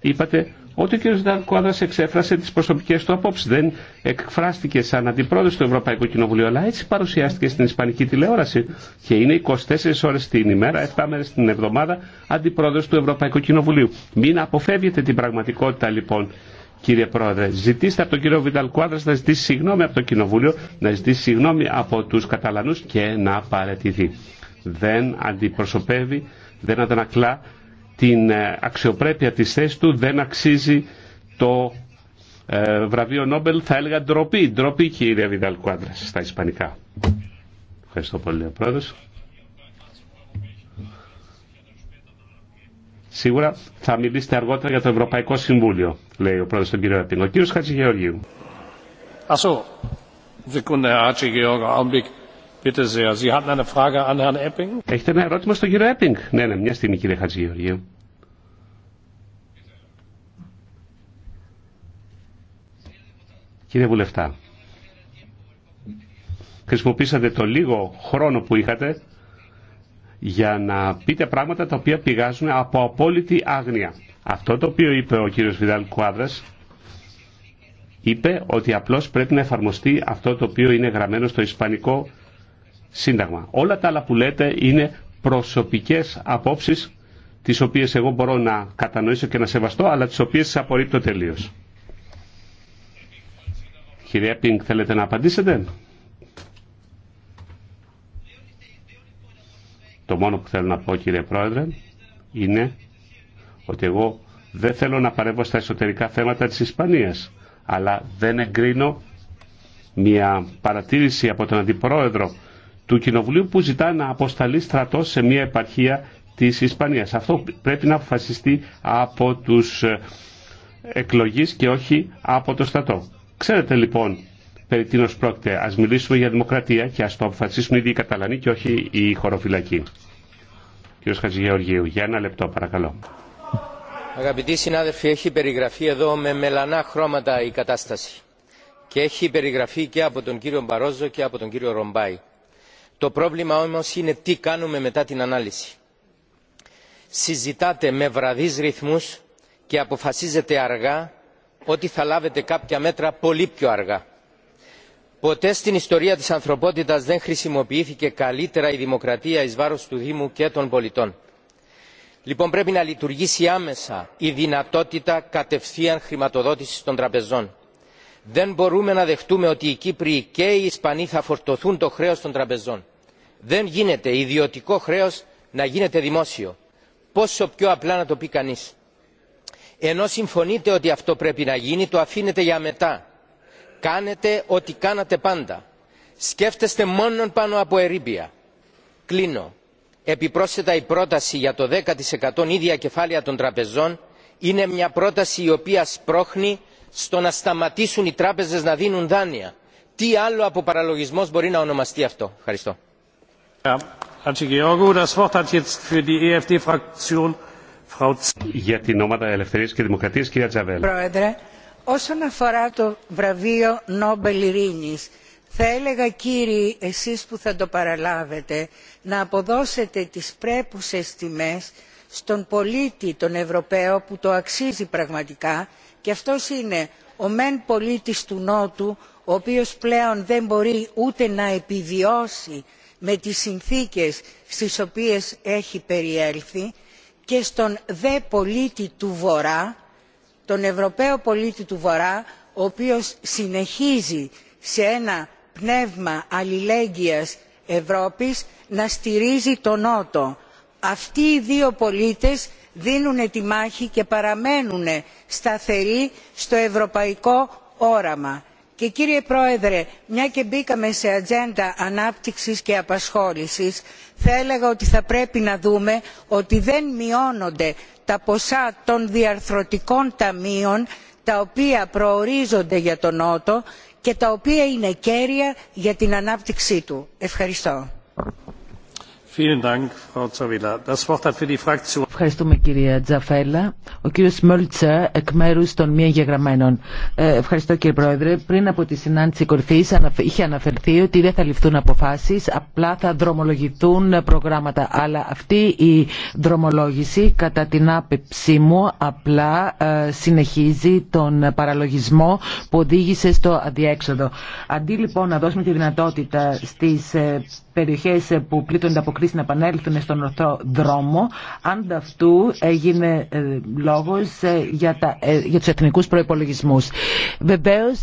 είπατε ότι ο κ. Ντάρκο εξέφρασε τι προσωπικέ του απόψει. Δεν εκφράστηκε σαν αντιπρόεδρο του Ευρωπαϊκού Κοινοβουλίου, αλλά έτσι παρουσιάστηκε στην Ισπανική τηλεόραση και είναι 24 ώρε την ημέρα, 7 μέρε την εβδομάδα αντιπρόεδρο του Ευρωπαϊκού Κοινοβουλίου. Μην αποφεύγετε την πραγματικότητα λοιπόν. Κύριε Πρόεδρε, ζητήστε από τον κύριο Κουάδρας να ζητήσει συγγνώμη από το Κοινοβούλιο, να ζητήσει συγγνώμη από τους Καταλανούς και να παρετηθεί. Δεν αντιπροσωπεύει, δεν αντανακλά την ε, αξιοπρέπεια της θέσης του δεν αξίζει το ε, βραβείο Νόμπελ. Θα έλεγα ντροπή, ντροπή κύριε Βιντάλ Κουάντρας, στα Ισπανικά. Ευχαριστώ πολύ ο Πρόεδρος. Σίγουρα θα μιλήσετε αργότερα για το Ευρωπαϊκό Συμβούλιο, λέει ο πρόεδρος τον κύριο Ραπίνο. Ο κύριος Χατζηγεωργίου. Ασο. Χατζηγεωργίου, Έχετε ένα ερώτημα στον κύριο Έπινγκ. Ναι, ναι, μια στιγμή κύριε Χατζηγεωργίου. Κύριε Βουλευτά, χρησιμοποίησατε το λίγο χρόνο που είχατε για να πείτε πράγματα τα οποία πηγάζουν από απόλυτη άγνοια. Αυτό το οποίο είπε ο κύριος Βιδάλ Κουάδρας είπε ότι απλώς πρέπει να εφαρμοστεί αυτό το οποίο είναι γραμμένο στο ισπανικό Σύνταγμα. Όλα τα άλλα που λέτε είναι προσωπικές απόψεις τις οποίες εγώ μπορώ να κατανοήσω και να σεβαστώ, αλλά τις οποίες απορρίπτω τελείως. Κυρία Πινγκ, θέλετε να απαντήσετε. Το μόνο που θέλω να πω, κύριε Πρόεδρε, είναι ότι εγώ δεν θέλω να παρεύω στα εσωτερικά θέματα της Ισπανίας, αλλά δεν εγκρίνω μια παρατήρηση από τον Αντιπρόεδρο του Κοινοβουλίου που ζητά να αποσταλεί στρατό σε μια επαρχία της Ισπανίας. Αυτό πρέπει να αποφασιστεί από τους ε, εκλογείς και όχι από το στρατό. Ξέρετε λοιπόν περί τίνος πρόκειται. Ας μιλήσουμε για δημοκρατία και ας το αποφασίσουν ήδη οι Καταλανοί και όχι οι χωροφυλακοί. Κύριος Χατζηγεωργίου, για ένα λεπτό παρακαλώ. Αγαπητοί συνάδελφοι, έχει περιγραφεί εδώ με μελανά χρώματα η κατάσταση. Και έχει περιγραφεί και από τον κύριο Μπαρόζο και από τον κύριο Ρομπάη το πρόβλημα όμως είναι τι κάνουμε μετά την ανάλυση. συζητάτε με βραδείς ρυθμούς και αποφασίζετε αργά ότι θα λάβετε κάποια μέτρα πολύ πιο αργά. ποτέ στην ιστορία της ανθρωπότητας δεν χρησιμοποιήθηκε καλύτερα η δημοκρατία εις βάρος του δήμου και των πολιτών. λοιπόν πρέπει να λειτουργήσει άμεσα η δυνατότητα κατευθείαν χρηματοδότησης των τραπεζών δεν μπορούμε να δεχτούμε ότι οι κύπροι και οι ισπανοί θα φορτωθούν το χρέο των τραπεζών. δεν γίνεται ιδιωτικό χρέο να γίνεται δημόσιο. πόσο πιο απλά να το πει κανεί. ενώ συμφωνείτε ότι αυτό πρέπει να γίνει το αφήνετε για μετά. κάνετε ό,τι κάνατε πάντα. σκέφτεστε μόνο πάνω από ερήπια. κλείνω. επιπρόσθετα η πρόταση για το 10% ίδια κεφάλαια των τραπεζών είναι μια πρόταση η οποία σπρώχνει στο να σταματήσουν οι τράπεζε να δίνουν δάνεια. Τι άλλο από παραλογισμό μπορεί να ονομαστεί αυτό. Ευχαριστώ. E κυρία όσον αφορά το βραβείο Νόμπελ Ειρήνη, θα έλεγα κύριοι εσεί που θα το παραλάβετε να αποδώσετε τι πρέπουσες τιμές στον πολίτη τον Ευρωπαίο που το αξίζει πραγματικά και αυτός είναι ο μεν πολίτης του νότου ο οποίος πλέον δεν μπορεί ούτε να επιβιώσει με τις συνθήκες στις οποίες έχει περιέλθει και στον δε πολίτη του βορρά τον ευρωπαίο πολίτη του βορρά ο οποίος συνεχίζει σε ένα πνεύμα αλληλέγγυας ευρώπης να στηρίζει τον νότο αυτοί οι δύο πολίτες δίνουν τη μάχη και παραμένουν σταθεροί στο ευρωπαϊκό όραμα. και κύριε πρόεδρε μια και μπήκαμε σε ατζέντα ανάπτυξης και απασχόλησης θα έλεγα ότι θα πρέπει να δούμε ότι δεν μειώνονται τα ποσά των διαρθρωτικών ταμείων τα οποία προορίζονται για τον νότο και τα οποία είναι κέρια για την ανάπτυξή του. ευχαριστώ. Ευχαριστούμε κυρία Τζαφέλα. Ο κύριος Μόλτσα εκ μέρου των μη εγγεγραμμένων. Ε, ευχαριστώ κύριε Πρόεδρε. Πριν από τη συνάντηση κορυφής είχε αναφερθεί ότι δεν θα ληφθούν αποφάσεις, απλά θα δρομολογηθούν προγράμματα. Αλλά αυτή η δρομολόγηση κατά την άπεψή μου απλά ε, συνεχίζει τον παραλογισμό που οδήγησε στο αδιέξοδο. Αντί λοιπόν να δώσουμε τη δυνατότητα στις ε, περιοχές που πλήττονται από να επανέλθουν στον ορθό δρόμο. Ανταυτού έγινε ε, λόγος ε, για, τα, ε, για τους εθνικούς προϋπολογισμούς. Βεβαίως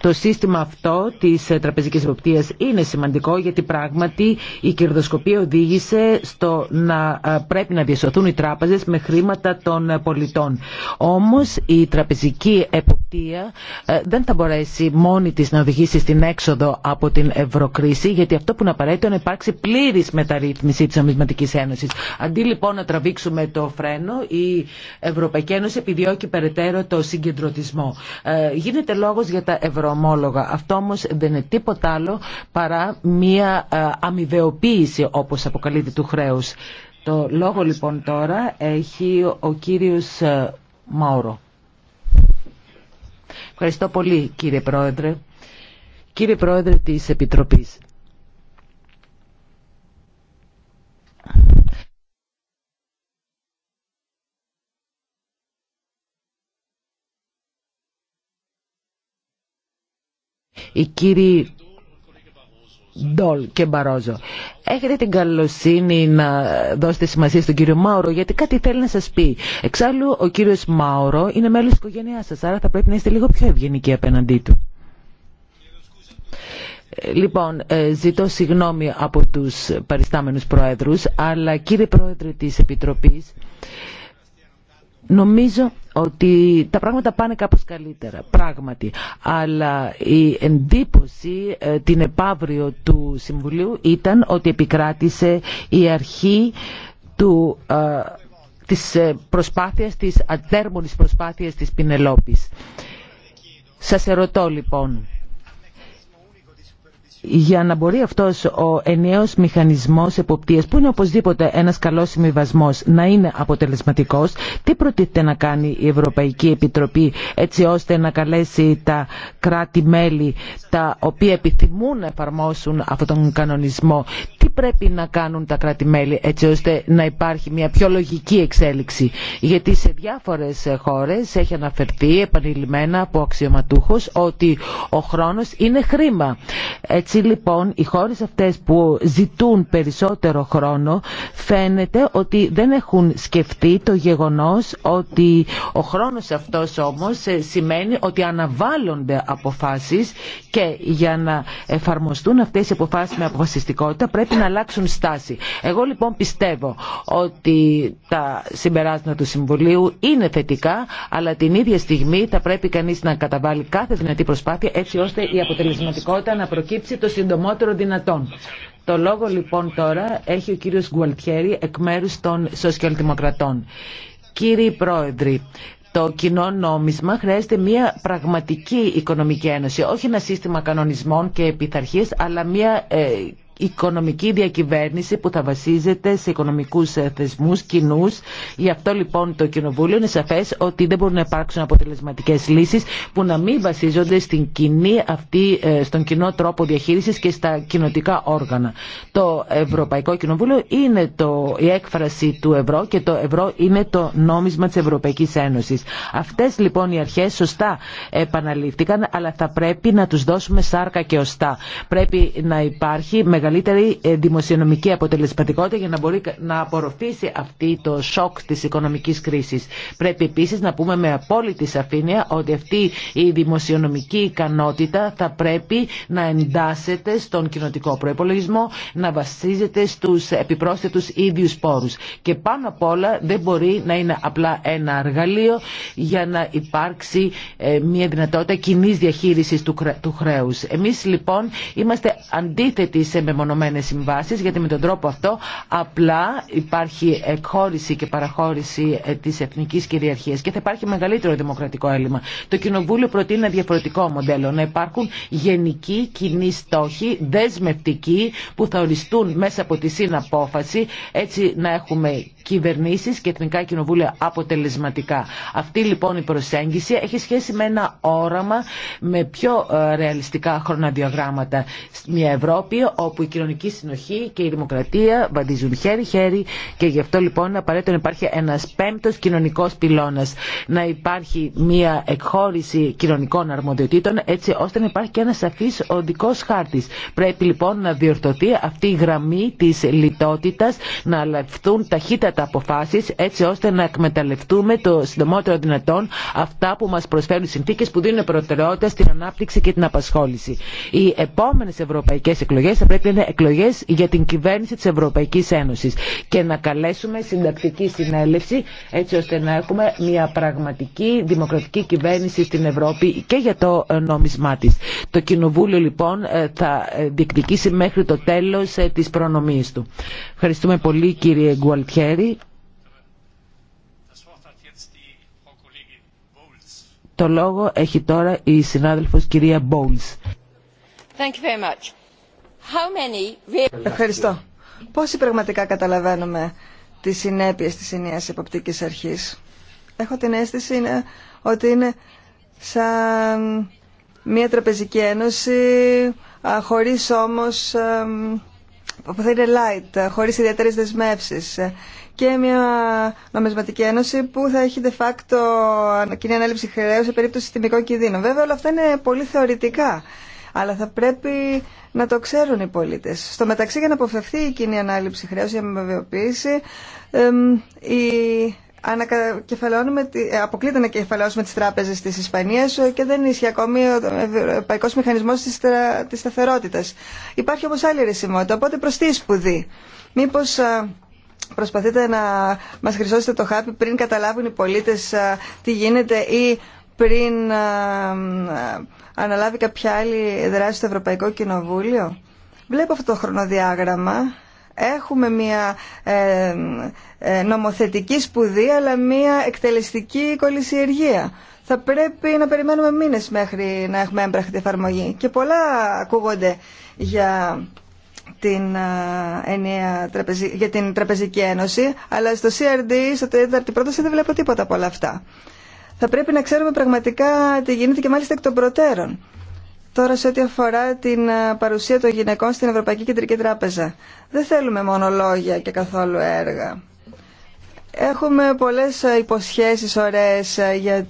το σύστημα αυτό της τραπεζικής εποπτείας είναι σημαντικό γιατί πράγματι η κερδοσκοπία οδήγησε στο να πρέπει να διασωθούν οι τράπεζες με χρήματα των πολιτών. Όμως η τραπεζική εποπτεία δεν θα μπορέσει μόνη της να οδηγήσει στην έξοδο από την ευρωκρίση γιατί αυτό που είναι απαραίτητο είναι να υπάρξει πλήρης μεταρρύθμιση ρύθμιση της Νομισματικής Ένωσης. Αντί λοιπόν να τραβήξουμε το φρένο, η Ευρωπαϊκή Ένωση επιδιώκει περαιτέρω το συγκεντρωτισμό. Ε, γίνεται λόγος για τα ευρωομόλογα. Αυτό όμω δεν είναι τίποτα άλλο παρά μία ε, αμοιβεοποίηση όπως αποκαλείται του χρέους. Το λόγο λοιπόν τώρα έχει ο κύριος ε, Μαουρο. Ευχαριστώ πολύ κύριε Πρόεδρε. Κύριε Πρόεδρε της Επιτροπής. οι κύριοι Ντόλ και Μπαρόζο. Έχετε την καλοσύνη να δώσετε σημασία στον κύριο Μάουρο γιατί κάτι θέλει να σα πει. Εξάλλου ο κύριο Μάουρο είναι μέλο τη οικογένεια σα, άρα θα πρέπει να είστε λίγο πιο ευγενικοί απέναντί του. Λοιπόν, ε, ζητώ συγγνώμη από τους παριστάμενους πρόεδρους αλλά κύριε πρόεδρε της Επιτροπής Νομίζω ότι τα πράγματα πάνε κάπως καλύτερα, πράγματι. Αλλά η εντύπωση ε, την επαύριο του Συμβουλίου ήταν ότι επικράτησε η αρχή του, ε, της ε, προσπάθειας, της ατέρμονης προσπάθειας της Πινελόπης. Σας ερωτώ λοιπόν, για να μπορεί αυτός ο ενιαίος μηχανισμός εποπτείας που είναι οπωσδήποτε ένας καλός συμβιβασμό να είναι αποτελεσματικός τι προτείνεται να κάνει η Ευρωπαϊκή Επιτροπή έτσι ώστε να καλέσει τα κράτη-μέλη τα οποία επιθυμούν να εφαρμόσουν αυτόν τον κανονισμό τι πρέπει να κάνουν τα κράτη-μέλη έτσι ώστε να υπάρχει μια πιο λογική εξέλιξη γιατί σε διάφορες χώρες έχει αναφερθεί επανειλημμένα από αξιωματούχους ότι ο χρόνος είναι χρήμα. Έτσι λοιπόν οι χώρες αυτές που ζητούν περισσότερο χρόνο φαίνεται ότι δεν έχουν σκεφτεί το γεγονός ότι ο χρόνος αυτός όμως ε, σημαίνει ότι αναβάλλονται αποφάσεις και για να εφαρμοστούν αυτές οι αποφάσεις με αποφασιστικότητα πρέπει να αλλάξουν στάση. Εγώ λοιπόν πιστεύω ότι τα συμπεράσματα του Συμβουλίου είναι θετικά αλλά την ίδια στιγμή θα πρέπει κανείς να καταβάλει κάθε δυνατή προσπάθεια έτσι ώστε η αποτελεσματικότητα να προκύψει το συντομότερο δυνατόν. Το λόγο λοιπόν τώρα έχει ο κύριος Γκουαλτιέρη εκ μέρους των σοσιαλδημοκρατών. Κύριοι Πρόεδροι, το κοινό νόμισμα χρειάζεται μια πραγματική οικονομική ένωση, όχι ένα σύστημα κανονισμών και επιθαρχίες, αλλά μια ε, οικονομική διακυβέρνηση που θα βασίζεται σε οικονομικούς ε, θεσμούς κοινού. Γι' αυτό λοιπόν το Κοινοβούλιο είναι σαφές ότι δεν μπορούν να υπάρξουν αποτελεσματικές λύσεις που να μην βασίζονται στην κοινή αυτή, ε, στον κοινό τρόπο διαχείρισης και στα κοινοτικά όργανα. Το Ευρωπαϊκό Κοινοβούλιο είναι το, η έκφραση του ευρώ και το ευρώ είναι το νόμισμα της Ευρωπαϊκής Ένωσης. Αυτές λοιπόν οι αρχές σωστά επαναλήφθηκαν αλλά θα πρέπει να τους δώσουμε σάρκα και οστά. Πρέπει να υπάρχει μεγαλύτερη ε, δημοσιονομική αποτελεσματικότητα για να μπορεί να απορροφήσει αυτή το σοκ τη οικονομική κρίση. Πρέπει επίση να πούμε με απόλυτη σαφήνεια ότι αυτή η δημοσιονομική ικανότητα θα πρέπει να εντάσσεται στον κοινοτικό προπολογισμό, να βασίζεται στους επιπρόσθετους ίδιου πόρου. Και πάνω απ' όλα δεν μπορεί να είναι απλά ένα εργαλείο για να υπάρξει ε, μια δυνατότητα κοινή διαχείριση του χρέου. Εμείς λοιπόν είμαστε αντίθετοι σε μεμονωμένες συμβάσεις γιατί με τον τρόπο αυτό απλά υπάρχει εκχώρηση και παραχώρηση ε, της εθνικής κυριαρχίας και θα υπάρχει μεγαλύτερο δημοκρατικό έλλειμμα. Το Κοινοβούλιο προτείνει ένα διαφορετικό μοντέλο, να υπάρχουν γενικοί κοινοί στόχοι, δεσμευτικοί που θα οριστούν μέσα από τη συναπόφαση έτσι να έχουμε κυβερνήσεις και εθνικά κοινοβούλια αποτελεσματικά. Αυτή λοιπόν η προσέγγιση έχει σχέση με ένα όραμα με πιο ε, ρεαλιστικά χρονοδιαγράμματα. Μια Ευρώπη όπου η κοινωνική συνοχή και η δημοκρατια βαντιζουν βαδίζουν χέρι-χέρι και γι' αυτό λοιπόν απαραίτητο να υπάρχει ένας πέμπτος κοινωνικός πυλώνας. Να υπάρχει μια εκχώρηση κοινωνικών αρμοδιοτήτων έτσι ώστε να υπάρχει και ένας σαφής οδικός χάρτη. Πρέπει λοιπόν να διορθωθεί αυτή η γραμμή τη λιτότητα, να αλλαχθούν ταχύτατα κατά αποφάσεις έτσι ώστε να εκμεταλλευτούμε το συντομότερο δυνατόν αυτά που μας προσφέρουν οι συνθήκες που δίνουν προτεραιότητα στην ανάπτυξη και την απασχόληση. Οι επόμενες ευρωπαϊκές εκλογές θα πρέπει να είναι εκλογές για την κυβέρνηση της Ευρωπαϊκής Ένωσης και να καλέσουμε συντακτική συνέλευση έτσι ώστε να έχουμε μια πραγματική δημοκρατική κυβέρνηση στην Ευρώπη και για το νόμισμά της. Το Κοινοβούλιο λοιπόν ε, θα ε, διεκδικήσει μέχρι το τέλος ε, της προνομή του. Ευχαριστούμε πολύ κύριε Γκουαλτιέρη. Το λόγο έχει τώρα η συνάδελφος κυρία Μπόλς. Ευχαριστώ. Πόσοι πραγματικά καταλαβαίνουμε τις συνέπειες της ενιαίας εποπτικής αρχής. Έχω την αίσθηση είναι ότι είναι σαν μια τραπεζική ένωση χωρίς όμως που θα είναι light, χωρίς ιδιαίτερες δεσμεύσεις και μια νομισματική ένωση που θα έχει de facto κοινή ανάληψη χρέου σε περίπτωση συστημικών κινδύνων. Βέβαια όλα αυτά είναι πολύ θεωρητικά, αλλά θα πρέπει να το ξέρουν οι πολίτες. Στο μεταξύ για να αποφευθεί η κοινή ανάληψη χρέου, η αμοιβαιοποίηση, η ανακεφαλαιώνουμε, ε, αποκλείται να κεφαλαιώσουμε τις τράπεζες της Ισπανίας ε, και δεν ισχύει ακόμη ο Ευρωπαϊκό Μηχανισμός της, της Σταθερότητας. Υπάρχει όμως άλλη ρησιμότητα, οπότε προς τι σπουδή. Μήπως ε, προσπαθείτε να μας χρυσώσετε το χάπι πριν καταλάβουν οι πολίτες τι γίνεται ή πριν αναλάβει κάποια άλλη δράση στο Ευρωπαϊκό Κοινοβούλιο. Βλέπω αυτό το χρονοδιάγραμμα Έχουμε μια ε, ε, νομοθετική σπουδή αλλά μια εκτελεστική κολυσιεργία. Θα πρέπει να περιμένουμε μήνες μέχρι να έχουμε έμπραχτη εφαρμογή. Και πολλά ακούγονται για την, ε, ενιαία, για την Τραπεζική Ένωση, αλλά στο CRD, στο τέταρτη πρόταση, δεν βλέπω τίποτα από όλα αυτά. Θα πρέπει να ξέρουμε πραγματικά τι γίνεται και μάλιστα εκ των προτέρων. Τώρα σε ό,τι αφορά την ε, παρουσία των γυναικών στην Ευρωπαϊκή Κεντρική Τράπεζα. Δεν θέλουμε μόνο λόγια και καθόλου έργα. Έχουμε πολλές ε, υποσχέσεις ωραίες ε, για,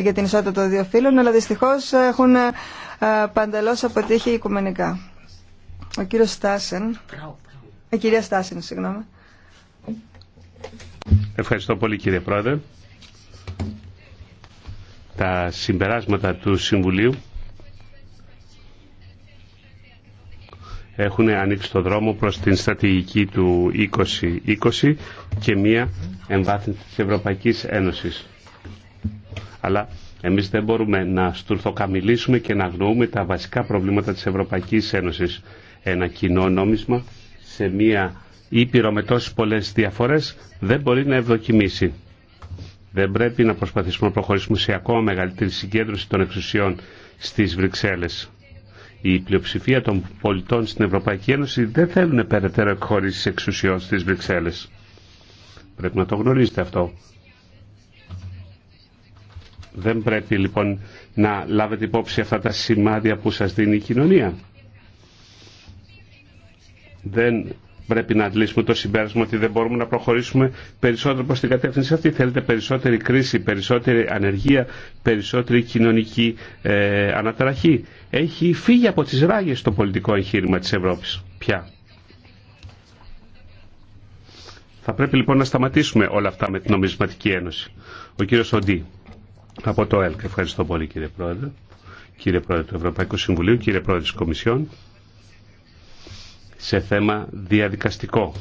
για την ισότητα των δύο φύλων, αλλά δυστυχώς έχουν παντελώς αποτύχει οικουμενικά. Ο κύριος Στάσεν, η κυρία Στάσεν, συγγνώμη. Ευχαριστώ πολύ κύριε Πρόεδρε. Τα συμπεράσματα του Συμβουλίου έχουν ανοίξει το δρόμο προς την στρατηγική του 2020 και μία εμβάθυνση της Ευρωπαϊκής Ένωσης. Αλλά εμείς δεν μπορούμε να στουρθοκαμιλήσουμε και να αγνοούμε τα βασικά προβλήματα της Ευρωπαϊκής Ένωσης. Ένα κοινό νόμισμα σε μία ήπειρο με τόσες πολλές διαφορές δεν μπορεί να ευδοκιμήσει. Δεν πρέπει να προσπαθήσουμε να προχωρήσουμε σε ακόμα μεγαλύτερη συγκέντρωση των εξουσιών στις Βρυξέλλες η πλειοψηφία των πολιτών στην Ευρωπαϊκή Ένωση δεν θέλουν περαιτέρω εκχώρηση εξουσιών στις Βρυξέλλες. Πρέπει να το γνωρίζετε αυτό. Δεν πρέπει λοιπόν να λάβετε υπόψη αυτά τα σημάδια που σας δίνει η κοινωνία. Δεν πρέπει να αντλήσουμε το συμπέρασμα ότι δεν μπορούμε να προχωρήσουμε περισσότερο προς την κατεύθυνση αυτή. Θέλετε περισσότερη κρίση, περισσότερη ανεργία, περισσότερη κοινωνική ε, αναταραχή. Έχει φύγει από τις ράγες το πολιτικό εγχείρημα της Ευρώπης πια. Θα πρέπει λοιπόν να σταματήσουμε όλα αυτά με την νομισματική ένωση. Ο κύριος Οντή από το ΕΛΚ. Ευχαριστώ πολύ κύριε Πρόεδρε. Κύριε Πρόεδρε του Ευρωπαϊκού Συμβουλίου, κύριε Πρόεδρε της Κομισιόν σε θέμα διαδικαστικό.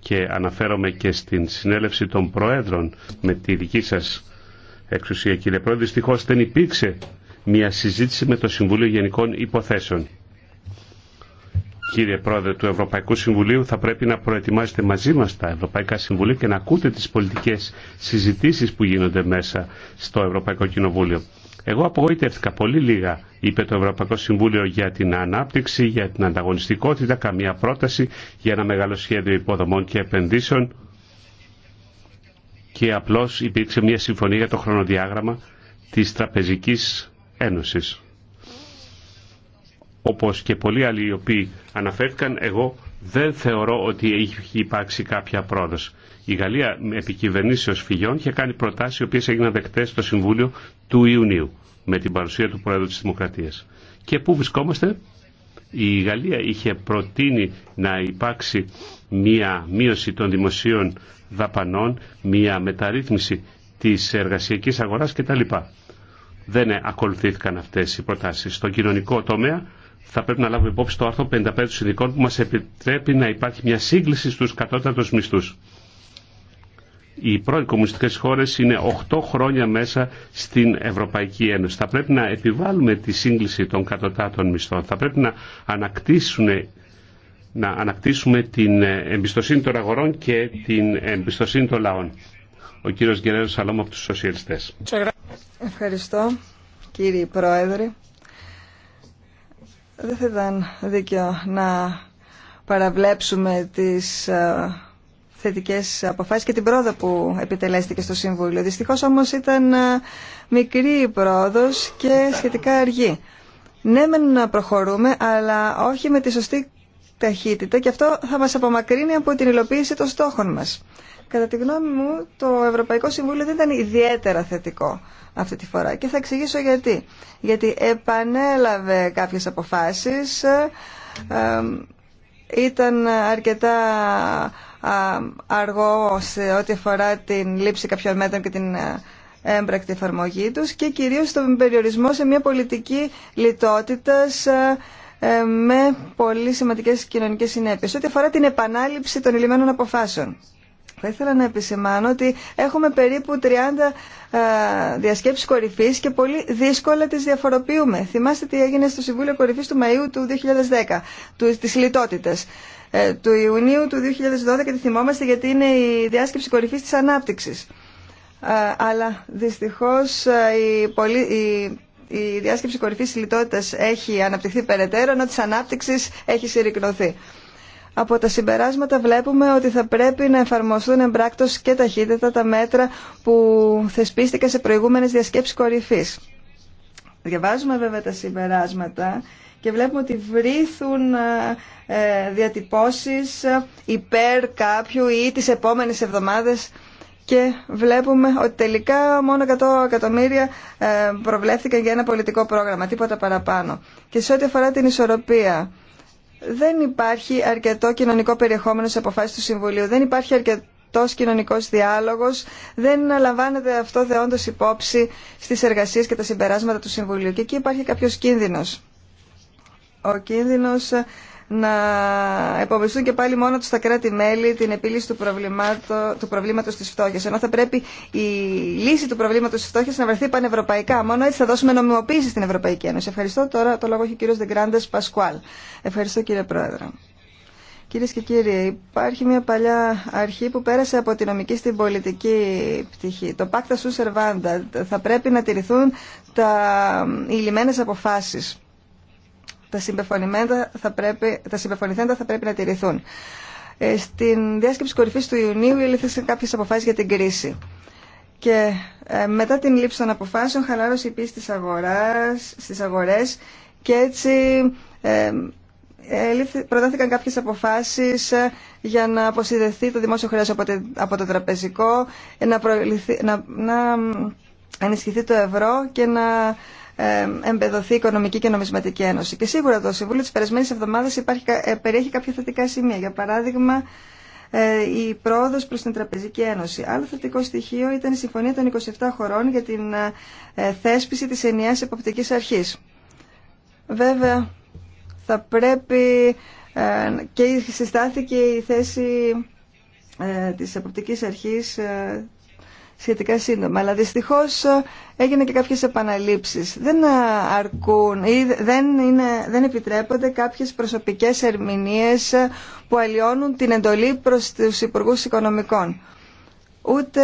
Και αναφέρομαι και στην συνέλευση των Προέδρων με τη δική σας εξουσία κύριε Πρόεδρε. Δυστυχώ δεν υπήρξε μια συζήτηση με το Συμβούλιο Γενικών Υποθέσεων. Κύριε Πρόεδρε του Ευρωπαϊκού Συμβουλίου, θα πρέπει να προετοιμάσετε μαζί μας τα Ευρωπαϊκά Συμβουλία και να ακούτε τις πολιτικές συζητήσεις που γίνονται μέσα στο Ευρωπαϊκό Κοινοβούλιο. Εγώ απογοητεύτηκα πολύ λίγα, είπε το Ευρωπαϊκό Συμβούλιο για την ανάπτυξη, για την ανταγωνιστικότητα, καμία πρόταση για ένα μεγάλο σχέδιο υποδομών και επενδύσεων και απλώς υπήρξε μια συμφωνία για το χρονοδιάγραμμα της Τραπεζικής Ένωσης. Όπως και πολλοί άλλοι οι οποίοι αναφέρθηκαν, εγώ δεν θεωρώ ότι έχει υπάρξει κάποια πρόοδος. Η Γαλλία με επικυβερνήσεως φυγιών είχε κάνει προτάσεις οι οποίες έγιναν δεκτές στο Συμβούλιο του Ιουνίου με την παρουσία του Πρόεδρου της Δημοκρατίας. Και πού βρισκόμαστε. Η Γαλλία είχε προτείνει να υπάρξει μία μείωση των δημοσίων δαπανών, μία μεταρρύθμιση της εργασιακής αγοράς κτλ. Δεν ακολουθήθηκαν αυτές οι προτάσεις. Στον κοινωνικό τομέα θα πρέπει να λάβουμε υπόψη το άρθρο 55 του συνδικών που μας επιτρέπει να υπάρχει μια σύγκληση στους κατώτατους μισθούς οι πρώην κομμουνιστικές χώρες είναι 8 χρόνια μέσα στην Ευρωπαϊκή Ένωση. Θα πρέπει να επιβάλλουμε τη σύγκληση των κατοτάτων μισθών. Θα πρέπει να, να ανακτήσουμε την ε, εμπιστοσύνη των αγορών και την εμπιστοσύνη των λαών. Ο κύριος Γκερέρος Σαλόμ από τους Σοσιαλιστές. Ευχαριστώ κύριε Πρόεδρε. Δεν θα ήταν δίκαιο να παραβλέψουμε τις ε, θετικές αποφάσεις και την πρόοδο που επιτελέστηκε στο Συμβούλιο. Δυστυχώς όμως ήταν ε, μικρή η πρόοδος και σχετικά αργή. Ναι μεν να προχωρούμε αλλά όχι με τη σωστή ταχύτητα και αυτό θα μας απομακρύνει από την υλοποίηση των στόχων μας. Κατά τη γνώμη μου το Ευρωπαϊκό Συμβούλιο δεν ήταν ιδιαίτερα θετικό αυτή τη φορά και θα εξηγήσω γιατί. Γιατί επανέλαβε κάποιες αποφάσεις, ε, ε, ήταν αρκετά αργό σε ό,τι αφορά την λήψη κάποιων μέτρων και την ε, έμπρακτη εφαρμογή τους και κυρίως στον περιορισμό σε μια πολιτική λιτότητα ε, ε, με πολύ σημαντικές κοινωνικές συνέπειες. Ό,τι αφορά την επανάληψη των ελλημένων αποφάσεων. Θα ήθελα να επισημάνω ότι έχουμε περίπου 30 διασκέψεις κορυφής και πολύ δύσκολα τις διαφοροποιούμε. Θυμάστε τι έγινε στο Συμβούλιο Κορυφής του Μαΐου του 2010, της λιτότητας. Ε, του Ιουνίου του 2012 και τη θυμόμαστε γιατί είναι η διάσκεψη κορυφής της ανάπτυξης. Ε, αλλά δυστυχώς ε, η, πολυ... η... η διάσκεψη κορυφής της λιτότητας έχει αναπτυχθεί περαιτέρω ενώ της ανάπτυξης έχει συρρικνωθεί. Από τα συμπεράσματα βλέπουμε ότι θα πρέπει να εφαρμοστούν εμπράκτος και ταχύτητα τα μέτρα που θεσπίστηκαν σε προηγούμενες διασκέψεις κορυφής. Διαβάζουμε βέβαια τα συμπεράσματα και βλέπουμε ότι βρίθουν ε, ε, διατυπώσεις υπέρ κάποιου ή τις επόμενες εβδομάδες και βλέπουμε ότι τελικά μόνο 100 εκατομμύρια ε, προβλέφθηκαν για ένα πολιτικό πρόγραμμα, τίποτα παραπάνω. Και σε ό,τι αφορά την ισορροπία, δεν υπάρχει αρκετό κοινωνικό περιεχόμενο σε αποφάσεις του Συμβουλίου, δεν υπάρχει αρκετό κοινωνικό διάλογο, δεν λαμβάνεται αυτό δεόντω υπόψη στι εργασίε και τα συμπεράσματα του Συμβουλίου. Και εκεί υπάρχει κάποιο κίνδυνο ο κίνδυνος να επομιστούν και πάλι μόνο τους τα κράτη-μέλη την επίλυση του, προβλημάτο, του προβλήματος της φτώχειας. Ενώ θα πρέπει η λύση του προβλήματος της φτώχειας να βρεθεί πανευρωπαϊκά. Μόνο έτσι θα δώσουμε νομιμοποίηση στην Ευρωπαϊκή Ένωση. Ευχαριστώ. Τώρα το λόγο έχει ο κύριο Δεγκράντες Πασκουάλ. Ευχαριστώ κύριε Πρόεδρε. Κυρίε και κύριοι, υπάρχει μια παλιά αρχή που πέρασε από τη νομική στην πολιτική πτυχή. Το Pacta Sunt Servanda. Θα πρέπει να τηρηθούν τα... οι αποφάσει τα, θα πρέπει, τα συμπεφωνηθέντα θα πρέπει να τηρηθούν. Ε, στην διάσκεψη κορυφής του Ιουνίου ήλθαν κάποιες αποφάσεις για την κρίση. Και ε, μετά την λήψη των αποφάσεων χαλάρωσε η πίστη στις, αγοράς, αγορές και έτσι ε, προτάθηκαν κάποιες αποφάσεις ε, για να αποσυνδεθεί το δημόσιο χρέος από, το τραπεζικό, να, να ενισχυθεί το ευρώ και να εμπεδοθεί η Οικονομική και Νομισματική Ένωση. Και σίγουρα το Συμβούλιο της περασμένης εβδομάδας ε, περιέχει κάποια θετικά σημεία. Για παράδειγμα, ε, η πρόοδο προς την Τραπεζική Ένωση. Άλλο θετικό στοιχείο ήταν η συμφωνία των 27 χωρών για την ε, θέσπιση της ενιαίας εποπτική αρχή Βέβαια, θα πρέπει και συστάθηκε η θέση της εποπτικής αρχής σχετικά σύντομα. Αλλά δυστυχώ ε, έγινε και κάποιε επαναλήψεις. Δεν ε, αρκούν ή δεν, είναι, δεν επιτρέπονται κάποιες προσωπικές ερμηνείες ε, που αλλοιώνουν την εντολή προς τους υπουργού Οικονομικών. Ούτε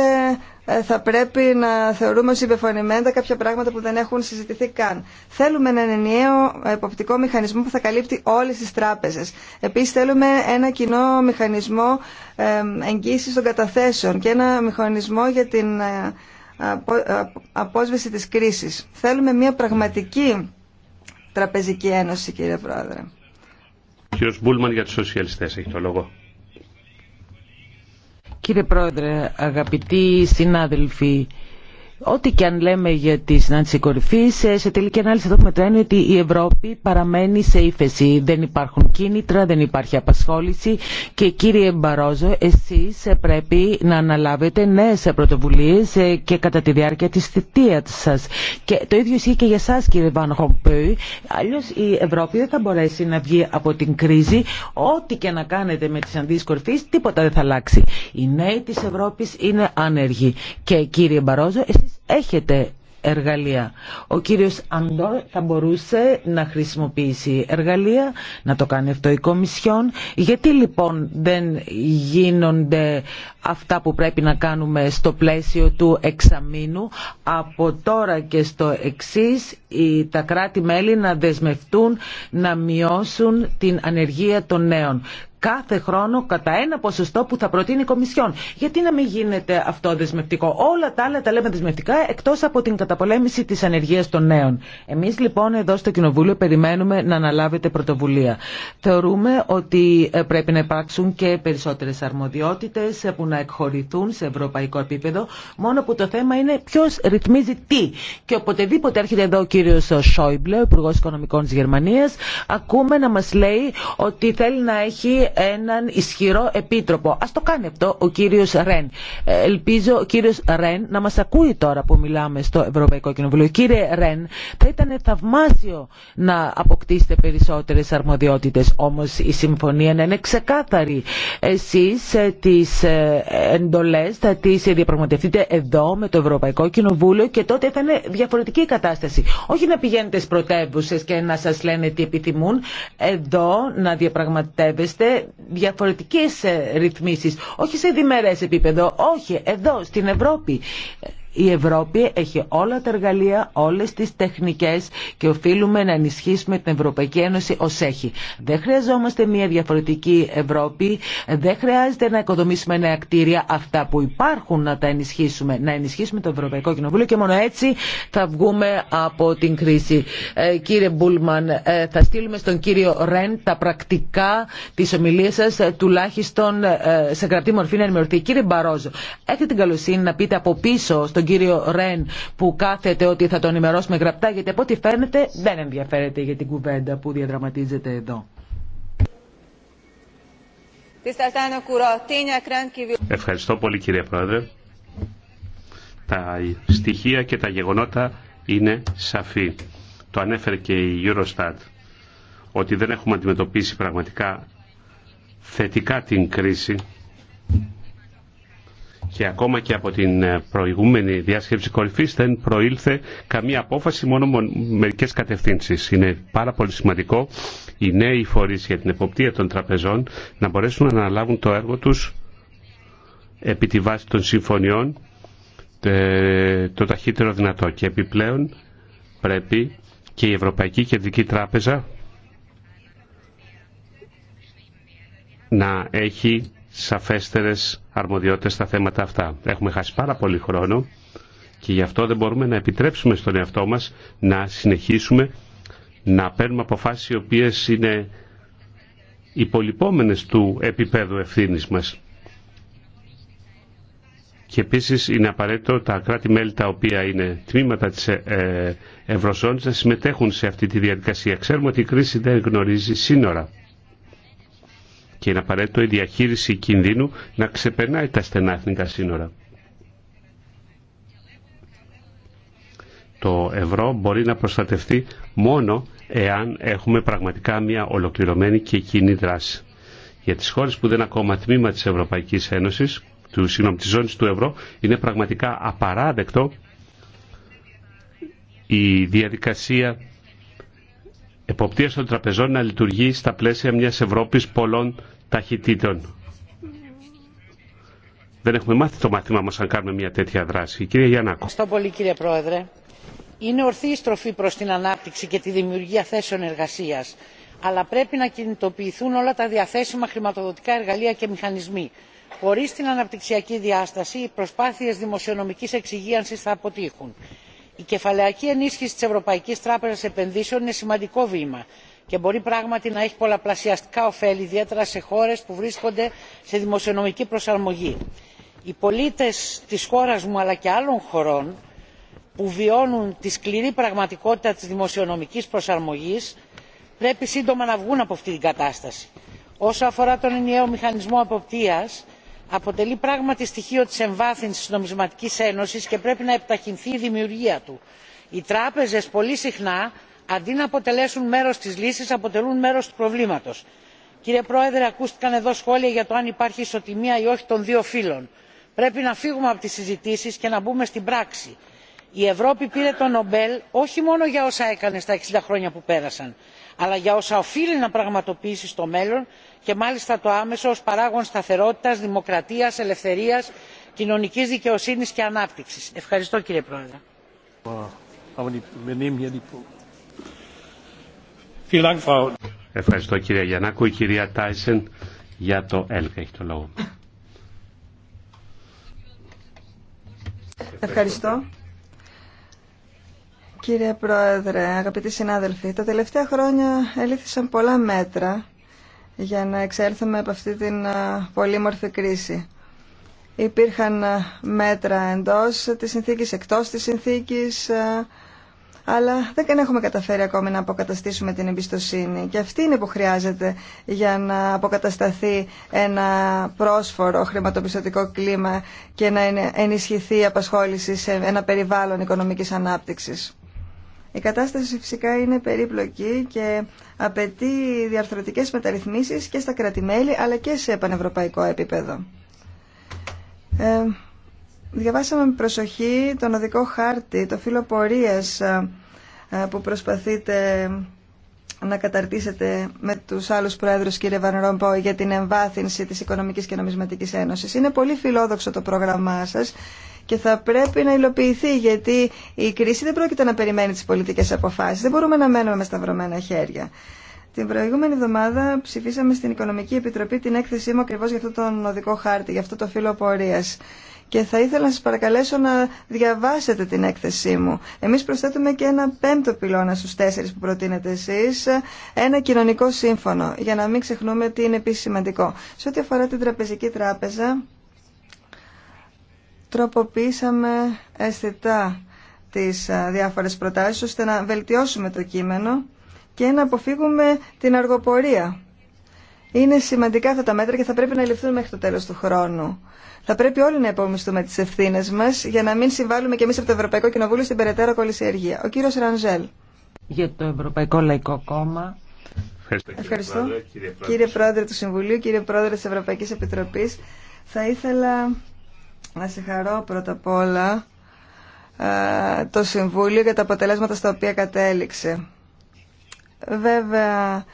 ε, θα πρέπει να θεωρούμε συμπεφωνημένα κάποια πράγματα που δεν έχουν συζητηθεί καν. Θέλουμε έναν ενιαίο ε, εποπτικό μηχανισμό που θα καλύπτει όλες τις τράπεζες. Επίσης θέλουμε ένα κοινό μηχανισμό ε, εγγύησης των καταθέσεων και ένα μηχανισμό για την απόσβεση της κρίσης. Θέλουμε μια πραγματική τραπεζική ένωση, κύριε Πρόεδρε. Ο Μπούλμαν για τους σοσιαλιστές έχει το λόγο. Κύριε Πρόεδρε, αγαπητοί συνάδελφοι, Ό,τι και αν λέμε για τη συνάντηση κορυφή, ε, σε τελική ανάλυση εδώ που μετράει ότι η Ευρώπη παραμένει σε ύφεση. Δεν υπάρχουν κίνητρα, δεν υπάρχει απασχόληση και κύριε Μπαρόζο, εσεί πρέπει να αναλάβετε νέε πρωτοβουλίε ε, και κατά τη διάρκεια τη θητεία σα. Και το ίδιο ισχύει και για εσά κύριε Βαν Χομπέου. Αλλιώ η Ευρώπη δεν θα μπορέσει να βγει από την κρίση. Ό,τι και να κάνετε με τι συναντήσει κορυφή, τίποτα δεν θα αλλάξει. Οι νέοι τη Ευρώπη είναι άνεργοι. Και κύριε Μπαρόζο, έχετε εργαλεία. Ο κύριος Αντόρ θα μπορούσε να χρησιμοποιήσει εργαλεία, να το κάνει αυτό η Κομισιόν. Γιατί λοιπόν δεν γίνονται αυτά που πρέπει να κάνουμε στο πλαίσιο του εξαμήνου από τώρα και στο εξής τα κράτη-μέλη να δεσμευτούν να μειώσουν την ανεργία των νέων κάθε χρόνο κατά ένα ποσοστό που θα προτείνει η Κομισιόν. Γιατί να μην γίνεται αυτό δεσμευτικό. Όλα τα άλλα τα λέμε δεσμευτικά εκτός από την καταπολέμηση της ανεργίας των νέων. Εμείς λοιπόν εδώ στο Κοινοβούλιο περιμένουμε να αναλάβετε πρωτοβουλία. Θεωρούμε ότι ε, πρέπει να υπάρξουν και περισσότερες αρμοδιότητες ε, που να εκχωρηθούν σε ευρωπαϊκό επίπεδο, μόνο που το θέμα είναι ποιο ρυθμίζει τι. Και οποτεδήποτε έρχεται εδώ ο κύριος Σόιμπλε, ο Οικονομικών της Γερμανίας, ακούμε να μας λέει ότι θέλει να έχει έναν ισχυρό επίτροπο. Α το κάνει αυτό ο κύριο Ρεν. Ε, ελπίζω ο κύριο Ρεν να μα ακούει τώρα που μιλάμε στο Ευρωπαϊκό Κοινοβουλίο. Κύριε Ρεν, θα ήταν θαυμάσιο να αποκτήσετε περισσότερε αρμοδιότητε. Όμω η συμφωνία να είναι ξεκάθαρη. εσεί ε, τι ε, εντολές θα τι διαπραγματευτείτε εδώ με το Ευρωπαϊκό Κοινοβούλιο και τότε θα είναι διαφορετική η κατάσταση. Όχι να πηγαίνετε στι πρωτεύουσε και να σα λένε τι επιθυμούν. Εδώ να διαπραγματεύεστε διαφορετικές ε, ρυθμίσεις, όχι σε διμερές επίπεδο, όχι εδώ στην Ευρώπη. Η Ευρώπη έχει όλα τα εργαλεία, όλες τις τεχνικές και οφείλουμε να ενισχύσουμε την Ευρωπαϊκή Ένωση ως έχει. Δεν χρειαζόμαστε μια διαφορετική Ευρώπη, δεν χρειάζεται να οικοδομήσουμε νέα κτίρια, αυτά που υπάρχουν να τα ενισχύσουμε, να ενισχύσουμε το Ευρωπαϊκό Κοινοβούλιο και μόνο έτσι θα βγούμε από την κρίση. Ε, κύριε Μπούλμαν, ε, θα στείλουμε στον κύριο Ρεν τα πρακτικά της ομιλίας σας, ε, τουλάχιστον σε γραπτή μορφή να ενημερωθεί. Κύριε Μπαρόζο, έχετε την καλοσύνη να πείτε από πίσω στον τον κύριο Ρεν που κάθεται ότι θα τον ενημερώσουμε γραπτά, γιατί από ό,τι φαίνεται δεν ενδιαφέρεται για την κουβέντα που διαδραματίζεται εδώ. Ευχαριστώ πολύ κύριε Πρόεδρε. Τα στοιχεία και τα γεγονότα είναι σαφή. Το ανέφερε και η Eurostat ότι δεν έχουμε αντιμετωπίσει πραγματικά θετικά την κρίση και ακόμα και από την ε, προηγούμενη διάσκεψη κορυφής δεν προήλθε καμία απόφαση, μόνο μερικές κατευθύνσεις. Είναι πάρα πολύ σημαντικό οι νέοι φορείς για την εποπτεία των τραπεζών να μπορέσουν να αναλάβουν το έργο τους επί τη βάση των συμφωνιών το ταχύτερο δυνατό και επιπλέον πρέπει και η Ευρωπαϊκή Κεντρική Τράπεζα να έχει σαφέστερες αρμοδιότητες στα θέματα αυτά. Έχουμε χάσει πάρα πολύ χρόνο και γι' αυτό δεν μπορούμε να επιτρέψουμε στον εαυτό μας να συνεχίσουμε να παίρνουμε αποφάσεις οι οποίες είναι υπολοιπόμενες του επίπεδου ευθύνη μας. Και επίσης είναι απαραίτητο τα κράτη-μέλη τα οποία είναι τμήματα της ε, ε, Ευρωζώνης να συμμετέχουν σε αυτή τη διαδικασία. Ξέρουμε ότι η κρίση δεν γνωρίζει σύνορα και είναι απαραίτητο η διαχείριση κινδύνου να ξεπερνάει τα στενά εθνικά σύνορα. Το ευρώ μπορεί να προστατευτεί μόνο εάν έχουμε πραγματικά μια ολοκληρωμένη και κοινή δράση. Για τις χώρες που δεν είναι ακόμα τμήμα της Ευρωπαϊκής Ένωσης, του, συγγνώμη, της ζώνης του ευρώ, είναι πραγματικά απαράδεκτο η διαδικασία εποπτείας των τραπεζών να λειτουργεί στα πλαίσια μιας Ευρώπης πολλών ταχυτήτων. Δεν έχουμε μάθει το μάθημα μας αν κάνουμε μια τέτοια δράση. Κύριε Γιαννάκο. Ευχαριστώ πολύ κύριε Πρόεδρε. Είναι ορθή η στροφή προς την ανάπτυξη και τη δημιουργία θέσεων εργασίας. Αλλά πρέπει να κινητοποιηθούν όλα τα διαθέσιμα χρηματοδοτικά εργαλεία και μηχανισμοί. Χωρίς την αναπτυξιακή διάσταση, οι προσπάθειες δημοσιονομικής εξυγίανσης θα αποτύχουν. Η κεφαλαιακή ενίσχυση της Ευρωπαϊκής Τράπεζας Επενδύσεων είναι σημαντικό βήμα και μπορεί πράγματι να έχει πολλαπλασιαστικά ωφέλη ιδιαίτερα σε χώρες που βρίσκονται σε δημοσιονομική προσαρμογή. οι πολίτες της χώρας μου αλλά και άλλων χωρών που βιώνουν τη σκληρή πραγματικότητα της δημοσιονομικής προσαρμογής πρέπει σύντομα να βγουν από αυτή την κατάσταση. όσο αφορά τον ενιαίο μηχανισμό εποπτείας αποτελεί πράγματι στοιχείο της εμβάθυνσης της νομισματικής ένωσης και πρέπει να επιταχυνθεί η δημιουργία του. οι τράπεζες πολύ συχνά αντί να αποτελέσουν μέρο τη λύση αποτελούν μέρο του προβλήματο. κύριε πρόεδρε ακούστηκαν εδώ σχόλια για το αν υπάρχει ισοτιμία ή όχι των δύο φύλων. πρέπει να φύγουμε από τι συζητήσει και να μπούμε στην πράξη. η ευρώπη πήρε το νομπέλ όχι μόνο για όσα έκανε στα 60 χρόνια που πέρασαν αλλά για όσα οφείλει να πραγματοποιήσει στο μέλλον και μάλιστα το άμεσο ω παράγον σταθερότητα δημοκρατία ελευθερία κοινωνική δικαιοσύνη και ανάπτυξη. ευχαριστώ κύριε πρόεδρε. Ευχαριστώ κύριε Γιαννάκου. Η κυρία Τάισεν για το ΕΛΚ έχει το λόγο. Ευχαριστώ. Κύριε Πρόεδρε, αγαπητοί συνάδελφοι, τα τελευταία χρόνια ελήφθησαν πολλά μέτρα για να εξέλθουμε από αυτή την πολύμορφη κρίση. Υπήρχαν μέτρα εντός της συνθήκης, εκτός της συνθήκης, αλλά δεν έχουμε καταφέρει ακόμη να αποκαταστήσουμε την εμπιστοσύνη. Και αυτή είναι που χρειάζεται για να αποκατασταθεί ένα πρόσφορο χρηματοπιστωτικό κλίμα και να ενισχυθεί η απασχόληση σε ένα περιβάλλον οικονομικής ανάπτυξης. Η κατάσταση φυσικά είναι περίπλοκη και απαιτεί διαρθρωτικές μεταρρυθμίσεις και στα κρατημέλη αλλά και σε πανευρωπαϊκό επίπεδο. Ε, Διαβάσαμε με προσοχή τον οδικό χάρτη, το φύλλο πορείας ε, ε, που προσπαθείτε να καταρτήσετε με τους άλλους πρόεδρους κύριε Βαν για την εμβάθυνση της Οικονομικής και Νομισματικής Ένωσης. Είναι πολύ φιλόδοξο το πρόγραμμά σας και θα πρέπει να υλοποιηθεί γιατί η κρίση δεν πρόκειται να περιμένει τις πολιτικές αποφάσεις. Δεν μπορούμε να μένουμε με σταυρωμένα χέρια. Την προηγούμενη εβδομάδα ψηφίσαμε στην Οικονομική Επιτροπή την έκθεσή μου ακριβώ για αυτό τον οδικό χάρτη, για αυτό το φύλλο πορεία. Και θα ήθελα να σα παρακαλέσω να διαβάσετε την έκθεσή μου. Εμεί προσθέτουμε και ένα πέμπτο πυλώνα στους τέσσερι που προτείνετε εσεί, ένα κοινωνικό σύμφωνο, για να μην ξεχνούμε τι είναι επίση σημαντικό. Σε ό,τι αφορά την τραπεζική τράπεζα, τροποποιήσαμε αισθητά τι διάφορε προτάσει ώστε να βελτιώσουμε το κείμενο και να αποφύγουμε την αργοπορία. Είναι σημαντικά αυτά τα μέτρα και θα πρέπει να ληφθούν μέχρι το τέλος του χρόνου. Θα πρέπει όλοι να υπομισθούμε τις ευθύνες μας για να μην συμβάλλουμε και εμείς από το Ευρωπαϊκό Κοινοβούλιο στην περαιτέρω κολυσιεργία. Ο κύριος Ρανζέλ. Για το Ευρωπαϊκό Λαϊκό Κόμμα. Ευχαριστώ. Κύριε, Πρόεδρε, κύριε, Πρόεδρε. του Συμβουλίου, κύριε Πρόεδρε της Ευρωπαϊκής Επιτροπής, θα ήθελα να συγχαρώ πρώτα απ' όλα το Συμβούλιο για τα αποτελέσματα στα οποία κατέληξε βέβαια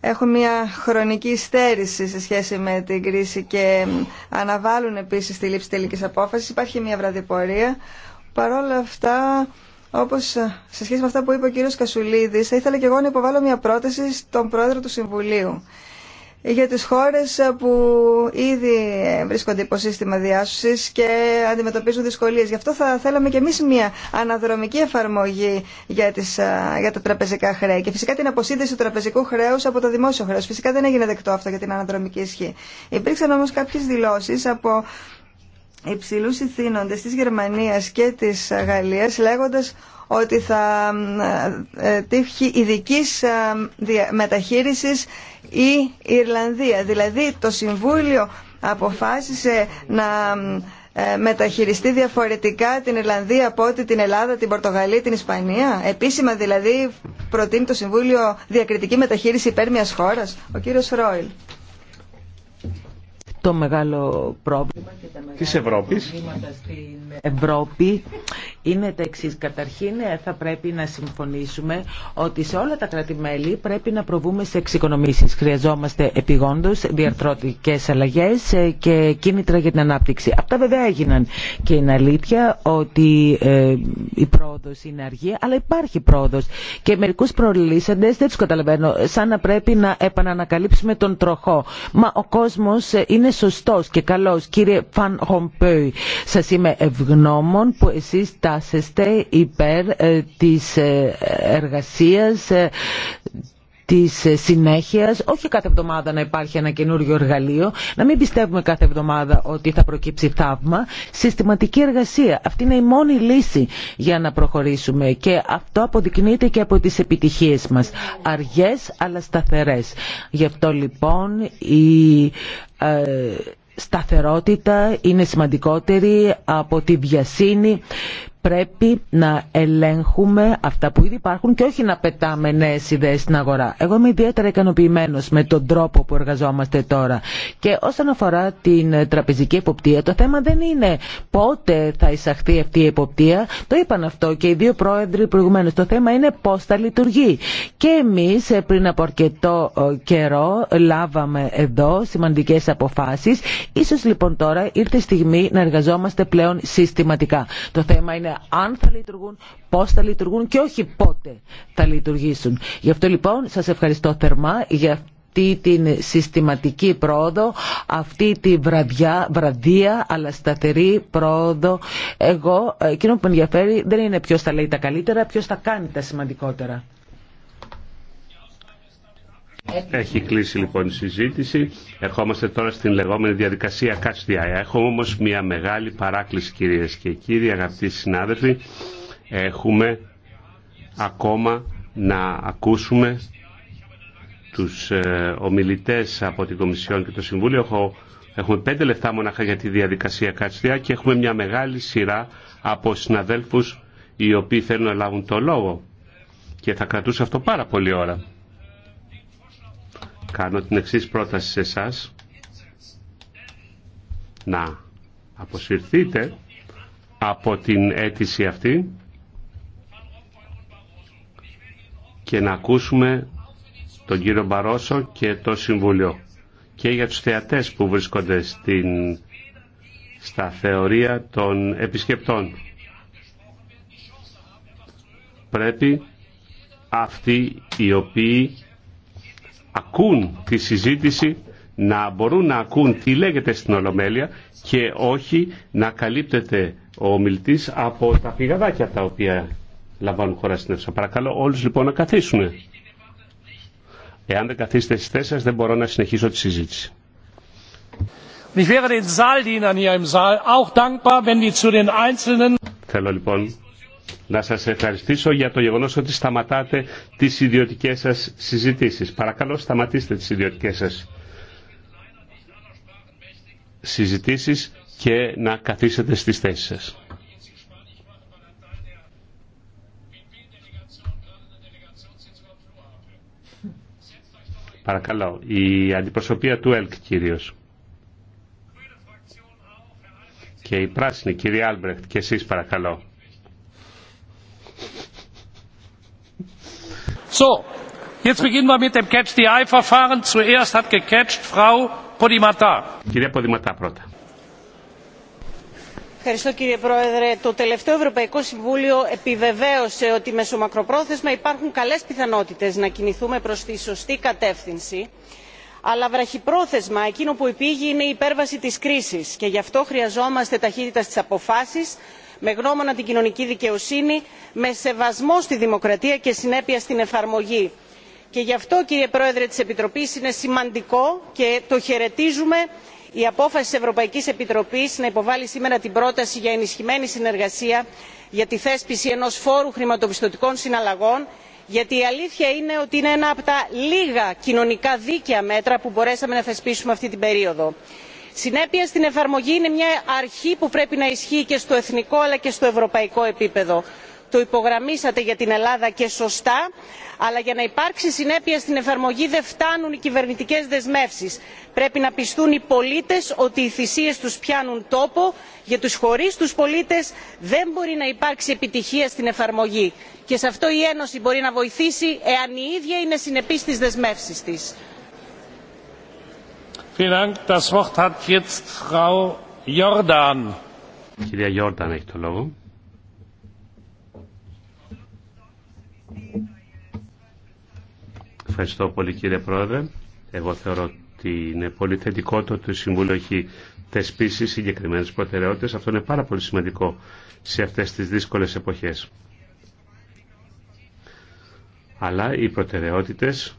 έχουν μια χρονική στέρηση σε σχέση με την κρίση και αναβάλουν επίσης τη λήψη τελικής απόφασης. Υπάρχει μια βραδιπορία. Παρ' όλα αυτά, όπως σε σχέση με αυτά που είπε ο κύριος Κασουλίδης, θα ήθελα και εγώ να υποβάλω μια πρόταση στον πρόεδρο του Συμβουλίου για τις χώρες που ήδη βρίσκονται υπό σύστημα διάσωσης και αντιμετωπίζουν δυσκολίες. Γι' αυτό θα θέλαμε και εμείς μια αναδρομική εφαρμογή για, τις, για τα τραπεζικά χρέη και φυσικά την αποσύνδεση του τραπεζικού χρέους από το δημόσιο χρέος. Φυσικά δεν έγινε δεκτό αυτό για την αναδρομική ισχύ. Υπήρξαν όμως κάποιες δηλώσεις από υψηλούς ηθήνοντες της Γερμανίας και της Γαλλίας λέγοντας ότι θα ε, τύχει ειδική ε, μεταχείρισης η Ιρλανδία. Δηλαδή το Συμβούλιο αποφάσισε να ε, μεταχειριστεί διαφορετικά την Ιρλανδία από ό,τι την Ελλάδα, την Πορτογαλία, την Ισπανία. Επίσημα δηλαδή προτείνει το Συμβούλιο διακριτική μεταχείριση υπέρ μιας χώρας. Ο κύριος Ρόιλ. Το μεγάλο πρόβλημα της Ευρώπη είναι τα εξή. Καταρχήν ε, θα πρέπει να συμφωνήσουμε ότι σε όλα τα κράτη-μέλη πρέπει να προβούμε σε εξοικονομήσει. Χρειαζόμαστε επιγόντω, διαρθρωτικέ αλλαγέ ε, και κίνητρα για την ανάπτυξη. Αυτά βέβαια έγιναν και είναι αλήθεια ότι ε, η πρόοδο είναι αργή, αλλά υπάρχει πρόοδο. Και μερικού προλύσαντε δεν του καταλαβαίνω, σαν να πρέπει να επανανακαλύψουμε τον τροχό. Μα ο κόσμο είναι σωστό και καλό, Κύριε Φαν Χομπέι, σα είμαι ευγνώμων που εσεί τα τάσεστε υπέρ ε, της ε, εργασίας ε, της συνέχειας, όχι κάθε εβδομάδα να υπάρχει ένα καινούριο εργαλείο, να μην πιστεύουμε κάθε εβδομάδα ότι θα προκύψει θαύμα, συστηματική εργασία. Αυτή είναι η μόνη λύση για να προχωρήσουμε και αυτό αποδεικνύεται και από τις επιτυχίες μας. Αργές αλλά σταθερές. Γι' αυτό λοιπόν η... σταθερότητα είναι σημαντικότερη από τη βιασύνη πρέπει να ελέγχουμε αυτά που ήδη υπάρχουν και όχι να πετάμε νέε ιδέε στην αγορά. Εγώ είμαι ιδιαίτερα ικανοποιημένο με τον τρόπο που εργαζόμαστε τώρα. Και όσον αφορά την τραπεζική εποπτεία, το θέμα δεν είναι πότε θα εισαχθεί αυτή η εποπτεία. Το είπαν αυτό και οι δύο πρόεδροι προηγουμένω. Το θέμα είναι πώ θα λειτουργεί. Και εμεί ε, πριν από αρκετό ε, καιρό λάβαμε εδώ σημαντικέ αποφάσει. σω λοιπόν τώρα ήρθε η στιγμή να εργαζόμαστε πλέον συστηματικά. Το θέμα είναι αν θα λειτουργούν, πώς θα λειτουργούν και όχι πότε θα λειτουργήσουν. Γι' αυτό λοιπόν σας ευχαριστώ θερμά για αυτή την συστηματική πρόοδο, αυτή τη βραδιά, βραδία αλλά σταθερή πρόοδο. Εγώ, ε, εκείνο που με ενδιαφέρει δεν είναι ποιος θα λέει τα καλύτερα, ποιος θα κάνει τα σημαντικότερα. Έχει κλείσει λοιπόν η συζήτηση. Ερχόμαστε τώρα στην λεγόμενη διαδικασία ΚΑΤΣΤΙΑ. Έχουμε όμως μια μεγάλη παράκληση κυρίες και κύριοι, αγαπητοί συνάδελφοι. Έχουμε ακόμα να ακούσουμε τους ε, ομιλητές από την Κομισιόν και το Συμβούλιο. έχουμε πέντε λεφτά μονάχα για τη διαδικασία κάστια και έχουμε μια μεγάλη σειρά από συναδέλφους οι οποίοι θέλουν να λάβουν το λόγο. Και θα κρατούσε αυτό πάρα πολύ ώρα κάνω την εξή πρόταση σε εσά να αποσυρθείτε από την αίτηση αυτή και να ακούσουμε τον κύριο Μπαρόσο και το Συμβουλίο και για τους θεατές που βρίσκονται στην, στα θεωρία των επισκεπτών. Πρέπει αυτοί οι οποίοι ακούν τη συζήτηση, να μπορούν να ακούν τι λέγεται στην Ολομέλεια και όχι να καλύπτεται ο ομιλητής από τα πηγαδάκια τα οποία λαμβάνουν χώρα στην Εύσα. Παρακαλώ όλους λοιπόν να καθίσουν. Εάν δεν καθίσετε στις θέσεις δεν μπορώ να συνεχίσω τη συζήτηση. Θέλω λοιπόν να σας ευχαριστήσω για το γεγονός ότι σταματάτε τις ιδιωτικές σας συζητήσεις. Παρακαλώ σταματήστε τις ιδιωτικές σας συζητήσεις και να καθίσετε στις θέσεις σας. Παρακαλώ, η αντιπροσωπεία του ΕΛΚ κυρίως. Και η πράσινη, κύριε Άλμπρεχτ, και εσείς παρακαλώ. Κυρία Ευχαριστώ κύριε Πρόεδρε. Το τελευταίο Ευρωπαϊκό Συμβούλιο επιβεβαίωσε ότι μεσομακροπρόθεσμα υπάρχουν καλές πιθανότητες να κινηθούμε προς τη σωστή κατεύθυνση αλλά βραχυπρόθεσμα εκείνο που υπήγει είναι η υπέρβαση της κρίσης και γι' αυτό χρειαζόμαστε ταχύτητα στις αποφάσεις με γνώμονα την κοινωνική δικαιοσύνη με σεβασμό στη δημοκρατία και συνέπεια στην εφαρμογή. και γι' αυτό κύριε πρόεδρε της επιτροπής είναι σημαντικό και το χαιρετίζουμε η απόφαση της ευρωπαϊκής επιτροπής να υποβάλει σήμερα την πρόταση για ενισχυμένη συνεργασία για τη θέσπιση ενός φόρου χρηματοπιστωτικών συναλλαγών γιατί η αλήθεια είναι ότι είναι ένα από τα λίγα κοινωνικά δίκαια μέτρα που μπορέσαμε να θεσπίσουμε αυτή την περίοδο συνέπεια στην εφαρμογή είναι μια αρχή που πρέπει να ισχύει και στο εθνικό αλλά και στο ευρωπαϊκό επίπεδο. το υπογραμμίσατε για την ελλάδα και σωστά αλλά για να υπάρξει συνέπεια στην εφαρμογή δεν φτάνουν οι κυβερνητικέ δεσμεύσει. πρέπει να πιστούν οι πολίτε ότι οι θυσίε του πιάνουν τόπο γιατί χωρί του πολίτε δεν μπορεί να υπάρξει επιτυχία στην εφαρμογή και σε αυτό η ένωση μπορεί να βοηθήσει εάν η ίδια είναι συνεπή στι δεσμεύσει τη. Ευχαριστώ πολύ κύριε Πρόεδρε. Εγώ θεωρώ ότι είναι πολύ θετικό το ότι το Συμβούλιο έχει θεσπίσει συγκεκριμένες προτεραιότητες. Αυτό είναι πάρα πολύ σημαντικό σε αυτές τις δύσκολες εποχές. Αλλά οι προτεραιότητες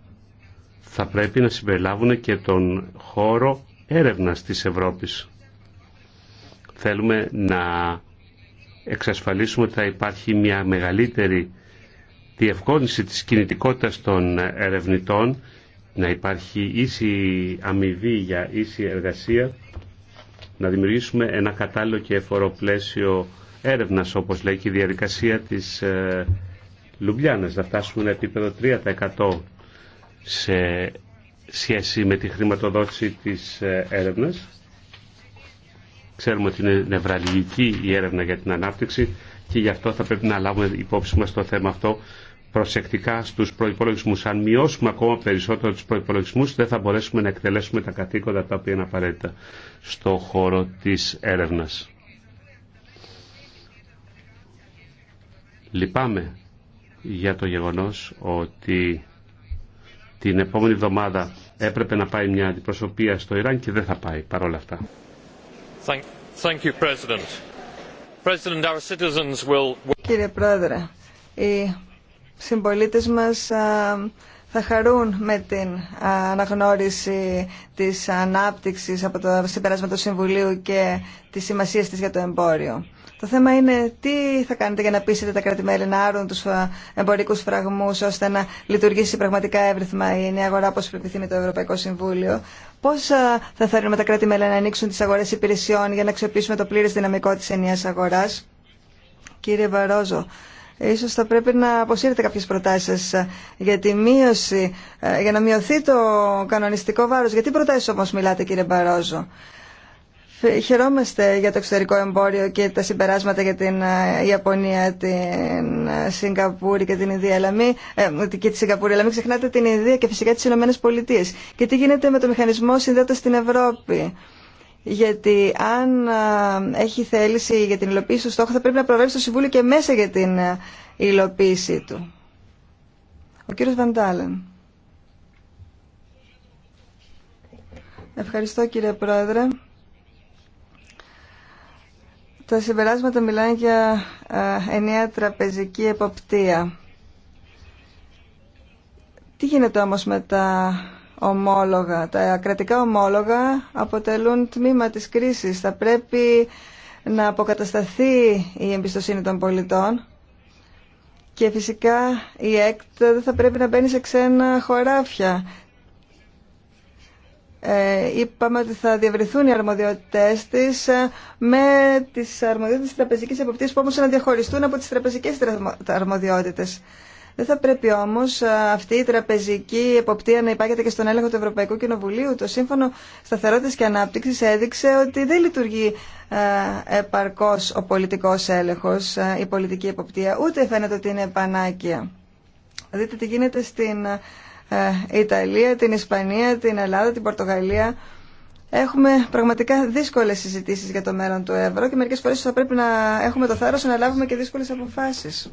θα πρέπει να συμπεριλάβουν και τον χώρο έρευνας της Ευρώπης. Θέλουμε να εξασφαλίσουμε ότι θα υπάρχει μια μεγαλύτερη διευκόνηση της κινητικότητας των ερευνητών, να υπάρχει ίση αμοιβή για ίση εργασία, να δημιουργήσουμε ένα κατάλληλο και εφοροπλαίσιο έρευνας, όπως λέει και η διαδικασία της ε, Λουμπλιάνας, να φτάσουμε ένα επίπεδο 3% σε σχέση με τη χρηματοδότηση της ε, έρευνας. Ξέρουμε ότι είναι νευραλγική η έρευνα για την ανάπτυξη και γι' αυτό θα πρέπει να λάβουμε υπόψη μας το θέμα αυτό προσεκτικά στους προϋπολογισμούς. Αν μειώσουμε ακόμα περισσότερο τους προϋπολογισμούς δεν θα μπορέσουμε να εκτελέσουμε τα καθήκοντα τα οποία είναι απαραίτητα στο χώρο της έρευνας. Λυπάμαι για το γεγονός ότι την επόμενη εβδομάδα έπρεπε να πάει μια αντιπροσωπεία στο Ιράν και δεν θα πάει παρόλα αυτά. Κύριε Πρόεδρε, οι συμπολίτες μας θα χαρούν με την αναγνώριση της ανάπτυξης από το συμπέρασμα του Συμβουλίου και της σημασίας της για το εμπόριο. Το θέμα είναι τι θα κάνετε για να πείσετε τα κράτη-μέλη να άρουν τους ε, εμπορικούς φραγμούς ώστε να λειτουργήσει πραγματικά εύρυθμα η νέα αγορά όπως επιθυμεί το Ευρωπαϊκό Συμβούλιο. Πώς ε, θα θέλουμε τα κράτη-μέλη να ανοίξουν τις αγορές υπηρεσιών για να αξιοποιήσουμε το πλήρες δυναμικό της ενιαίας αγοράς. Κύριε Βαρόζο, ίσως θα πρέπει να αποσύρετε κάποιες προτάσεις ε, για τη μείωση, για να μειωθεί το κανονιστικό βάρος. Γιατί προτάσεις όμως μιλάτε κύριε Βαρόζο. Χαιρόμαστε για το εξωτερικό εμπόριο και τα συμπεράσματα για την ε, Ιαπωνία, την ε, Σιγκαπούρη και την Ινδία. Αλλά μην, ε, και τη Σιγκαπούρη, αλλά μην ξεχνάτε την Ινδία και φυσικά τι Ηνωμένε Πολιτείε. Και τι γίνεται με το μηχανισμό συνδέοντα στην Ευρώπη. Γιατί αν ε, έχει θέληση για την υλοποίηση του στόχου, θα πρέπει να προβλέψει το Συμβούλιο και μέσα για την υλοποίησή του. Ο κύριο Βαντάλεν. Ευχαριστώ κύριε Πρόεδρε. Τα συμπεράσματα μιλάνε για ε, ενιαία τραπεζική εποπτεία. Τι γίνεται όμως με τα ομόλογα. Τα κρατικά ομόλογα αποτελούν τμήμα της κρίσης. Θα πρέπει να αποκατασταθεί η εμπιστοσύνη των πολιτών και φυσικά η ΕΚΤ δεν θα πρέπει να μπαίνει σε ξένα χωράφια. Ε, είπαμε ότι θα διαβριθούν οι αρμοδιότητες της ε, με τις αρμοδιότητες της τραπεζικής εποπτείας που όμως να διαχωριστούν από τις τραπεζικές αρμοδιότητες. Δεν θα πρέπει όμως ε, αυτή η τραπεζική εποπτεία να υπάγεται και στον έλεγχο του Ευρωπαϊκού Κοινοβουλίου. Το Σύμφωνο Σταθερότητα και Ανάπτυξης έδειξε ότι δεν λειτουργεί επαρκώ ο πολιτικό έλεγχο, η πολιτική εποπτεία, ούτε φαίνεται ότι είναι επανάκια. Δείτε τι γίνεται στην ε, Ιταλία, την Ισπανία, την Ελλάδα, την Πορτογαλία. Έχουμε πραγματικά δύσκολε συζητήσει για το μέλλον του ευρώ και μερικέ φορέ θα πρέπει να έχουμε το θάρρο να λάβουμε και δύσκολε αποφάσει.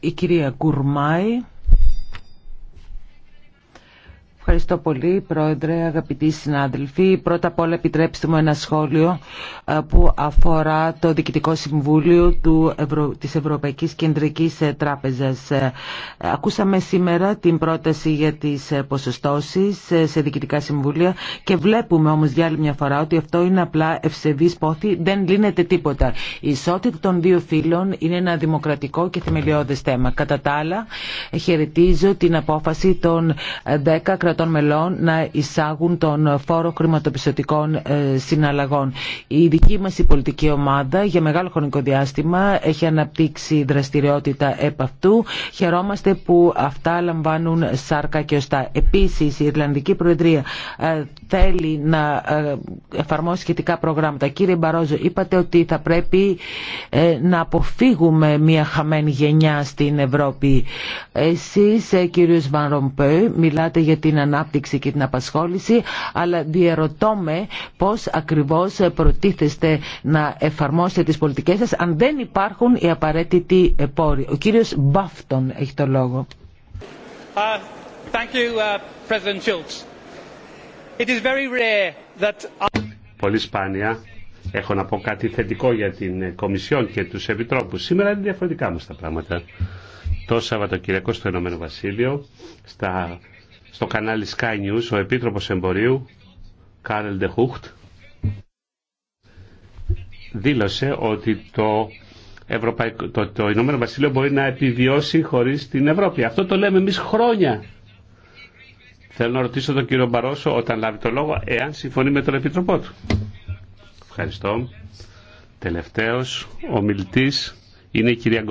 Η κυρία Κουρμάη Ευχαριστώ πολύ, Πρόεδρε, αγαπητοί συνάδελφοι. Πρώτα απ' όλα επιτρέψτε μου ένα σχόλιο ε, που αφορά το Διοικητικό Συμβούλιο του Ευρω... της Ευρωπαϊκής Κεντρικής ε, Τράπεζας. Ε, ακούσαμε σήμερα την πρόταση για τις ποσοστώσεις σε Διοικητικά Συμβούλια και βλέπουμε όμως για άλλη μια φορά ότι αυτό είναι απλά ευσεβής πόθη, δεν λύνεται τίποτα. Η ισότητα των δύο φύλων είναι ένα δημοκρατικό και θεμελιώδες θέμα. Κατά τα άλλα, χαιρετίζω την απόφαση των 10 κρατών των μελών να εισάγουν τον φόρο χρηματοπιστωτικών ε, συναλλαγών. Η δική μας η πολιτική ομάδα για μεγάλο χρονικό διάστημα έχει αναπτύξει δραστηριότητα επ' αυτού. Χαιρόμαστε που αυτά λαμβάνουν σάρκα και ωστά. Επίσης η Ιρλανδική Προεδρία ε, θέλει να ε, εφαρμόσει σχετικά προγράμματα. Κύριε Μπαρόζο, είπατε ότι θα πρέπει να αποφύγουμε μια χαμένη γενιά στην Ευρώπη. Εσείς κύριος Βαν μιλάτε για την ανάπτυξη και την απασχόληση, αλλά διαρωτώμε πώς ακριβώς προτίθεστε να εφαρμόσετε τις πολιτικές σας αν δεν υπάρχουν οι απαραίτητοι πόροι. Ο κύριος Μπάφτον έχει το λόγο. Uh, thank you, uh, President It is very rare that... Πολύ σπάνια έχω να πω κάτι θετικό για την Κομισιόν και τους Επιτρόπους. Σήμερα είναι διαφορετικά μας τα πράγματα. Το Σαββατοκύριακο στο Ηνωμένο Βασίλειο, στα στο κανάλι Sky News ο Επίτροπος Εμπορίου Κάρελ Ντεχούχτ δήλωσε ότι το, Ευρωπαϊκό, το, το Ηνωμένο Βασίλειο μπορεί να επιβιώσει χωρίς την Ευρώπη. Αυτό το λέμε εμείς χρόνια. Θέλω να ρωτήσω τον κύριο Μπαρόσο όταν λάβει το λόγο εάν συμφωνεί με τον Επιτροπό του. Ευχαριστώ. Τελευταίος ο μιλητής είναι η κυρία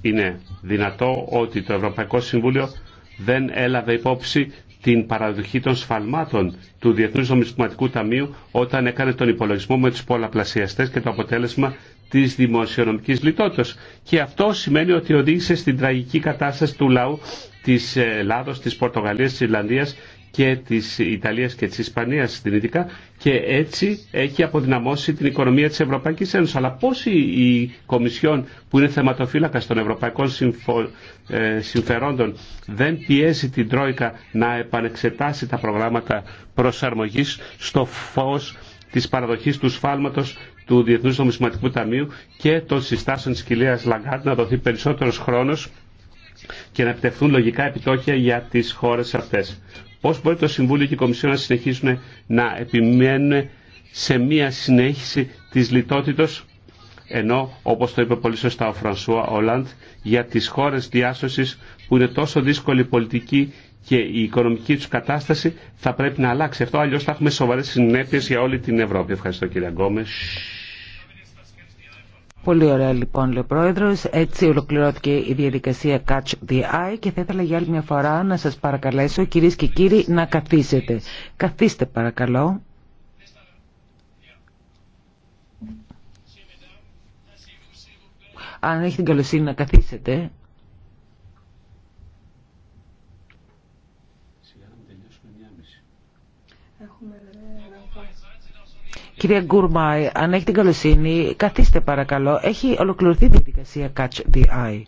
είναι δυνατό ότι το Ευρωπαϊκό Συμβούλιο δεν έλαβε υπόψη την παραδοχή των σφαλμάτων του Διεθνούς Νομισματικού Ταμείου όταν έκανε τον υπολογισμό με τους πολλαπλασιαστές και το αποτέλεσμα της δημοσιονομικής λιτότητας. Και αυτό σημαίνει ότι οδήγησε στην τραγική κατάσταση του λαού της Ελλάδος, της Πορτογαλίας, της Ιρλανδίας και της Ιταλίας και της Ισπανίας συνειδητικά και έτσι έχει αποδυναμώσει την οικονομία της Ευρωπαϊκής Ένωσης. Αλλά πώς η, η Κομισιόν που είναι θεματοφύλακας των ευρωπαϊκών ε, συμφερόντων δεν πιέζει την Τρόικα να επανεξετάσει τα προγράμματα προσαρμογής στο φως της παραδοχής του σφάλματος του Διεθνούς Νομισματικού Ταμείου και των συστάσεων της κοιλίας Λαγκάρτ να δοθεί περισσότερος χρόνος και να επιτευχθούν λογικά επιτόκια για τις χώρες αυτές. Πώ μπορεί το Συμβούλιο και η Κομισιόν να συνεχίσουν να επιμένουν σε μία συνέχιση της λιτότητος ενώ όπως το είπε πολύ σωστά ο Φρανσούα Ολάντ για τις χώρες διάσωση που είναι τόσο δύσκολη η πολιτική και η οικονομική τους κατάσταση θα πρέπει να αλλάξει αυτό Αλλιώ θα έχουμε σοβαρές συνέπειε για όλη την Ευρώπη. Ευχαριστώ κύριε Γκόμε. Πολύ ωραία λοιπόν λέει ο Πρόεδρος. Έτσι ολοκληρώθηκε η διαδικασία Catch the Eye και θα ήθελα για άλλη μια φορά να σας παρακαλέσω κυρίες και κύριοι να καθίσετε. Καθίστε παρακαλώ. Αν έχει την καλοσύνη να καθίσετε. Κυρία Γκουρμάη, αν έχει την καλοσύνη, καθίστε παρακαλώ. Έχει ολοκληρωθεί η διαδικασία Catch the Eye.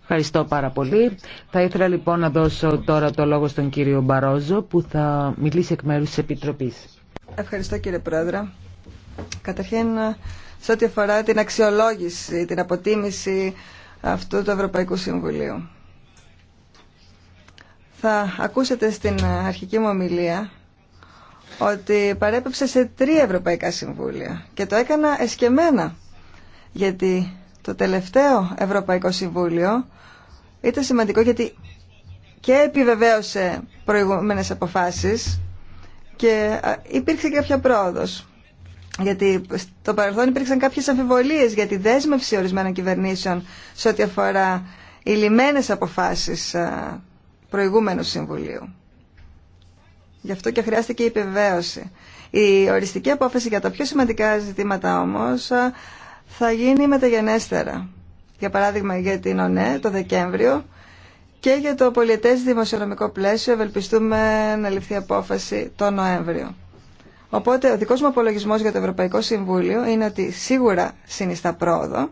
Ευχαριστώ πάρα πολύ. Θα ήθελα λοιπόν να δώσω τώρα το λόγο στον κύριο Μπαρόζο που θα μιλήσει εκ μέρους της Επιτροπής. Ευχαριστώ κύριε Πρόεδρε. Καταρχήν, σε ό,τι αφορά την αξιολόγηση, την αποτίμηση αυτού του Ευρωπαϊκού Συμβουλίου. Θα ακούσετε στην αρχική μου ομιλία ότι παρέπεψε σε τρία Ευρωπαϊκά Συμβούλια και το έκανα εσκεμένα γιατί το τελευταίο Ευρωπαϊκό Συμβούλιο ήταν σημαντικό γιατί και επιβεβαίωσε προηγούμενες αποφάσεις και υπήρξε και κάποια πρόοδος. Γιατί στο παρελθόν υπήρξαν κάποιες αμφιβολίες για τη δέσμευση ορισμένων κυβερνήσεων σε ό,τι αφορά οι λιμένες αποφάσεις προηγούμενου Συμβουλίου. Γι' αυτό και χρειάστηκε η επιβεβαίωση. Η οριστική απόφαση για τα πιο σημαντικά ζητήματα όμως θα γίνει μεταγενέστερα. Για παράδειγμα για την ΟΝΕ το Δεκέμβριο και για το πολιετές δημοσιονομικό πλαίσιο ευελπιστούμε να ληφθεί απόφαση το Νοέμβριο. Οπότε ο δικός μου απολογισμός για το Ευρωπαϊκό Συμβούλιο είναι ότι σίγουρα συνιστά πρόοδο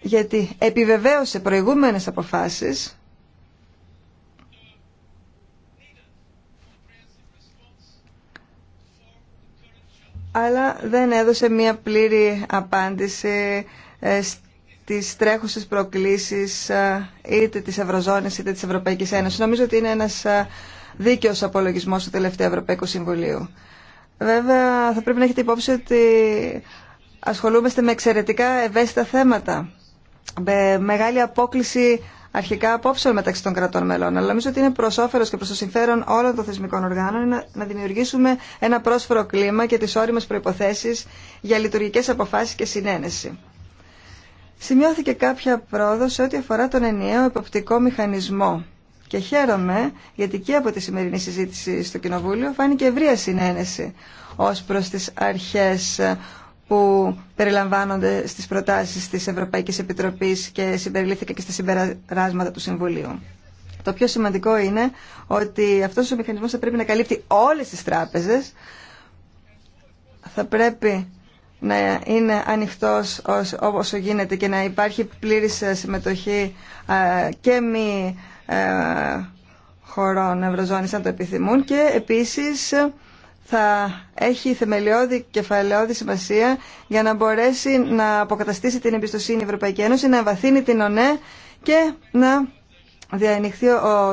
γιατί επιβεβαίωσε προηγούμενες αποφάσεις αλλά δεν έδωσε μία πλήρη απάντηση ε, στις τρέχουσες προκλήσεις ε, είτε της Ευρωζώνης είτε της Ευρωπαϊκής Ένωσης. Νομίζω ότι είναι ένας ε, δίκαιος απολογισμός του τελευταίου Ευρωπαϊκού Συμβουλίου. Βέβαια θα πρέπει να έχετε υπόψη ότι ασχολούμαστε με εξαιρετικά ευαίσθητα θέματα. μεγάλη απόκληση αρχικά απόψεων μεταξύ των κρατών μελών. Αλλά νομίζω ότι είναι προ όφελο και προ το συμφέρον όλων των θεσμικών οργάνων να δημιουργήσουμε ένα πρόσφορο κλίμα και τι όριμε προποθέσει για λειτουργικέ αποφάσει και συνένεση. Σημειώθηκε κάποια πρόοδο σε ό,τι αφορά τον ενιαίο εποπτικό μηχανισμό. Και χαίρομαι γιατί και από τη σημερινή συζήτηση στο Κοινοβούλιο φάνηκε ευρεία συνένεση ω προ τι αρχέ που περιλαμβάνονται στις προτάσεις της Ευρωπαϊκής Επιτροπής και συμπεριλήφθηκαν και στα συμπεράσματα του Συμβουλίου. Το πιο σημαντικό είναι ότι αυτός ο μηχανισμός θα πρέπει να καλύπτει όλες τις τράπεζες, θα πρέπει να είναι ανοιχτός όσο γίνεται και να υπάρχει πλήρης συμμετοχή και μη χωρών Ευρωζώνης αν το επιθυμούν και επίσης θα έχει θεμελιώδη κεφαλαιώδη σημασία για να μπορέσει να αποκαταστήσει την εμπιστοσύνη η Ευρωπαϊκή Ένωση, να βαθύνει την ΟΝΕ και να διανοιχθεί ο,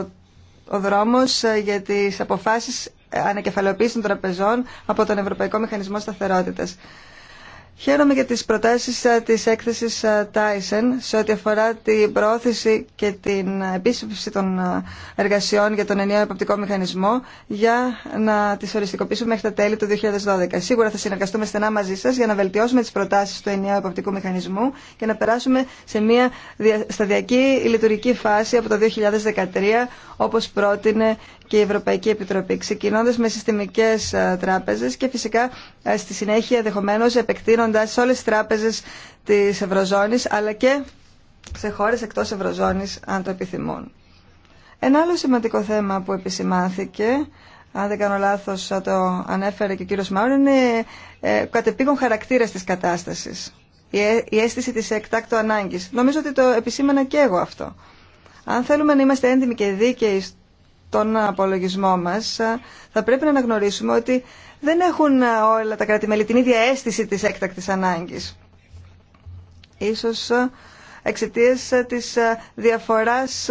ο δρόμος για τις αποφάσεις ανακεφαλαιοποίησης των τραπεζών από τον Ευρωπαϊκό Μηχανισμό Σταθερότητας. Χαίρομαι για τις προτάσεις ε, της έκθεσης ε, Tyson σε ό,τι αφορά την προώθηση και την επίσκεψη των ε, εργασιών για τον ενιαίο εποπτικό μηχανισμό για να τις οριστικοποιήσουμε μέχρι τα τέλη του 2012. Σίγουρα θα συνεργαστούμε στενά μαζί σας για να βελτιώσουμε τις προτάσεις του ενιαίου εποπτικού μηχανισμού και να περάσουμε σε μια σταδιακή λειτουργική φάση από το 2013 όπως πρότεινε και η Ευρωπαϊκή Επιτροπή ξεκινώντας με συστημικές τράπεζες και φυσικά στη συνέχεια δεχομένως επεκτείνοντας σε όλε τι τράπεζε της Ευρωζώνης αλλά και σε χώρες εκτός Ευρωζώνης αν το επιθυμούν. Ένα άλλο σημαντικό θέμα που επισημάνθηκε, αν δεν κάνω λάθος το ανέφερε και ο κύριος Μάουρ, είναι ε, κατεπήγον χαρακτήρα τη κατάσταση. Ε, η, αίσθηση της εκτάκτου ανάγκης. Νομίζω ότι το επισήμανα και εγώ αυτό. Αν θέλουμε να είμαστε έντιμοι και δίκαιοι τον απολογισμό μας, θα πρέπει να αναγνωρίσουμε ότι δεν έχουν όλα τα κρατη την ίδια αίσθηση της έκτακτης ανάγκης. Ίσως εξαιτία της διαφοράς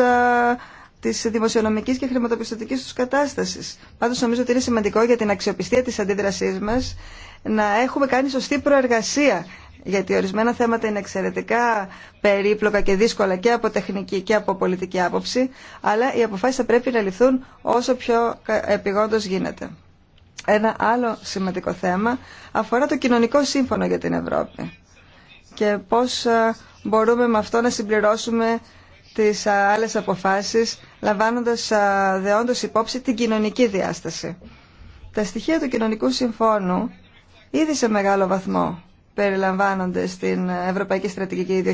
της δημοσιονομικής και χρηματοπιστωτικής τους κατάστασης. Πάντως νομίζω ότι είναι σημαντικό για την αξιοπιστία της αντίδρασής μας να έχουμε κάνει σωστή προεργασία γιατί ορισμένα θέματα είναι εξαιρετικά περίπλοκα και δύσκολα και από τεχνική και από πολιτική άποψη, αλλά οι αποφάσεις θα πρέπει να ληφθούν όσο πιο επιγόντως γίνεται. Ένα άλλο σημαντικό θέμα αφορά το κοινωνικό σύμφωνο για την Ευρώπη και πώς ε, μπορούμε με αυτό να συμπληρώσουμε τις ε, άλλες αποφάσεις λαμβάνοντας ε, δεόντως υπόψη την κοινωνική διάσταση. Τα στοιχεία του κοινωνικού συμφώνου ήδη σε μεγάλο βαθμό περιλαμβάνονται στην Ευρωπαϊκή Στρατηγική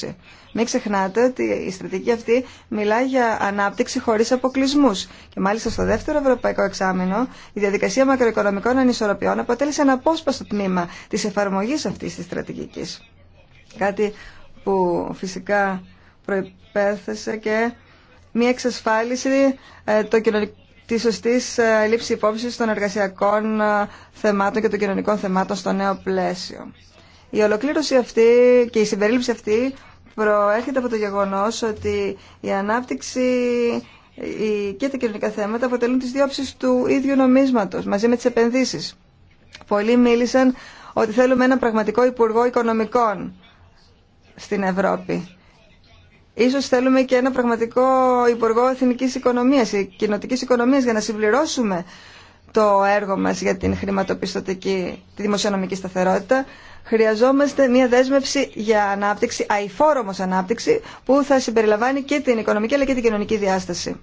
2020. Μην ξεχνάτε ότι η στρατηγική αυτή μιλάει για ανάπτυξη χωρίς αποκλεισμού. Και μάλιστα στο δεύτερο Ευρωπαϊκό Εξάμεινο η διαδικασία μακροοικονομικών ανισορροπιών αποτέλεσε ένα απόσπαστο τμήμα της εφαρμογής αυτής της στρατηγικής. Κάτι που φυσικά προπέθεσε και μια εξασφάλιση ε, τη σωστή ε, λήψη υπόψη των εργασιακών ε, θεμάτων και των κοινωνικών θεμάτων στο νέο πλαίσιο. Η ολοκλήρωση αυτή και η συμπερίληψη αυτή προέρχεται από το γεγονός ότι η ανάπτυξη και τα κοινωνικά θέματα αποτελούν τις διόψεις του ίδιου νομίσματος μαζί με τις επενδύσεις. Πολλοί μίλησαν ότι θέλουμε ένα πραγματικό Υπουργό Οικονομικών στην Ευρώπη. Ίσως θέλουμε και ένα πραγματικό υπουργό εθνικής οικονομίας, κοινοτικής οικονομίας για να συμπληρώσουμε το έργο μας για την χρηματοπιστωτική, τη δημοσιονομική σταθερότητα. Χρειαζόμαστε μια δέσμευση για ανάπτυξη, αηφόρομος ανάπτυξη, που θα συμπεριλαμβάνει και την οικονομική αλλά και την κοινωνική διάσταση.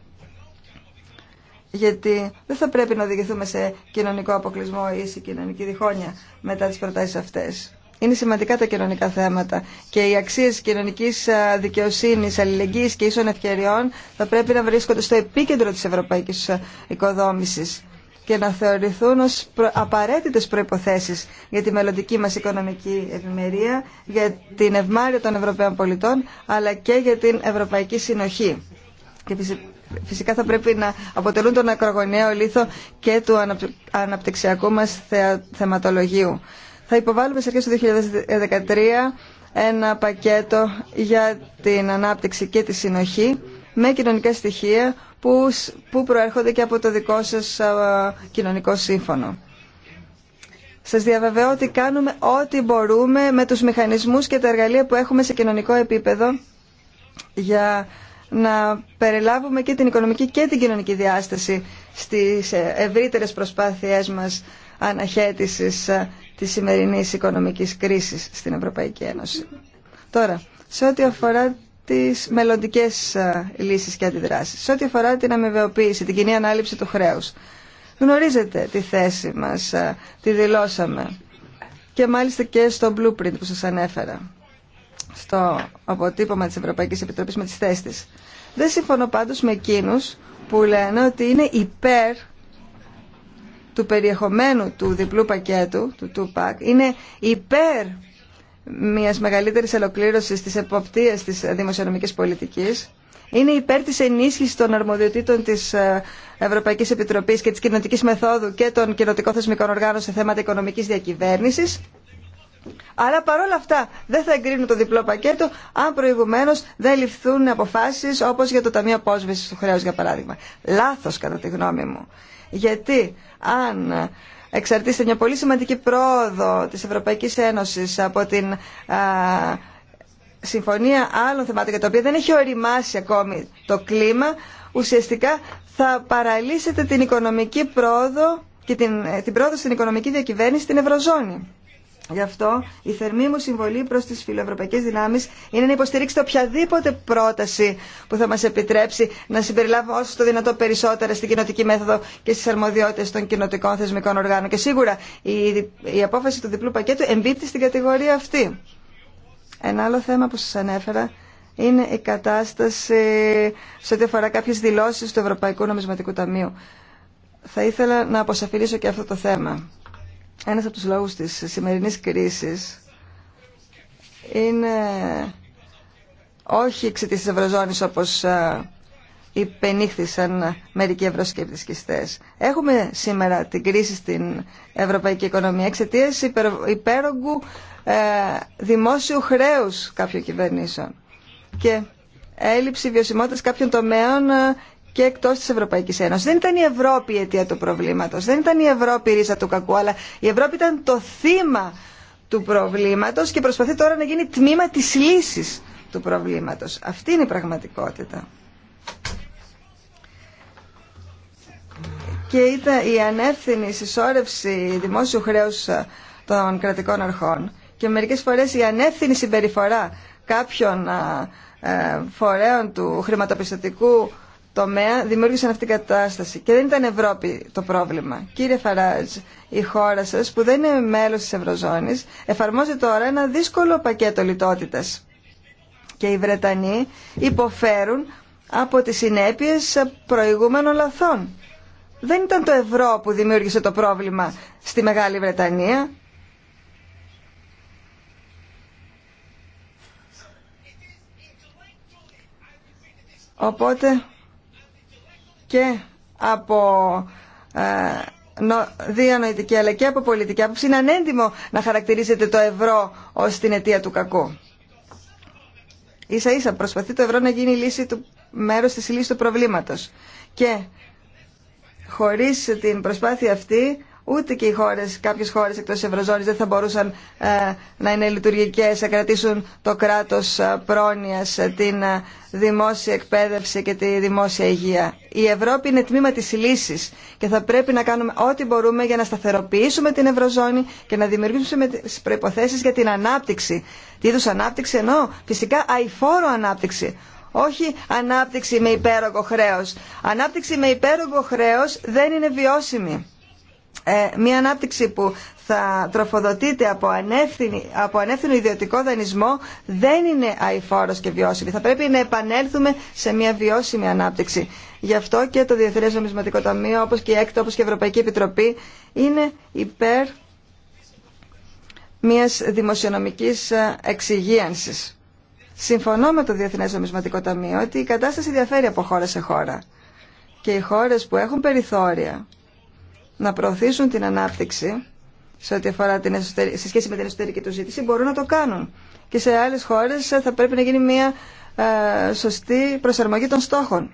Γιατί δεν θα πρέπει να οδηγηθούμε σε κοινωνικό αποκλεισμό ή σε κοινωνική διχόνοια μετά τις προτάσεις αυτές. Είναι σημαντικά τα κοινωνικά θέματα και οι αξίε κοινωνική ε, δικαιοσύνη, αλληλεγγύης και ίσων ευκαιριών θα πρέπει να βρίσκονται στο επίκεντρο τη ευρωπαϊκή ε, οικοδόμηση και να θεωρηθούν ως απαραίτητες προϋποθέσεις για τη μελλοντική μας οικονομική ευημερία, για την ευμάρεια των Ευρωπαίων πολιτών, αλλά και για την ευρωπαϊκή συνοχή. Και φυσικά θα πρέπει να αποτελούν τον ακρογωνιαίο λίθο και του αναπτυξιακού μας θεματολογίου. Θα υποβάλουμε σε αρχές του 2013 ένα πακέτο για την ανάπτυξη και τη συνοχή με κοινωνικά στοιχεία που, που προέρχονται και από το δικό σας κοινωνικό σύμφωνο. Σας διαβεβαιώ ότι κάνουμε ό,τι μπορούμε με τους μηχανισμούς και τα εργαλεία που έχουμε σε κοινωνικό επίπεδο για να περιλάβουμε και την οικονομική και την κοινωνική διάσταση στις ευρύτερες προσπάθειές μας αναχέτησης ε, της σημερινής οικονομικής κρίσης στην Ευρωπαϊκή Ένωση. Τώρα, σε ό,τι αφορά τις μελλοντικές ε, λύσεις και αντιδράσεις, σε ό,τι αφορά την αμοιβεοποίηση, την κοινή ανάληψη του χρέους, γνωρίζετε τη θέση μας, ε, τη δηλώσαμε και μάλιστα και στο blueprint που σας ανέφερα, στο αποτύπωμα της Ευρωπαϊκής Επιτροπής με τις θέσεις Δεν συμφωνώ πάντως με εκείνους που λένε ότι είναι υπέρ του περιεχομένου του διπλού πακέτου, του ΤΟΥΠΑΚ, είναι υπέρ μιας μεγαλύτερης ελοκλήρωσης τη εποπτείας τη δημοσιονομική πολιτική. είναι υπέρ τη ενίσχυση των αρμοδιοτήτων της ε, Ευρωπαϊκής Επιτροπής και τη κοινοτικής μεθόδου και των κοινοτικών θεσμικών οργάνων σε θέματα οικονομικής διακυβέρνησης Άρα παρόλα αυτά δεν θα εγκρίνουν το διπλό πακέτο αν προηγουμένω δεν ληφθούν αποφάσει όπω για το Ταμείο Απόσβεση του Χρέου, για παράδειγμα. Λάθο κατά τη γνώμη μου. Γιατί αν εξαρτήσετε μια πολύ σημαντική πρόοδο τη Ευρωπαϊκή Ένωση από την α, συμφωνία άλλων θεμάτων για τα οποία δεν έχει οριμάσει ακόμη το κλίμα, ουσιαστικά θα παραλύσετε την οικονομική πρόοδο και την, ε, την πρόοδο στην οικονομική διακυβέρνηση στην Ευρωζώνη. Γι' αυτό η θερμή μου συμβολή προς τις φιλοευρωπαϊκές δυνάμεις είναι να υποστηρίξετε οποιαδήποτε πρόταση που θα μας επιτρέψει να συμπεριλάβω όσο το δυνατό περισσότερα στην κοινοτική μέθοδο και στις αρμοδιότητες των κοινοτικών θεσμικών οργάνων. Και σίγουρα η, η απόφαση του διπλού πακέτου εμπίπτει στην κατηγορία αυτή. Ένα άλλο θέμα που σας ανέφερα είναι η κατάσταση σε ό,τι αφορά κάποιες δηλώσεις του Ευρωπαϊκού Νομισματικού Ταμείου. Θα ήθελα να αποσαφηλίσω και αυτό το θέμα ένας από τους λόγους της σημερινής κρίσης είναι όχι εξαιτίας της Ευρωζώνης όπως ε, υπενήχθησαν μερικοί ευρωσκεπτισκιστές. Έχουμε σήμερα την κρίση στην ευρωπαϊκή οικονομία εξαιτία υπέρογκου ε, δημόσιου χρέους κάποιων κυβερνήσεων και έλλειψη βιωσιμότητας κάποιων τομέων και εκτό τη Ευρωπαϊκή Ένωση. Δεν ήταν η Ευρώπη η αιτία του προβλήματο, δεν ήταν η Ευρώπη η ρίζα του κακού, αλλά η Ευρώπη ήταν το θύμα του προβλήματο και προσπαθεί τώρα να γίνει τμήμα τη λύση του προβλήματο. Αυτή είναι η πραγματικότητα. Και ήταν η ανεύθυνη συσσόρευση δημόσιου χρέου ε, των κρατικών αρχών και μερικέ φορέ η ανεύθυνη συμπεριφορά κάποιων ε, ε, φορέων του χρηματοπιστωτικού τομέα δημιούργησαν αυτή την κατάσταση. Και δεν ήταν Ευρώπη το πρόβλημα. Κύριε Φαράζ, η χώρα σα που δεν είναι μέλο της Ευρωζώνης εφαρμόζει τώρα ένα δύσκολο πακέτο λιτότητας. Και οι Βρετανοί υποφέρουν από τις συνέπειες προηγούμενων λαθών. Δεν ήταν το ευρώ που δημιούργησε το πρόβλημα στη Μεγάλη Βρετανία. Οπότε και από ε, διανοητική αλλά και από πολιτική άποψη είναι ανέντιμο να χαρακτηρίζεται το ευρώ ως την αιτία του κακού. Ίσα ίσα προσπαθεί το ευρώ να γίνει λύση του, μέρος της λύσης του προβλήματος. Και χωρίς την προσπάθεια αυτή Ούτε και οι χώρες, κάποιες χώρες εκτός Ευρωζώνης δεν θα μπορούσαν ε, να είναι λειτουργικές, να κρατήσουν το κράτος ε, πρόνοιας, ε, την δημόσια εκπαίδευση και τη δημόσια υγεία. Η Ευρώπη είναι τμήμα της λύσης και θα πρέπει να κάνουμε ό,τι μπορούμε για να σταθεροποιήσουμε την Ευρωζώνη και να δημιουργήσουμε τις προϋποθέσεις για την ανάπτυξη. Τι είδους ανάπτυξη εννοώ, φυσικά αηφόρο ανάπτυξη. Όχι ανάπτυξη με υπέρογο χρέος. Ανάπτυξη με υπέρογο χρέος δεν είναι βιώσιμη ε, μια ανάπτυξη που θα τροφοδοτείται από, από ανεύθυνο ιδιωτικό δανεισμό δεν είναι αηφόρος και βιώσιμη. Θα πρέπει να επανέλθουμε σε μια βιώσιμη ανάπτυξη. Γι' αυτό και το Διεθνές Νομισματικό Ταμείο, όπως και η ΕΚΤ, όπως και η Ευρωπαϊκή Επιτροπή, είναι υπέρ μιας δημοσιονομικής εξυγίανσης. Συμφωνώ με το Διεθνές Νομισματικό Ταμείο ότι η κατάσταση διαφέρει από χώρα σε χώρα. Και οι χώρες που έχουν περιθώρια να προωθήσουν την ανάπτυξη σε ό,τι αφορά την σε σχέση με την εσωτερική του ζήτηση μπορούν να το κάνουν. Και σε άλλες χώρες ε, θα πρέπει να γίνει μια ε, σωστή προσαρμογή των στόχων.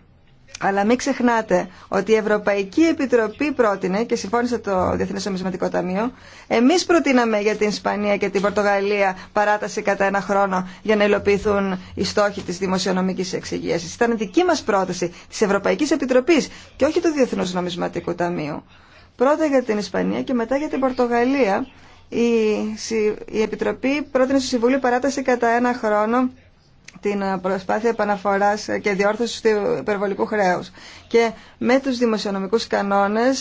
Αλλά μην ξεχνάτε ότι η Ευρωπαϊκή Επιτροπή πρότεινε και συμφώνησε το Διεθνέ Νομισματικό Ταμείο. Εμεί προτείναμε για την Ισπανία και την Πορτογαλία παράταση κατά ένα χρόνο για να υλοποιηθούν οι στόχοι τη δημοσιονομική εξυγίαση. Ήταν δική μα πρόταση τη Ευρωπαϊκή Επιτροπή και όχι του Διεθνού Νομισματικού Ταμείου. Πρώτα για την Ισπανία και μετά για την Πορτογαλία. Η Επιτροπή πρότεινε στο Συμβούλιο παράταση κατά ένα χρόνο την ε, προσπάθεια επαναφορά ε, και διόρθωση του υπερβολικού χρέου. Και με του δημοσιονομικού κανόνε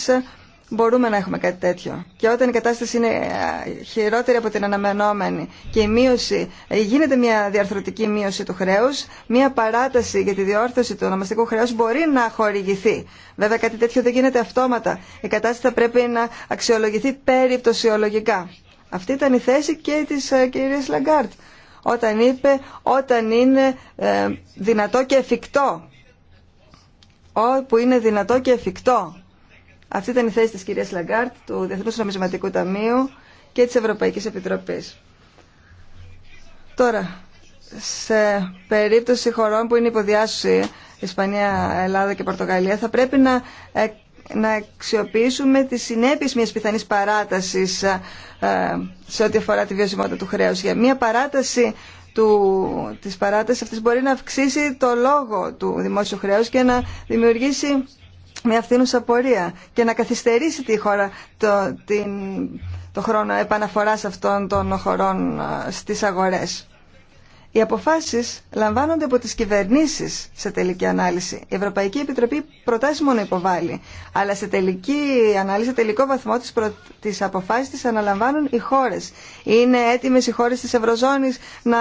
μπορούμε να έχουμε κάτι τέτοιο. Και όταν η κατάσταση είναι ε, χειρότερη από την αναμενόμενη και η μείωση, ε, γίνεται μια διαρθρωτική μείωση του χρέους, μια παράταση για τη διόρθωση του ονομαστικού χρέους μπορεί να χορηγηθεί. Βέβαια κάτι τέτοιο δεν γίνεται αυτόματα. Η κατάσταση θα πρέπει να αξιολογηθεί περιπτωσιολογικά. Αυτή ήταν η θέση και της ε, κυρίας Λαγκάρτ όταν είπε όταν είναι δυνατό και εφικτό. Όπου είναι δυνατό και εφικτό αυτή ήταν η θέση της κυρίας Λαγκάρτ, του Διεθνούς Νομισματικού Ταμείου και της Ευρωπαϊκής Επιτροπής. Τώρα, σε περίπτωση χωρών που είναι υποδιάσωση, Ισπανία, Ελλάδα και Πορτογαλία, θα πρέπει να, ε, να αξιοποιήσουμε τις συνέπειες μιας πιθανής παράτασης ε, σε ό,τι αφορά τη βιωσιμότητα του χρέους. Για μια παράταση του, της παράτασης αυτής μπορεί να αυξήσει το λόγο του δημόσιου χρέους και να δημιουργήσει με αυθύνουσα πορεία και να καθυστερήσει τη χώρα το, την, το χρόνο επαναφοράς αυτών των χωρών στις αγορές. Οι αποφάσεις λαμβάνονται από τις κυβερνήσεις σε τελική ανάλυση. Η Ευρωπαϊκή Επιτροπή προτάσει μόνο υποβάλλει, αλλά σε τελική ανάλυση, σε τελικό βαθμό τις, προ... τις αποφάσεις τις αναλαμβάνουν οι χώρες. Είναι έτοιμες οι χώρες της Ευρωζώνης να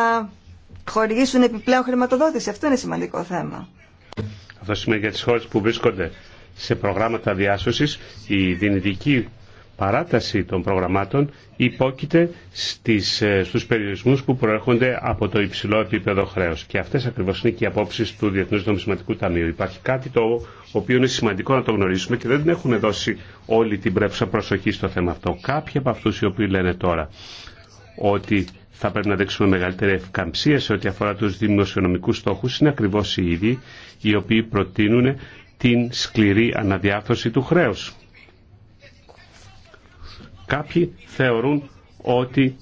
χορηγήσουν επιπλέον χρηματοδότηση. Αυτό είναι σημαντικό θέμα. Αυτό σημαίνει για τις χώρες που βρίσκονται σε προγράμματα διάσωσης, η δυνητική παράταση των προγραμμάτων υπόκειται στις, ε, στους περιορισμούς που προέρχονται από το υψηλό επίπεδο χρέους. Και αυτές ακριβώς είναι και οι απόψεις του Διεθνούς Νομισματικού Ταμείου. Υπάρχει κάτι το οποίο είναι σημαντικό να το γνωρίσουμε και δεν έχουν δώσει όλη την πρέπουσα προσοχή στο θέμα αυτό. Κάποιοι από αυτούς οι οποίοι λένε τώρα ότι θα πρέπει να δείξουμε μεγαλύτερη ευκαμψία σε ό,τι αφορά τους δημοσιονομικούς στόχους είναι ακριβώς οι ίδιοι οι οποίοι προτείνουν την σκληρή αναδιάρθρωση του χρέους. Κάποιοι θεωρούν ότι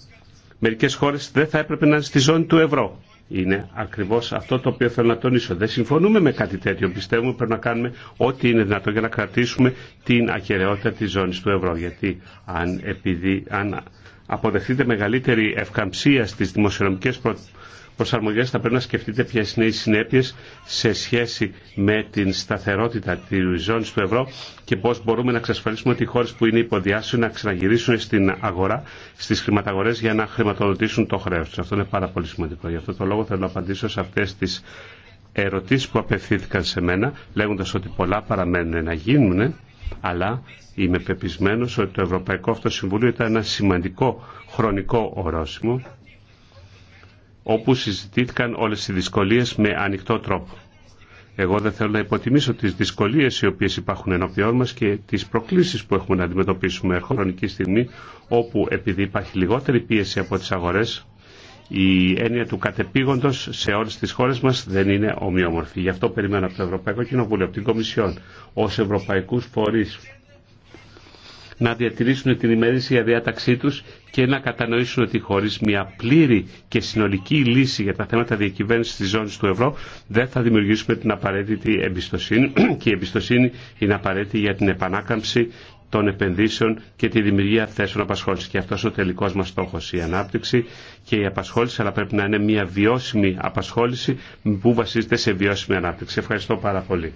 μερικές χώρες δεν θα έπρεπε να είναι στη ζώνη του ευρώ. Είναι ακριβώς αυτό το οποίο θέλω να τονίσω. Δεν συμφωνούμε με κάτι τέτοιο. Πιστεύουμε πρέπει να κάνουμε ό,τι είναι δυνατό για να κρατήσουμε την ακαιρεότητα της ζώνης του ευρώ. Γιατί αν, επειδή, αν αποδεχτείτε μεγαλύτερη ευκαμψία στις δημοσιονομικές προτεραιότητες, προσαρμογές θα πρέπει να σκεφτείτε ποιε είναι οι συνέπειες σε σχέση με την σταθερότητα της ζώνης του ευρώ και πώς μπορούμε να εξασφαλίσουμε ότι οι χώρες που είναι υποδιάσου να ξαναγυρίσουν στην αγορά, στις χρηματαγορές για να χρηματοδοτήσουν το χρέος τους. Αυτό είναι πάρα πολύ σημαντικό. Γι' αυτό το λόγο θέλω να απαντήσω σε αυτές τις ερωτήσεις που απευθύνθηκαν σε μένα λέγοντας ότι πολλά παραμένουν να γίνουν αλλά είμαι πεπισμένος ότι το Ευρωπαϊκό Αυτοσυμβούλιο ήταν ένα σημαντικό χρονικό ορόσημο όπου συζητήθηκαν όλες οι δυσκολίες με ανοιχτό τρόπο. Εγώ δεν θέλω να υποτιμήσω τις δυσκολίες οι οποίες υπάρχουν ενώπιόν μας και τις προκλήσεις που έχουμε να αντιμετωπίσουμε χρονική στιγμή όπου επειδή υπάρχει λιγότερη πίεση από τις αγορές η έννοια του κατεπήγοντος σε όλες τις χώρες μας δεν είναι ομοιόμορφη. Γι' αυτό περιμένω από το Ευρωπαϊκό Κοινοβούλιο, από την Κομισιόν, ως ευρωπαϊκούς φορείς να διατηρήσουν την για διάταξή τους και να κατανοήσουν ότι χωρίς μια πλήρη και συνολική λύση για τα θέματα διακυβέρνησης της ζώνης του ευρώ δεν θα δημιουργήσουμε την απαραίτητη εμπιστοσύνη και η εμπιστοσύνη είναι απαραίτητη για την επανάκαμψη των επενδύσεων και τη δημιουργία θέσεων απασχόληση. Και αυτό είναι ο τελικό μα στόχο, η ανάπτυξη και η απασχόληση, αλλά πρέπει να είναι μια βιώσιμη απασχόληση που βασίζεται σε βιώσιμη ανάπτυξη. Ευχαριστώ πάρα πολύ.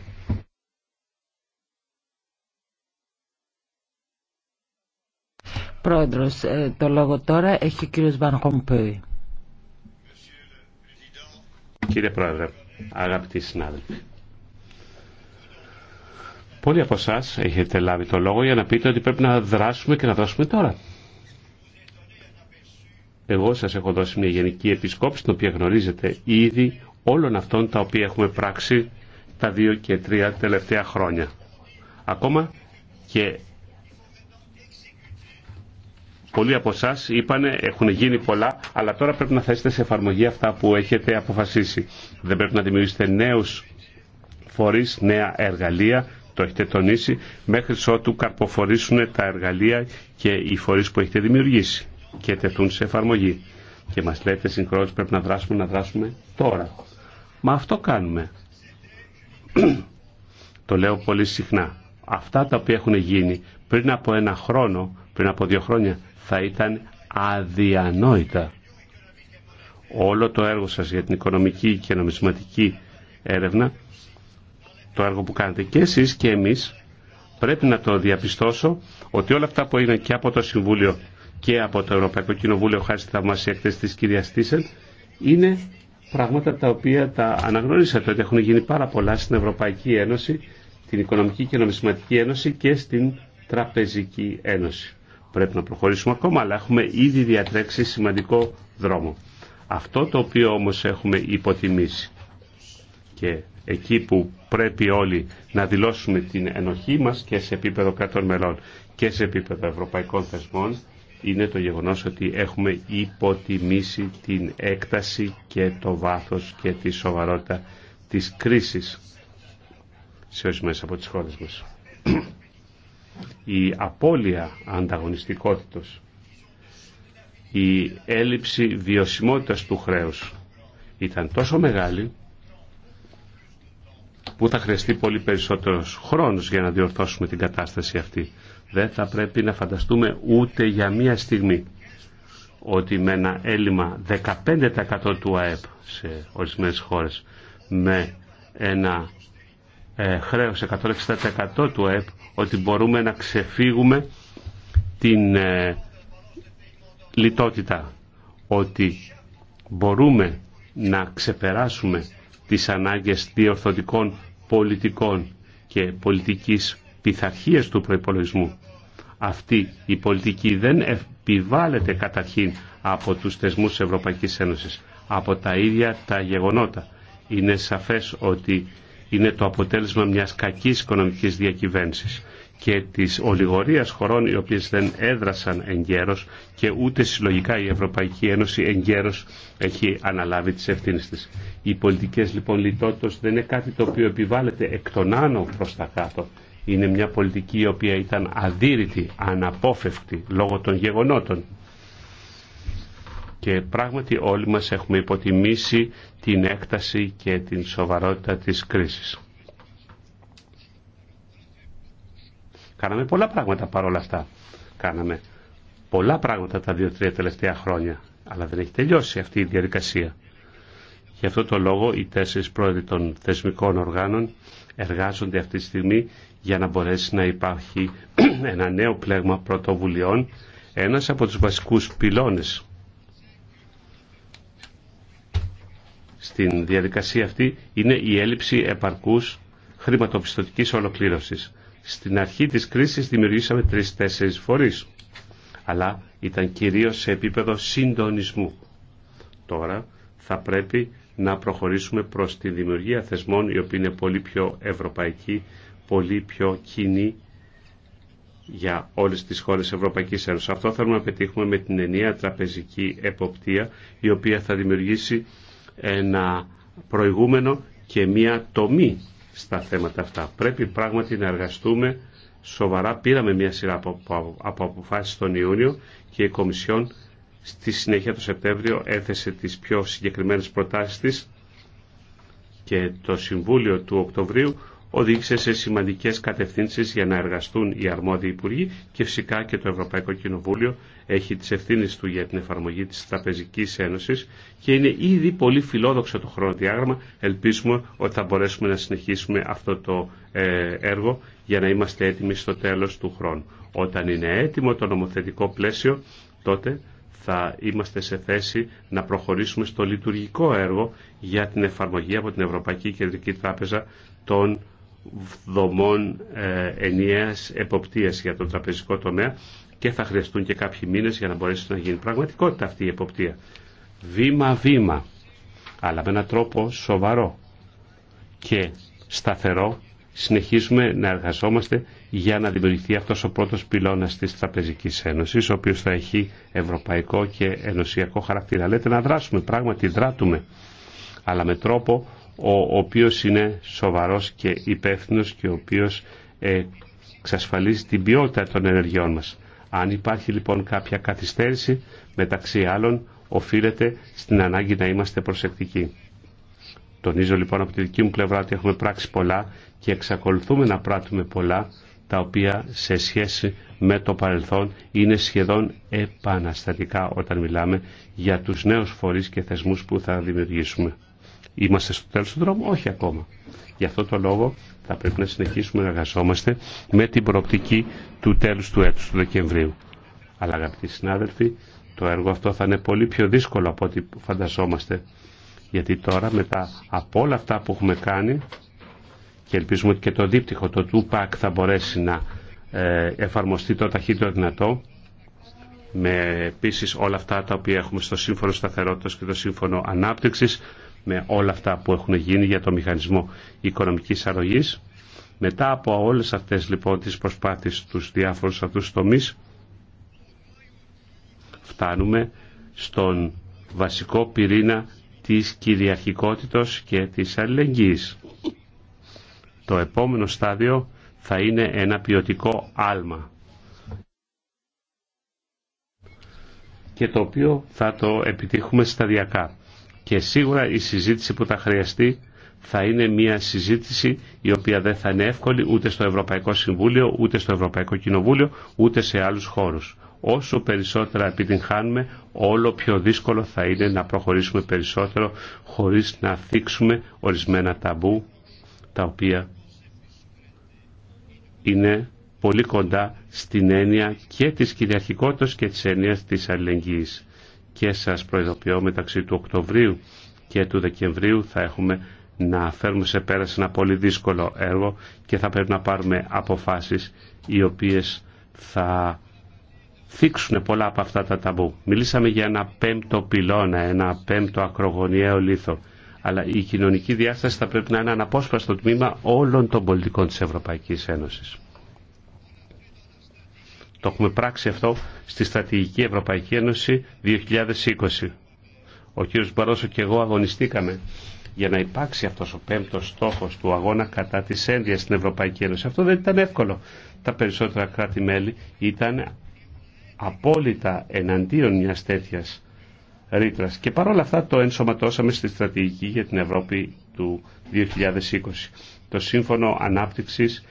Πρόεδρος, ε, το λόγο τώρα έχει ο κύριος Βαν Κύριε Πρόεδρε, αγαπητοί συνάδελφοι, πολλοί από εσά έχετε λάβει το λόγο για να πείτε ότι πρέπει να δράσουμε και να δράσουμε τώρα. Εγώ σας έχω δώσει μια γενική επισκόπηση, την οποία γνωρίζετε ήδη όλων αυτών τα οποία έχουμε πράξει τα δύο και τρία τελευταία χρόνια. Ακόμα και Πολλοί από εσά είπανε, έχουν γίνει πολλά, αλλά τώρα πρέπει να θέσετε σε εφαρμογή αυτά που έχετε αποφασίσει. Δεν πρέπει να δημιουργήσετε νέου φορεί, νέα εργαλεία, το έχετε τονίσει, μέχρι ότου καρποφορήσουν τα εργαλεία και οι φορεί που έχετε δημιουργήσει και τεθούν σε εφαρμογή. Και μα λέτε συγχρόνω πρέπει να δράσουμε, να δράσουμε τώρα. Μα αυτό κάνουμε. το λέω πολύ συχνά. Αυτά τα οποία έχουν γίνει πριν από ένα χρόνο, πριν από δύο χρόνια θα ήταν αδιανόητα. Όλο το έργο σας για την οικονομική και νομισματική έρευνα, το έργο που κάνετε και εσείς και εμείς, πρέπει να το διαπιστώσω ότι όλα αυτά που έγιναν και από το Συμβούλιο και από το Ευρωπαϊκό Κοινοβούλιο χάρη στη θαυμασία εκτέστη της κυρίας Τίσεν, είναι πράγματα τα οποία τα αναγνωρίσατε ότι έχουν γίνει πάρα πολλά στην Ευρωπαϊκή Ένωση, την Οικονομική και Νομισματική Ένωση και στην Τραπεζική Ένωση. Πρέπει να προχωρήσουμε ακόμα, αλλά έχουμε ήδη διατρέξει σημαντικό δρόμο. Αυτό το οποίο όμως έχουμε υποτιμήσει και εκεί που πρέπει όλοι να δηλώσουμε την ενοχή μας και σε επίπεδο κρατών μελών και σε επίπεδο ευρωπαϊκών θεσμών είναι το γεγονός ότι έχουμε υποτιμήσει την έκταση και το βάθος και τη σοβαρότητα της κρίσης σε όσοι μέσα από τις χώρες μας η απώλεια ανταγωνιστικότητος, η έλλειψη βιωσιμότητας του χρέους ήταν τόσο μεγάλη που θα χρειαστεί πολύ περισσότερος χρόνος για να διορθώσουμε την κατάσταση αυτή. Δεν θα πρέπει να φανταστούμε ούτε για μία στιγμή ότι με ένα έλλειμμα 15% του ΑΕΠ σε ορισμένες χώρες με ένα ε, χρέος 160% του ΑΕΠ ότι μπορούμε να ξεφύγουμε την ε, λιτότητα, ότι μπορούμε να ξεπεράσουμε τις ανάγκες διορθωτικών πολιτικών και πολιτικής πειθαρχία του προϋπολογισμού. Αυτή η πολιτική δεν επιβάλλεται καταρχήν από τους θεσμούς της Ευρωπαϊκής Ένωσης, από τα ίδια τα γεγονότα. Είναι σαφές ότι είναι το αποτέλεσμα μιας κακής οικονομικής διακυβέρνησης και της ολιγορίας χωρών οι οποίες δεν έδρασαν εγκαίρως και ούτε συλλογικά η Ευρωπαϊκή Ένωση εγκαίρως έχει αναλάβει τις ευθύνες της. Οι πολιτικές λοιπόν λιτότητας δεν είναι κάτι το οποίο επιβάλλεται εκ των άνω προς τα κάτω. Είναι μια πολιτική η οποία ήταν αδύρυτη, αναπόφευκτη λόγω των γεγονότων. Και πράγματι όλοι μας έχουμε υποτιμήσει την έκταση και την σοβαρότητα της κρίσης. Κάναμε πολλά πράγματα παρόλα αυτά. Κάναμε πολλά πράγματα τα δύο-τρία τελευταία χρόνια. Αλλά δεν έχει τελειώσει αυτή η διαδικασία. Γι' αυτό το λόγο οι τέσσερις πρόεδροι των θεσμικών οργάνων εργάζονται αυτή τη στιγμή για να μπορέσει να υπάρχει ένα νέο πλέγμα πρωτοβουλειών, ένας από τους βασικούς πυλώνες στην διαδικασία αυτή είναι η έλλειψη επαρκούς χρηματοπιστωτικής ολοκλήρωσης. Στην αρχή της κρίσης δημιουργήσαμε τρεις-τέσσερις φορείς, αλλά ήταν κυρίως σε επίπεδο συντονισμού. Τώρα θα πρέπει να προχωρήσουμε προς τη δημιουργία θεσμών οι οποίοι είναι πολύ πιο ευρωπαϊκοί, πολύ πιο κοινοί για όλες τις χώρες Ευρωπαϊκής Ένωσης. Αυτό θέλουμε να πετύχουμε με την ενιαία τραπεζική εποπτεία η οποία θα δημιουργήσει ένα προηγούμενο και μια τομή στα θέματα αυτά. Πρέπει πράγματι να εργαστούμε σοβαρά. Πήραμε μια σειρά από, από, αποφάσεις τον Ιούνιο και η Κομισιόν στη συνέχεια το Σεπτέμβριο έθεσε τις πιο συγκεκριμένες προτάσεις της και το Συμβούλιο του Οκτωβρίου οδήγησε σε σημαντικές κατευθύνσεις για να εργαστούν οι αρμόδιοι υπουργοί και φυσικά και το Ευρωπαϊκό Κοινοβούλιο έχει τις ευθύνες του για την εφαρμογή της Τραπεζικής Ένωσης και είναι ήδη πολύ φιλόδοξο το χρονοδιάγραμμα. Ελπίζουμε ότι θα μπορέσουμε να συνεχίσουμε αυτό το ε, έργο για να είμαστε έτοιμοι στο τέλος του χρόνου. Όταν είναι έτοιμο το νομοθετικό πλαίσιο, τότε θα είμαστε σε θέση να προχωρήσουμε στο λειτουργικό έργο για την εφαρμογή από την Ευρωπαϊκή Κεντρική Τράπεζα των δομών ε, ενιαίας εποπτείας για τον τραπεζικό τομέα και θα χρειαστούν και κάποιοι μήνες για να μπορέσει να γίνει πραγματικότητα αυτή η εποπτεία. Βήμα-βήμα, αλλά με έναν τρόπο σοβαρό και σταθερό συνεχίζουμε να εργαζόμαστε για να δημιουργηθεί αυτός ο πρώτος πυλώνας της Τραπεζικής Ένωσης, ο οποίος θα έχει ευρωπαϊκό και ενωσιακό χαρακτήρα. Λέτε να δράσουμε, πράγματι δράτουμε, αλλά με τρόπο ο οποίος είναι σοβαρός και υπεύθυνο και ο οποίος εξασφαλίζει την ποιότητα των ενεργειών μας. Αν υπάρχει λοιπόν κάποια καθυστέρηση, μεταξύ άλλων, οφείλεται στην ανάγκη να είμαστε προσεκτικοί. Τονίζω λοιπόν από τη δική μου πλευρά ότι έχουμε πράξει πολλά και εξακολουθούμε να πράττουμε πολλά τα οποία σε σχέση με το παρελθόν είναι σχεδόν επαναστατικά όταν μιλάμε για τους νέους φορείς και θεσμούς που θα δημιουργήσουμε. Είμαστε στο τέλος του δρόμου, όχι ακόμα. Γι' αυτό το λόγο θα πρέπει να συνεχίσουμε να εργαζόμαστε με την προοπτική του τέλους του έτους, του Δεκεμβρίου. Αλλά αγαπητοί συνάδελφοι, το έργο αυτό θα είναι πολύ πιο δύσκολο από ό,τι φανταζόμαστε. Γιατί τώρα μετά από όλα αυτά που έχουμε κάνει και ελπίζουμε ότι και το δίπτυχο, το TUPAC θα μπορέσει να ε, εφαρμοστεί το ταχύτερο δυνατό με επίσης όλα αυτά τα οποία έχουμε στο Σύμφωνο Σταθερότητας και το Σύμφωνο Ανάπτυξης με όλα αυτά που έχουν γίνει για το μηχανισμό οικονομικής αρρωγής. Μετά από όλες αυτές λοιπόν τις προσπάθειες τους διάφορους αυτούς τομείς φτάνουμε στον βασικό πυρήνα της κυριαρχικότητος και της αλληλεγγύης. Το επόμενο στάδιο θα είναι ένα ποιοτικό άλμα και το οποίο θα το επιτύχουμε σταδιακά και σίγουρα η συζήτηση που θα χρειαστεί θα είναι μια συζήτηση η οποία δεν θα είναι εύκολη ούτε στο Ευρωπαϊκό Συμβούλιο, ούτε στο Ευρωπαϊκό Κοινοβούλιο, ούτε σε άλλους χώρους. Όσο περισσότερα επιτυγχάνουμε, όλο πιο δύσκολο θα είναι να προχωρήσουμε περισσότερο χωρίς να θίξουμε ορισμένα ταμπού τα οποία είναι πολύ κοντά στην έννοια και της κυριαρχικότητας και της έννοιας της αλληλεγγύης και σας προειδοποιώ μεταξύ του Οκτωβρίου και του Δεκεμβρίου θα έχουμε να φέρουμε σε πέρα ένα πολύ δύσκολο έργο και θα πρέπει να πάρουμε αποφάσεις οι οποίες θα θίξουν πολλά από αυτά τα ταμπού. Μιλήσαμε για ένα πέμπτο πυλώνα, ένα πέμπτο ακρογωνιαίο λίθο. Αλλά η κοινωνική διάσταση θα πρέπει να είναι αναπόσπαστο τμήμα όλων των πολιτικών της Ευρωπαϊκής Ένωσης. Το έχουμε πράξει αυτό στη Στρατηγική Ευρωπαϊκή Ένωση 2020. Ο κύριος Μπαρόσο και εγώ αγωνιστήκαμε για να υπάρξει αυτός ο πέμπτος στόχος του αγώνα κατά της ένδυας στην Ευρωπαϊκή Ένωση. Αυτό δεν ήταν εύκολο. Τα περισσότερα κράτη-μέλη ήταν απόλυτα εναντίον μιας τέτοιας ρήτρας. Και παρόλα αυτά το ενσωματώσαμε στη στρατηγική για την Ευρώπη του 2020. Το Σύμφωνο Ανάπτυξης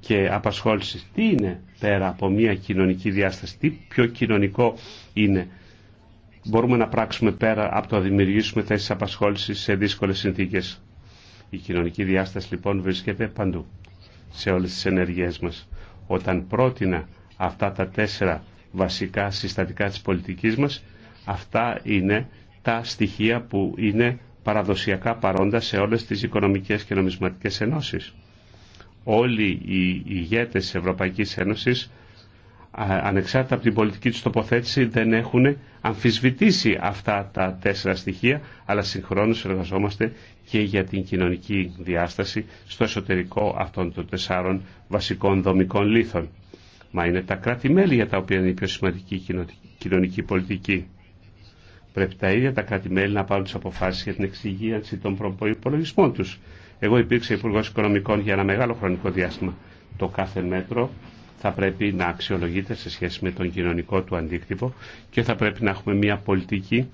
και απασχόλησης. Τι είναι πέρα από μια κοινωνική διάσταση, τι πιο κοινωνικό είναι. Μπορούμε να πράξουμε πέρα από το να δημιουργήσουμε θέσεις απασχόλησης σε δύσκολες συνθήκες. Η κοινωνική διάσταση λοιπόν βρίσκεται παντού, σε όλες τις ενεργειές μας. Όταν πρότεινα αυτά τα τέσσερα βασικά συστατικά της πολιτικής μας, αυτά είναι τα στοιχεία που είναι παραδοσιακά παρόντα σε όλες τις οικονομικές και νομισματικές ενώσεις όλοι οι ηγέτες της Ευρωπαϊκής Ένωσης ανεξάρτητα από την πολιτική τους τοποθέτηση δεν έχουν αμφισβητήσει αυτά τα τέσσερα στοιχεία αλλά συγχρόνως εργαζόμαστε και για την κοινωνική διάσταση στο εσωτερικό αυτών των τεσσάρων βασικών δομικών λήθων. Μα είναι τα κράτη-μέλη για τα οποία είναι η πιο σημαντική κοινωνική πολιτική. Πρέπει τα ίδια τα κράτη-μέλη να πάρουν τι αποφάσεις για την εξυγίανση των προπολογισμών τους. Εγώ υπήρξα Υπουργό Οικονομικών για ένα μεγάλο χρονικό διάστημα. Το κάθε μέτρο θα πρέπει να αξιολογείται σε σχέση με τον κοινωνικό του αντίκτυπο και θα πρέπει να έχουμε μια πολιτική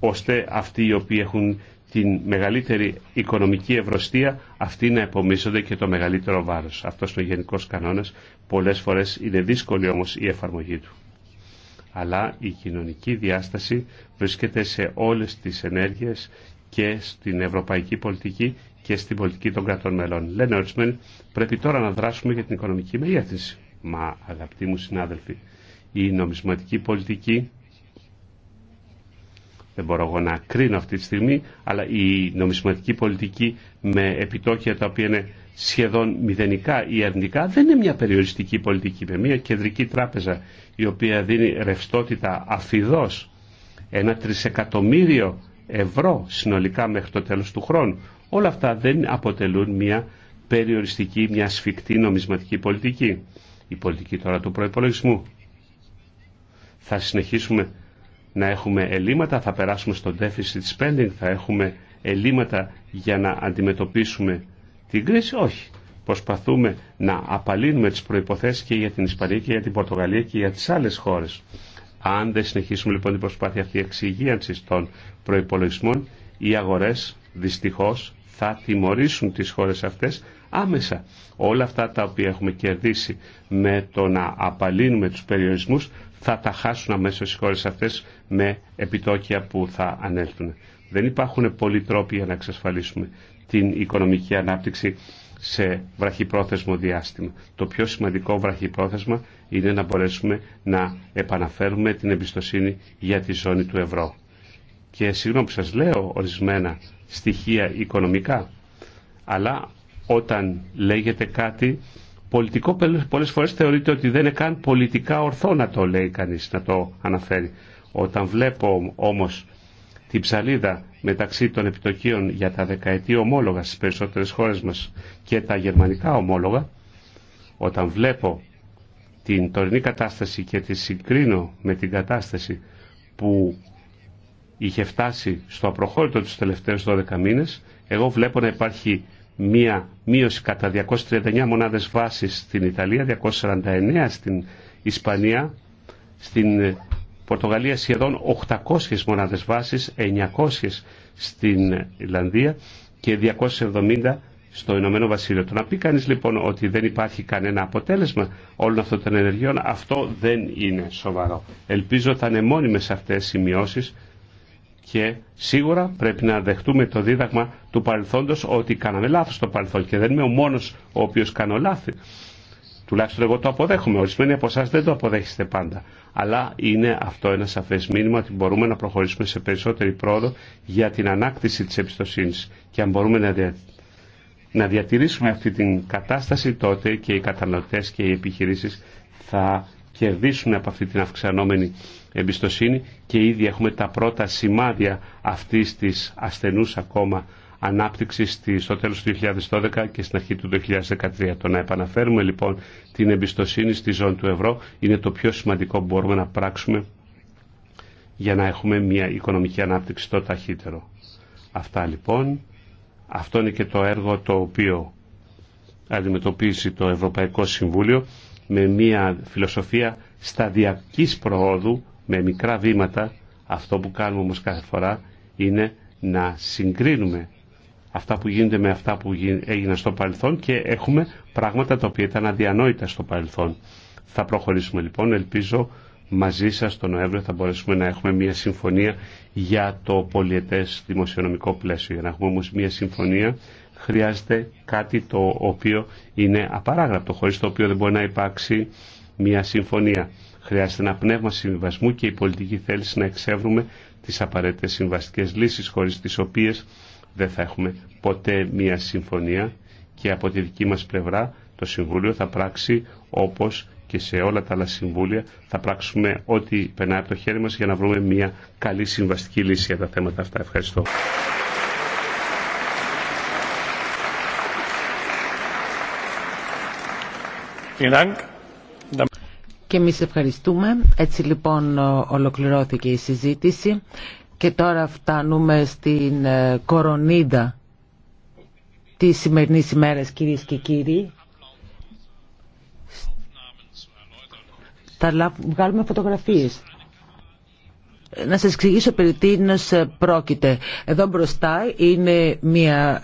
ώστε αυτοί οι οποίοι έχουν την μεγαλύτερη οικονομική ευρωστία, αυτοί να επομίσονται και το μεγαλύτερο βάρος. αυτό είναι ο γενικό κανόνα. Πολλέ φορέ είναι δύσκολη όμω η εφαρμογή του. Αλλά η κοινωνική διάσταση βρίσκεται σε όλε τι ενέργειες και στην ευρωπαϊκή πολιτική και στην πολιτική των κρατών μελών. Λένε ορισμένοι, πρέπει τώρα να δράσουμε για την οικονομική μεγέθυνση. Μα αγαπητοί μου συνάδελφοι, η νομισματική πολιτική δεν μπορώ εγώ να κρίνω αυτή τη στιγμή, αλλά η νομισματική πολιτική με επιτόκια τα οποία είναι σχεδόν μηδενικά ή αρνητικά δεν είναι μια περιοριστική πολιτική. Με μια κεντρική τράπεζα η οποία δίνει ρευστότητα αφιδός ένα τρισεκατομμύριο ευρώ συνολικά μέχρι το τέλος του χρόνου. Όλα αυτά δεν αποτελούν μια περιοριστική, μια σφιχτή νομισματική πολιτική. Η πολιτική τώρα του προϋπολογισμού. Θα συνεχίσουμε να έχουμε ελλείμματα, θα περάσουμε στο deficit spending, θα έχουμε ελλείμματα για να αντιμετωπίσουμε την κρίση. Όχι. Προσπαθούμε να απαλύνουμε τις προϋποθέσεις και για την Ισπανία και για την Πορτογαλία και για τις άλλες χώρες. Αν δεν συνεχίσουμε λοιπόν την προσπάθεια αυτή εξυγίανσης των προϋπολογισμών, οι αγορέ δυστυχώς θα τιμωρήσουν τις χώρες αυτές άμεσα. Όλα αυτά τα οποία έχουμε κερδίσει με το να απαλύνουμε τους περιορισμούς θα τα χάσουν αμέσω οι χώρες αυτές με επιτόκια που θα ανέλθουν. Δεν υπάρχουν πολλοί τρόποι για να εξασφαλίσουμε την οικονομική ανάπτυξη σε βραχυπρόθεσμο διάστημα. Το πιο σημαντικό βραχυπρόθεσμα είναι να μπορέσουμε να επαναφέρουμε την εμπιστοσύνη για τη ζώνη του ευρώ. Και συγγνώμη που σας λέω ορισμένα στοιχεία οικονομικά, αλλά όταν λέγεται κάτι πολιτικό πολλές φορές θεωρείται ότι δεν είναι καν πολιτικά ορθό να το λέει κανείς, να το αναφέρει. Όταν βλέπω όμως την ψαλίδα μεταξύ των επιτοκίων για τα δεκαετή ομόλογα στις περισσότερες χώρες μας και τα γερμανικά ομόλογα, όταν βλέπω την τωρινή κατάσταση και τη συγκρίνω με την κατάσταση που είχε φτάσει στο απροχώρητο τους τελευταίους 12 μήνες, εγώ βλέπω να υπάρχει μία μείωση κατά 239 μονάδες βάσης στην Ιταλία, 249 στην Ισπανία, στην ε, Πορτογαλία σχεδόν 800 μονάδες βάσης, 900 στην Ιλλανδία και 270 στο Ηνωμένο Βασίλειο. Το να πει κανεί λοιπόν ότι δεν υπάρχει κανένα αποτέλεσμα όλων αυτών των ενεργειών, αυτό δεν είναι σοβαρό. Ελπίζω θα είναι μόνιμε αυτέ οι σημειώσει και σίγουρα πρέπει να δεχτούμε το δίδαγμα του παρελθόντο ότι κάναμε λάθο στο παρελθόν και δεν είμαι ο μόνο ο οποίο κάνω λάθη. Τουλάχιστον εγώ το αποδέχομαι. Ορισμένοι από εσά δεν το αποδέχεστε πάντα. Αλλά είναι αυτό ένα σαφέ μήνυμα ότι μπορούμε να προχωρήσουμε σε περισσότερη πρόοδο για την ανάκτηση τη εμπιστοσύνη. Και αν μπορούμε να να διατηρήσουμε αυτή την κατάσταση τότε και οι καταναλωτές και οι επιχειρήσεις θα κερδίσουν από αυτή την αυξανόμενη εμπιστοσύνη και ήδη έχουμε τα πρώτα σημάδια αυτής της ασθενούς ακόμα ανάπτυξης στο τέλος του 2012 και στην αρχή του 2013. Το να επαναφέρουμε λοιπόν την εμπιστοσύνη στη ζώνη του ευρώ είναι το πιο σημαντικό που μπορούμε να πράξουμε για να έχουμε μια οικονομική ανάπτυξη το ταχύτερο. Αυτά λοιπόν. Αυτό είναι και το έργο το οποίο αντιμετωπίζει το Ευρωπαϊκό Συμβούλιο με μια φιλοσοφία σταδιακής προόδου με μικρά βήματα. Αυτό που κάνουμε όμως κάθε φορά είναι να συγκρίνουμε αυτά που γίνονται με αυτά που έγιναν στο παρελθόν και έχουμε πράγματα τα οποία ήταν αδιανόητα στο παρελθόν. Θα προχωρήσουμε λοιπόν, ελπίζω μαζί σας τον Νοέμβριο θα μπορέσουμε να έχουμε μια συμφωνία για το πολιετές δημοσιονομικό πλαίσιο. Για να έχουμε όμως μια συμφωνία χρειάζεται κάτι το οποίο είναι απαράγραπτο, χωρίς το οποίο δεν μπορεί να υπάρξει μια συμφωνία. Χρειάζεται ένα πνεύμα συμβιβασμού και η πολιτική θέληση να εξεύρουμε τις απαραίτητες συμβαστικές λύσεις, χωρίς τις οποίες δεν θα έχουμε ποτέ μια συμφωνία και από τη δική μας πλευρά το Συμβούλιο θα πράξει όπως και σε όλα τα άλλα συμβούλια θα πράξουμε ό,τι περνάει από το χέρι μας για να βρούμε μια καλή συμβαστική λύση για τα θέματα αυτά. Ευχαριστώ. Και εμείς ευχαριστούμε. Έτσι λοιπόν ολοκληρώθηκε η συζήτηση και τώρα φτάνουμε στην ε, κορονίδα της σημερινής ημέρας κυρίες και κύριοι. θα βγάλουμε φωτογραφίες. Να σας εξηγήσω περί τίνος πρόκειται. Εδώ μπροστά είναι μια